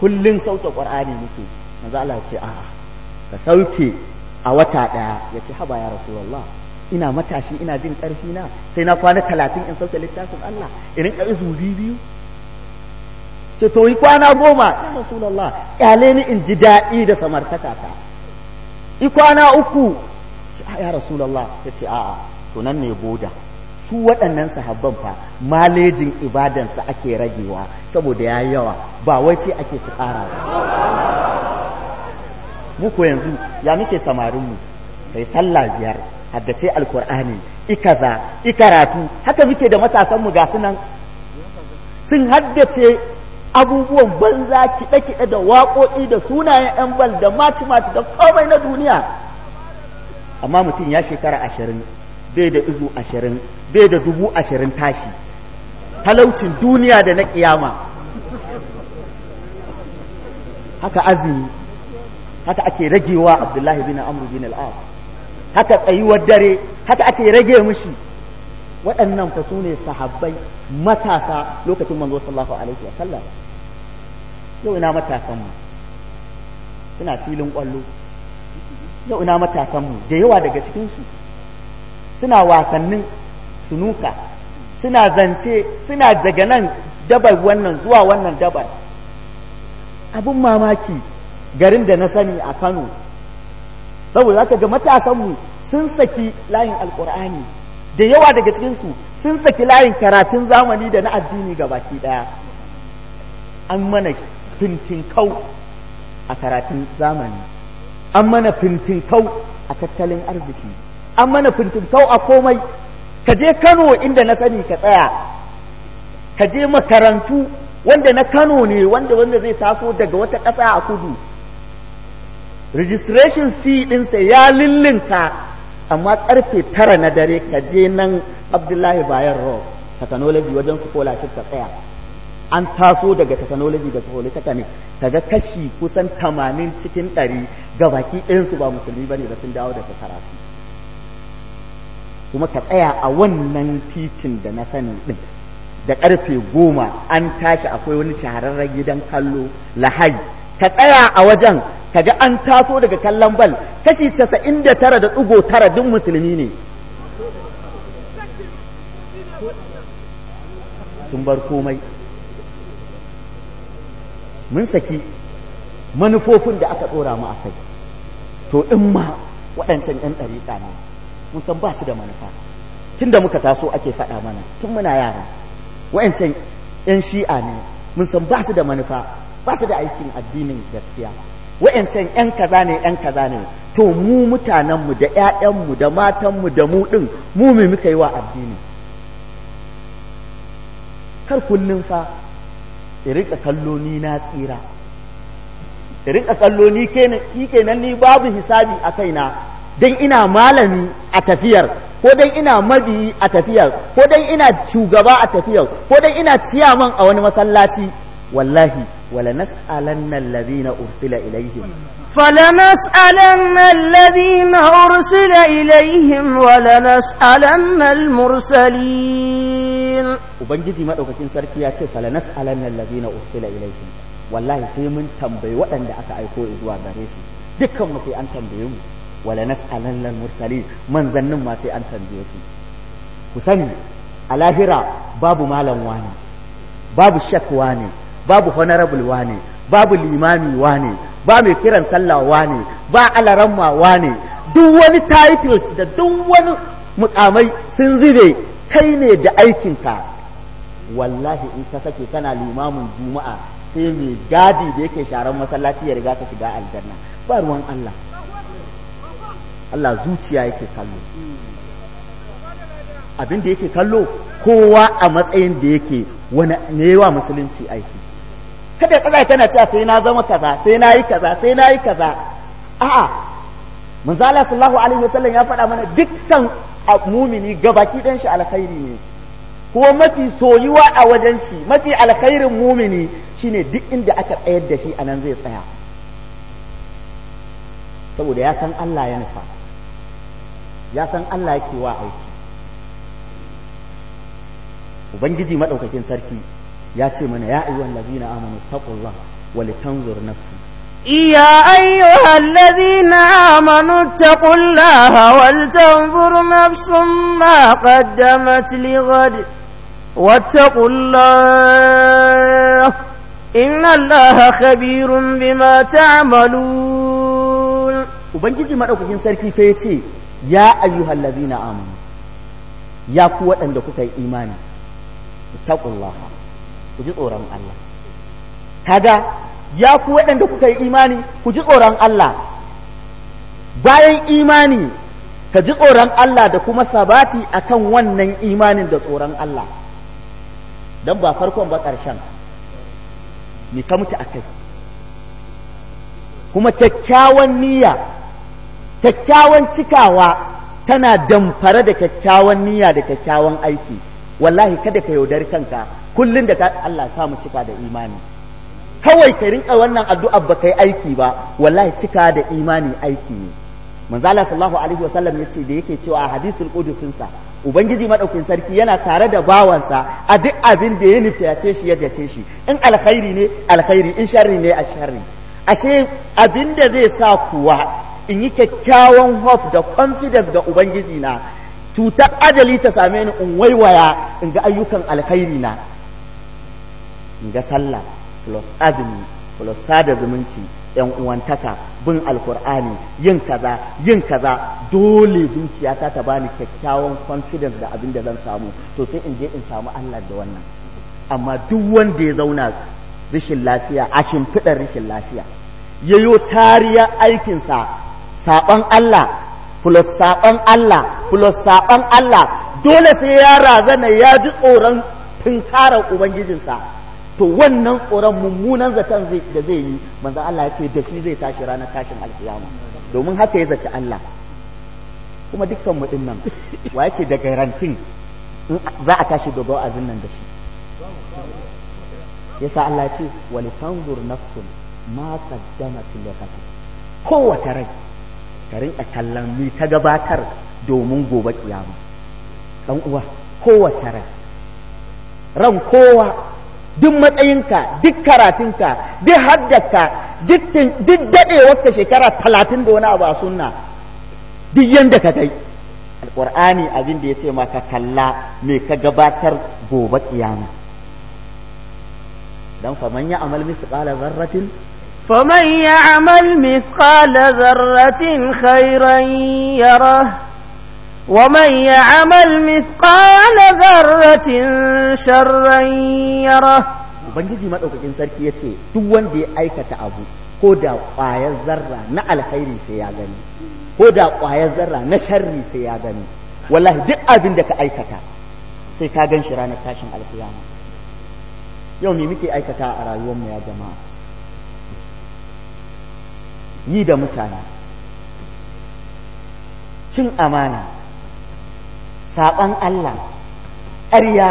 kullun sauke qur'ani muke manzala ya ce a'a ka sauke a wata daya ya ce haba ya rasulullah ina matashi ina jin karfi na sai na kwana talatin in sauke littafin Allah irin ka izu biyu sai to yi kwana goma ya rasulullah kyale ni in ji daɗi da samartaka ta yi kwana uku ya rasulullah ya ce a'a to nan ne boda su waɗannan sahabban fa malejin ibadansa ake ragewa saboda ya yawa ba wai ce ake su ƙara ba. Muku yanzu ya muke samarinmu kai sallah biyar haddace alkur'ani ikaza ikaratu haka muke da matasanmu ga sunan sun haddace abubuwan banza kiɗe-kiɗe da waƙoƙi da sunayen yan bal da mati da komai na duniya amma mutum ya shekara ashirin bai da izu ashirin bai da dubu ashirin tashi talaucin duniya da na kiyama haka azumi haka ake ragewa abdullahi bin amru bin al'as haka tsayuwar dare haka ake rage mishi waɗannan fa ne sahabbai matasa lokacin manzo sallallahu alaihi wa sallam yau ina matasan mu suna filin kwallo yau ina matasan mu da yawa daga cikin su suna wasannin sunuka suna zance suna daga nan dabar wannan zuwa wannan dabar abin mamaki garin da na sani a kano saboda haka ga matasanmu sun saki layin alkur'ani da yawa daga cikinsu sun saki layin karatun zamani da na addini ga baki daya an mana fintinkau a karatun zamani an mana fintinkau a tattalin arziki an mana fintintau a komai ka je Kano inda na sani ka tsaya ka je makarantu wanda na Kano ne wanda wanda zai taso daga wata ƙasa a kudu registration fee ɗinsa ya lillinka amma karfe tara na dare ka je nan Abdullahi Bayan ro technology wajen su kola ka tsaya an taso daga technology da polytechnic ne kaga kashi kusan tamanin cikin ɗari ga baki ɗayansu ba musulmi ne da sun dawo daga karatu kuma ka tsaya a wannan titin da na sani ɗin da ƙarfe goma an tashi akwai wani shahararren gidan kallo lahai ka tsaya a wajen ka ga an taso daga kallon bal kashi casa'in da tara da ɗigo tara duk musulmi ne sun bar komai mun saki manufofin da aka ɗora mu a to in ma waɗancan 'yan ɗari ne Mun san ba su da manufa tun da muka taso ake faɗa mana tun muna yara wa'ancan 'yan shi'a ne mun san ba su da manufa ba su da aikin addinin gaskiya wa'ancan 'yan kaza ne 'yan kaza ne to mu mutanenmu da 'ya'yanmu da matanmu da mu ɗin mu me muka yi wa addini kar kullum fa rika kallo ni na tsira rika kallo ni kenan ni babu hisabi a kaina dan ina malami a tafiyar ko dan ina mabiyi a tafiyar ko dan ina shugaba a tafiyar ko dan ina ciyaman a wani masallaci wallahi wala nas'alanna alladhina ursila ilaihim fala nas'alanna alladhina ursila ilaihim wala nas'alanna almursalin ubangiji madaukakin sarki ya ce fala nas'alanna alladhina ursila ilaihim wallahi sai mun tambayi waɗanda aka aiko zuwa gare su dukkan mu sai an tambaye mu wala nas'alan al-mursalin manzannin ma sai an tambaye su ku sani a lahira babu malam wani babu shak wani babu honorable wani babu limami wani ba mai kiran sallah wani ba alaramma wani duk wani titles da duk wani mukamai sun zube kai ne da aikinka wallahi in ka sake kana limamin juma'a sai mai gadi da yake sharan masallaci ya riga ka shiga aljanna ba ruwan Allah Allah zuciya yake kallo abin da yake kallo kowa a matsayin da yake wani ne wa musulunci aiki kada tsaya tana cewa sai na zama kaza sai na yi kaza sai na yi kaza a'a manzo sallallahu alaihi wasallam ya faɗa mana dukkan mumini gabaki ɗan shi alkhairi ne ko mafi soyuwa a wajen shi mafi alkhairin mumini shine duk inda aka tsayar da shi anan zai tsaya saboda ya san Allah ya nufa ya san Allah yake wa aiki ubangiji madaukakin sarki ya ce mana ya ayyuhan lazina amanu taqullah wa litanzur nafsi يا أيها الذين آمنوا اتقوا الله ولتنظر نفس ما قدمت لغد واتقوا الله إن الله خبير بما تعملون ubangiji maɗaukakin sarki ya yace ya ayyuhal ladina amanu ya ku waɗanda kuka yi imani taqullaha ku ji tsoron Allah kaga ya ku waɗanda kuka yi imani ku ji tsoron Allah bayan imani ka ji tsoron Allah da kuma sabati akan wannan imanin da tsoron Allah don ba farkon ba ƙarshen ni ka mutu a kuma kyakkyawan niyya kyakkyawan cikawa tana damfara da kyakkyawan niyya da kyakkyawan aiki wallahi kada ka yaudari kanka kullum da ka Allah samu cika da imani kawai ka rinka wannan addu'a ba kai aiki ba wallahi cika da imani aiki ne manzo Allah sallallahu alaihi wasallam yace da yake cewa a hadisul qudusin sa ubangiji madaukin sarki yana tare da bawansa a duk abin da ya nufiyace shi ya gace shi in alkhairi ne alkhairi in sharri ne a sharri ashe abin da zai sa kuwa in yi kyakkyawan hof da confidence ga ubangiji na cutar ajali ta same ni in waiwaya in ga ayyukan alkhairi na in ga sallah plus azumi plus sada zumunci yan uwantaka bin alkur'ani yin kaza yin kaza dole zuciyata ta bani kyakkyawan confidence da abin da zan samu to sai in je in samu Allah da wannan amma duk wanda ya zauna rashin lafiya a shimfiɗar rashin lafiya yayo tariya aikinsa saɓon Allah plus saɓon Allah plus saɓon Allah dole sai ya razana ya ji tsoron tunkarar ubangijinsa to wannan tsoron mummunan zaton da zai yi manzo Allah ya ce da shi zai tashi ranar tashin alkiyama domin haka ya zaci Allah kuma dukkan mu nan wa yake da garantin za a tashi gaba wa'azin nan da shi ya sa Allah ya ce walitanzur nafsun ma qaddamat li kowace rai ka a kallon ni ta gabatar domin gobe kiyama dan uwa kowace ran ran kowa duk matsayinka duk karatunka duk haddaka duk daɗewarka shekara talatin da wani abu a sunna duk yadda ka kai alƙur'ani abin da ya ce maka kalla me ka gabatar gobe kiyama dan faman ya amal misu ƙala zarratin فمن يعمل مثقال ذرة خيرا يره ومن يعمل مثقال ذرة شرا يره Ubangiji maɗaukakin sarki ya ce, Duk wanda ya aikata abu, ko da ƙwayar zarra na alkhairi sai ya gani, ko da ƙwayar zarra na sharri sai ya gani, wallahi duk abin da ka aikata sai ka gan shi ranar tashin alkiyama. Yau me muke aikata a rayuwarmu ya jama'a? yi da mutane cin amana saɓan Allah ƙarya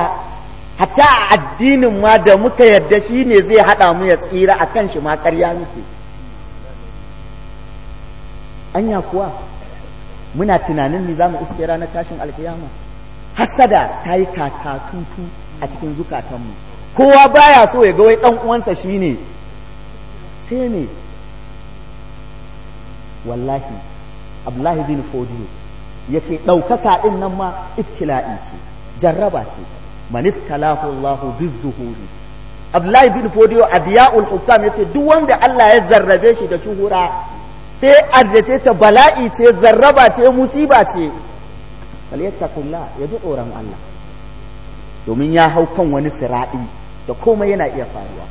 hatta a addinin ma da muka yarda shi ne zai haɗa mu ya tsira a kan shi ma ƙarya muke anya kuwa muna tunanin ni za mu iske ranar tashin alkiyama hassada ta yi kakatutu a cikin zukatanmu kowa baya so ya ga wai ɗan uwansa shi ne sai ne wallahi abdullahi bin fodiyo ya ce ɗaukaka ɗin nan ma iftila'i ce jarraba ce maniftalahu allahu bizzuhuri abdullahi bin fodiyo a hukam ya ce duk wanda allah ya zarrabe shi da shuhura sai arzace ta bala'i ce zarraba ce musiba ce falyattakullah ya ji tsoron allah domin ya hau kan wani siraɗi da komai yana iya faruwa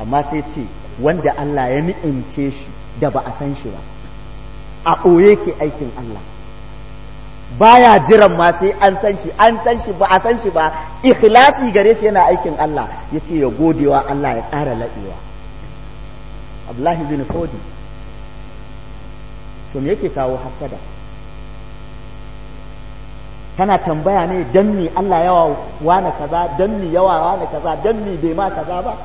amma sai ce wanda Allah ya ni'ince shi da ba a san shi ba a ɓoye ke aikin Allah baya jiran ma sai an san shi an san shi ba a san shi ba ikhlasi gare shi yana aikin Allah ya ce ya godewa Allah ya ƙara laɗewa Abdullahi bin Fodi to me yake kawo hasada kana tambaya ne dan me Allah yawa na kaza dan me yawa na kaza dan me bai ma kaza ba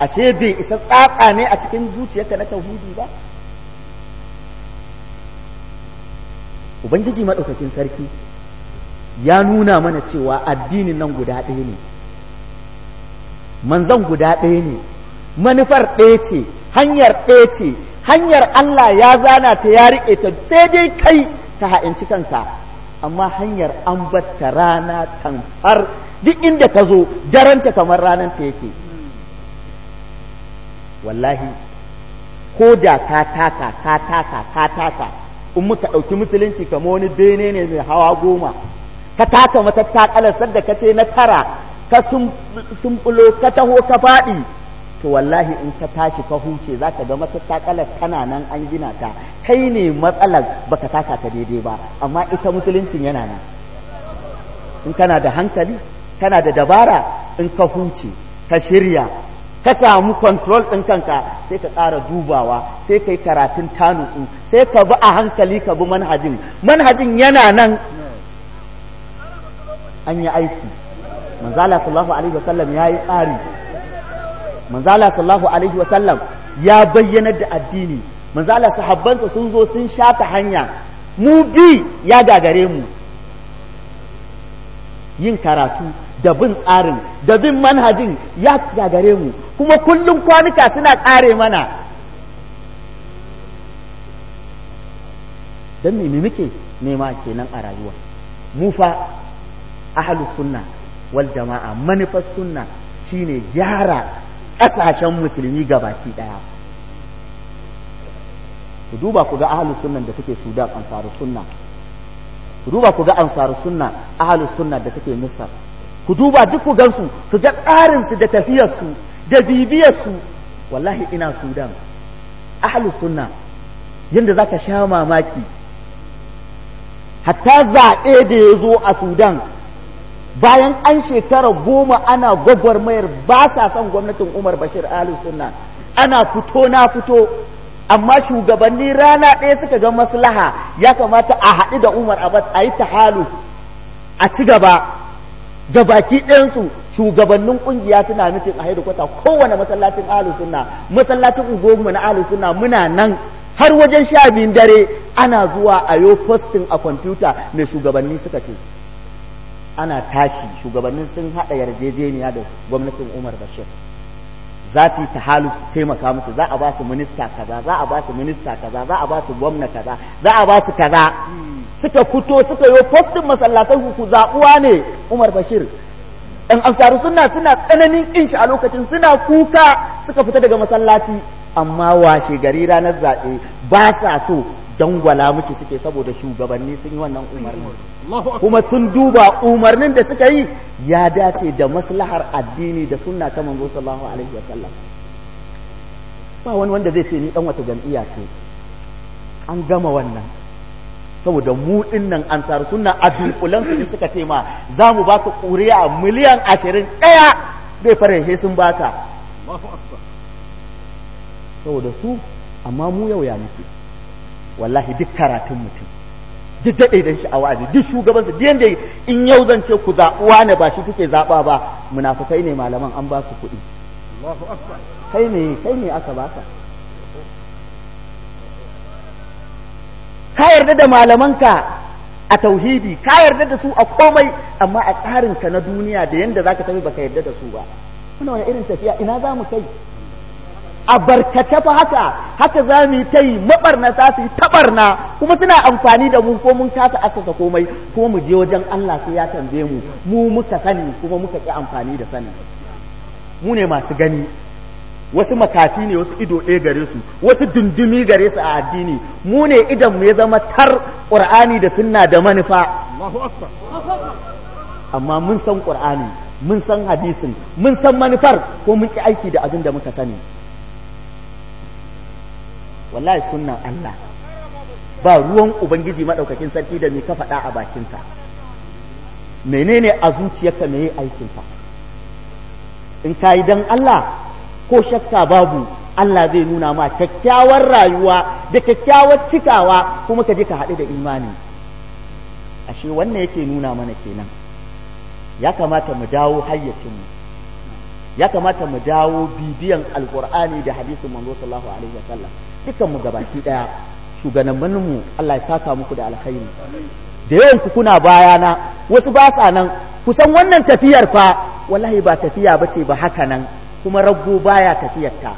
ashe bai isa tsatsa ne a cikin zuciyarka na tauhidi ba ubangiji maɗaukakin sarki ya nuna mana cewa addinin nan guda ɗaya ne manzan guda ɗaya ne manufar ɗaya ce hanyar ɗaya ce hanyar Allah ya zana ta ya riƙe ta sai dai kai ta ha'inci kanka amma hanyar an batta rana tamfar duk inda ka zo daranta kamar ranar ta yake wallahi ko da ka taka ka taka ka taka in muka ɗauki musulunci kamar wani bene ne mai hawa goma ka taka matattakalar sadda ka ce na tara ka sumbulo ka taho ka faɗi to wallahi in ka tashi ka huce za ka ga matattakalar tana nan an gina ta kai ne matsalar baka taka ta daidai ba amma ita musuluncin yana nan in kana da hankali kana da dabara in ka huce ka shirya ka samu control ɗin kanka sai ka ƙara dubawa sai ka yi karatun tanuku sai ka bi a hankali ka bi manhajin manhajin yana nan an yi aiki manzala sallahu alaihi wasallam ya yi tsari manzala sallahu alaihi wasallam ya bayyana da addini manzala sahabbansa sun zo sun shata hanya mu bi ya gagare mu yin karatu da bin tsarin da bin manhajin ya gagare mu kuma kullum kwanuka suna ƙare mana don me muke nema kenan a rayuwa mu fa ahlus sunna wal jama'a manufar sunna shine gyara ƙasashen musulmi gabaki ɗaya ku duba ku ga ahalu sunnan da suke sudan ansarus sunna ku duba ku ga ansarus sunna ahlus sunna da suke misar ku duba duk ku gansu su ga tsarinsu da tafiyarsu da bibiyarsu wallahi ina sudan ahlus sunna yadda za ka sha mamaki hatta zaɓe da ya zo a sudan bayan an shekara goma ana gwagwarmayar ba sa son gwamnatin umar bashir ahlus sunna ana fito na fito amma shugabanni rana ɗaya suka ga maslaha ya kamata a haɗu da umar abad a yi tahalu a ci gaba ga baki ɗayansu shugabannin ƙungiya suna nufin a haidu kwata kowane masallacin alu sunna masallacin unguwarmu na alu sunna muna nan har wajen sha biyun dare ana zuwa a yo postin a kwamfuta mai shugabanni suka ce ana tashi shugabannin sun haɗa yarjejeniya da gwamnatin umar bashir za su yi tahalu su taimaka musu za a ba su minista kaza za a ba su minista kaza za a ba su gwamna kaza za a ba su kaza suka fito suka yi postin masallatan ku zaɓuwa ne Umar Bashir ɗan amsaru suna suna tsananin ƙin a lokacin suna kuka suka fita daga masallaci amma washe gari ranar zaɓe ba sa so dangwala miki suke saboda shugabanni sun yi wannan umarni kuma sun duba umarnin da suka yi ya dace da maslahar addini da sunna ta manzo sallallahu alaihi sallam ba wani wanda zai ce ni dan wata jam'iyya ce an gama wannan saboda mu dinnan ansar kunna a dunkulan su suka ce ma za mu baka kuriya miliyan ashirin ɗaya bai fara he sun baka saboda su amma mu yau ya muke wallahi duk karatun mutum duk daɗe da shi a wa'azi duk shugabansa biyan da in yau zan ce ku zaɓuwa ne ba shi kuke zaɓa ba munafukai ne malaman an ba su kuɗi kai ne kai ne aka baka ka yarda da malamanka a tauhidi ka yarda da su a komai amma a tsarinka na duniya da yanda zaka tafi baka yarda da su ba kuna wani irin tafiya ina za mu kai a barkace fa haka haka za mu yi ta yi mabarnata su yi tabarna kuma suna amfani da mu ko mun kasa asasa komai ko mu je wajen Allah sai ya tambaye mu mu muka sani kuma muka ki amfani da sani mu ne masu gani wasu makafi ne wasu ido ɗaya gare su wasu dundumi gare su a addini mu ne idan mu ya zama tar ƙur'ani da sunna da manufa amma mun san ƙur'ani mun san hadisin mun san manufar ko mun ki aiki da abin da muka sani wallahi sunna Allah ba ruwan ubangiji maɗaukakin sarki da mai ka faɗa a bakinka menene a zuciyarka me yi aikinka in ka yi don Allah ko shakka babu Allah zai nuna ma kyakkyawar rayuwa da kyakkyawar cikawa kuma ka je ka haɗu da imani ashe wannan yake nuna mana kenan ya kamata mu dawo hayyacinmu ya kamata mu dawo bibiyan alkur'ani da hadisin manzo sallallahu alaihi wasallam dukan mu gabaki daya ɗaya Allah ya saka muku da alkhairi da yawan ku kuna bayana wasu ba sa nan kusan wannan tafiyar fa wallahi ba tafiya ce ba haka nan kuma raggo baya tafiyarta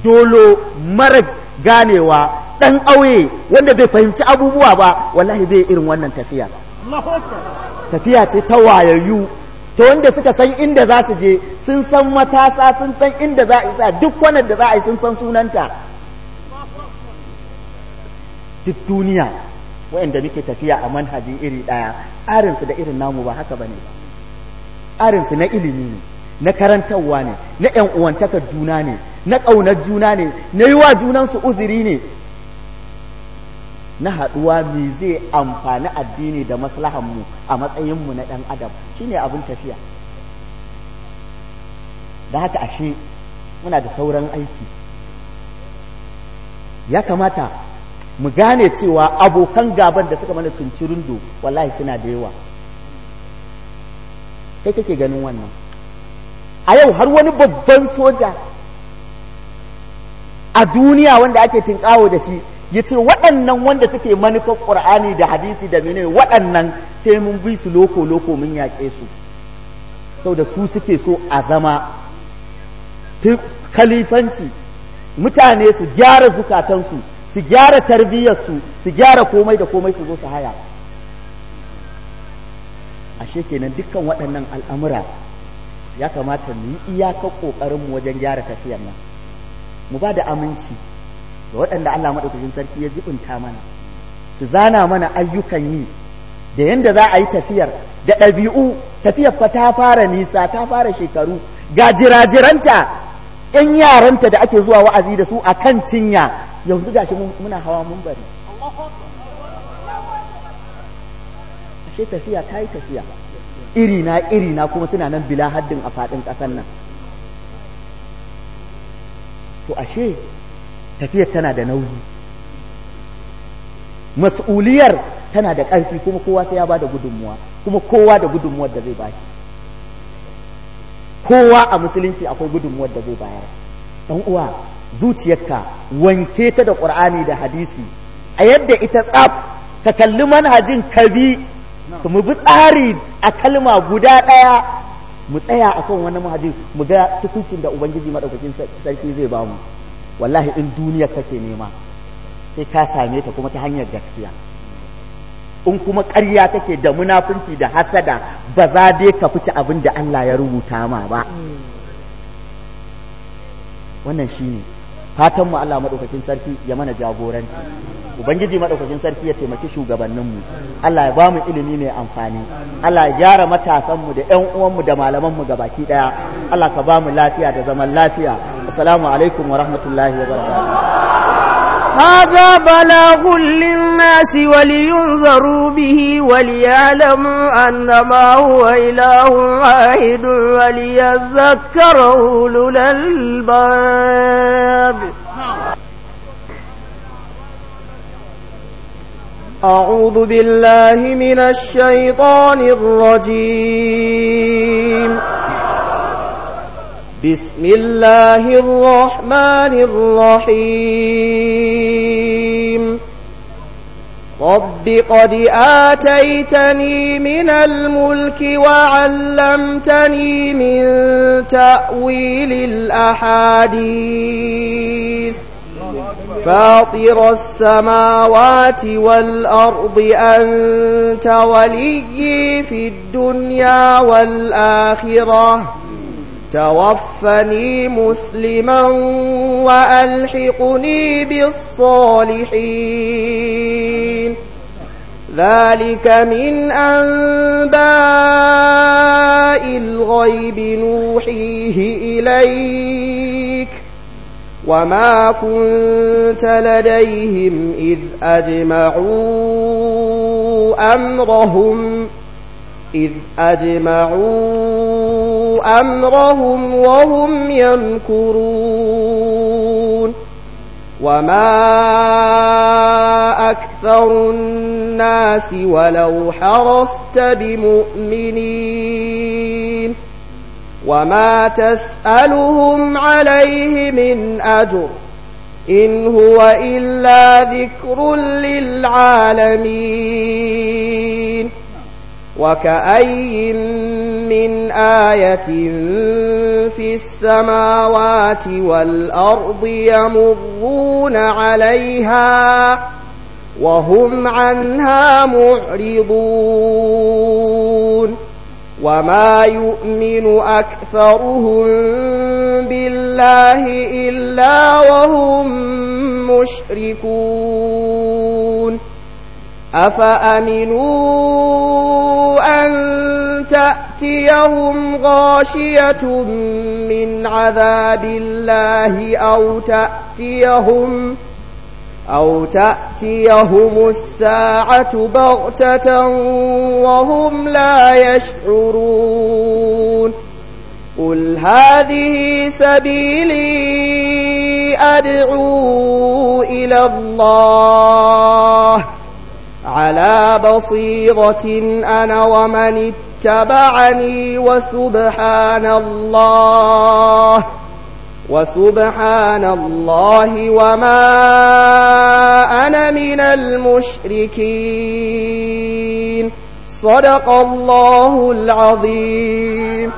dolo mara ganewa ɗan auye wanda bai fahimci abubuwa ba wallahi bai irin wannan tafiya tafiya ce ta wayayyu ta wanda suka san inda za su je sun san matasa sun san inda za a isa duk wannan da za a yi sun san sunanta duk duniya waɗanda muke tafiya a manhajin iri ɗaya tsarinsu da irin namu ba haka ba ne tsarinsu na ilimi ne na karantarwa ne na ‘yan uwantakar juna ne na ƙaunar juna ne na yi wa junansu uzuri ne na haɗuwa me zai amfani addini da maslahanmu a matsayinmu na ɗan adam shine abin tafiya da haka ashe muna da sauran aiki ya kamata mu gane cewa abokan gaban da suka mana tuncirin do wallahi suna da yawa kai kake ganin wannan a yau har wani babban soja a duniya wanda ake tinkawo da shi ya ce waɗannan wanda suke manufar ƙur'ani da hadisi da mene waɗannan sai mun bi su loko-loko mun yaƙe su sau da su suke so a zama kalifanci mutane su gyara zukatansu su gyara tarbiyyarsu su gyara komai da komai su zo su haya ashe kenan dukkan waɗannan al'amura ya kamata mu yi iyaka ƙoƙarinmu wajen gyara tafiyar nan mu ba da aminci ga waɗanda Allah maɗaukakin sarki ya jibinta mana su zana mana ayyukan yi da yadda za a yi tafiyar da ɗabi'u tafiyar fa ta fara nisa ta fara shekaru ga jirajiranta ‘yan yaranta da ake zuwa wa'azi da su a kan cinya yanzu gashi muna hawa mun bari ashe tafiya ta yi tafiya irina irina kuma suna nan bila haddin a faɗin ƙasar nan to ashe tafiyar tana da nauyi mas'uliyar tana da ƙarfi kuma kowa sai ya ba da gudunmuwa kuma kowa da gudunmuwar da zai baki kowa a musulunci akwai gudunmuwar da zai bayar ɗan uwa zuciyarka wanke ta da ƙur'ani da hadisi a yadda ita tsaf ta kalli manhajin kabi mu bi tsari a kalma guda ɗaya mu tsaya akan wani mahadin mu ga tukuncin da ubangiji maɗaukacin sarki zai ba mu. wallahi in duniya kake nema sai ka same ta kuma ta hanyar gaskiya in kuma ƙarya take da munafunci da hasada ba za dai ka fice abin da Allah ya rubuta ma ba mm. wannan shine fatan Allah madaukakin sarki ya mana jagoranci ubangiji madaukakin sarki ya taimaki shugabanninmu Allah ya bamu ilimi mai amfani Allah ya gyara matasan mu da ƴan uwan da malaman mu gabaki daya Allah ka bamu lafiya da zaman lafiya assalamu alaikum wa rahmatullahi wa barakatuh هذا بلاغ للناس ولينذروا به وليعلموا أنما هو إله واحد وليذكر أولو الألباب أعوذ بالله من الشيطان الرجيم بسم الله الرحمن الرحيم رب قد آتيتني من الملك وعلمتني من تأويل الأحاديث فاطر السماوات والأرض أنت ولي في الدنيا والآخرة توفني مسلما وألحقني بالصالحين ذلك من أنباء الغيب نوحيه إليك وما كنت لديهم إذ أجمعوا أمرهم إذ أجمعوا أمرهم وهم يمكرون وما أكثر الناس ولو حرصت بمؤمنين وما تسألهم عليه من أجر إن هو إلا ذكر للعالمين وكأي من آية في السماوات والأرض يمرون عليها وهم عنها معرضون وما يؤمن أكثرهم بالله إلا وهم مشركون أفأمنوا أن تأتيهم غاشية من عذاب الله أو تأتيهم أو تأتيهم الساعة بغتة وهم لا يشعرون قل هذه سبيلي أدعو إلى الله على بصيرة أنا ومن اتبعني وسبحان الله وسبحان الله وما أنا من المشركين صدق الله العظيم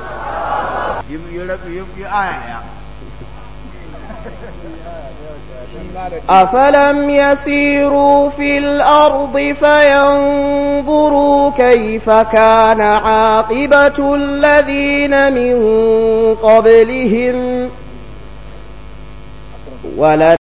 آية. أفلم يسيروا في الأرض فينظروا كيف كان عاقبة الذين من قبلهم ولا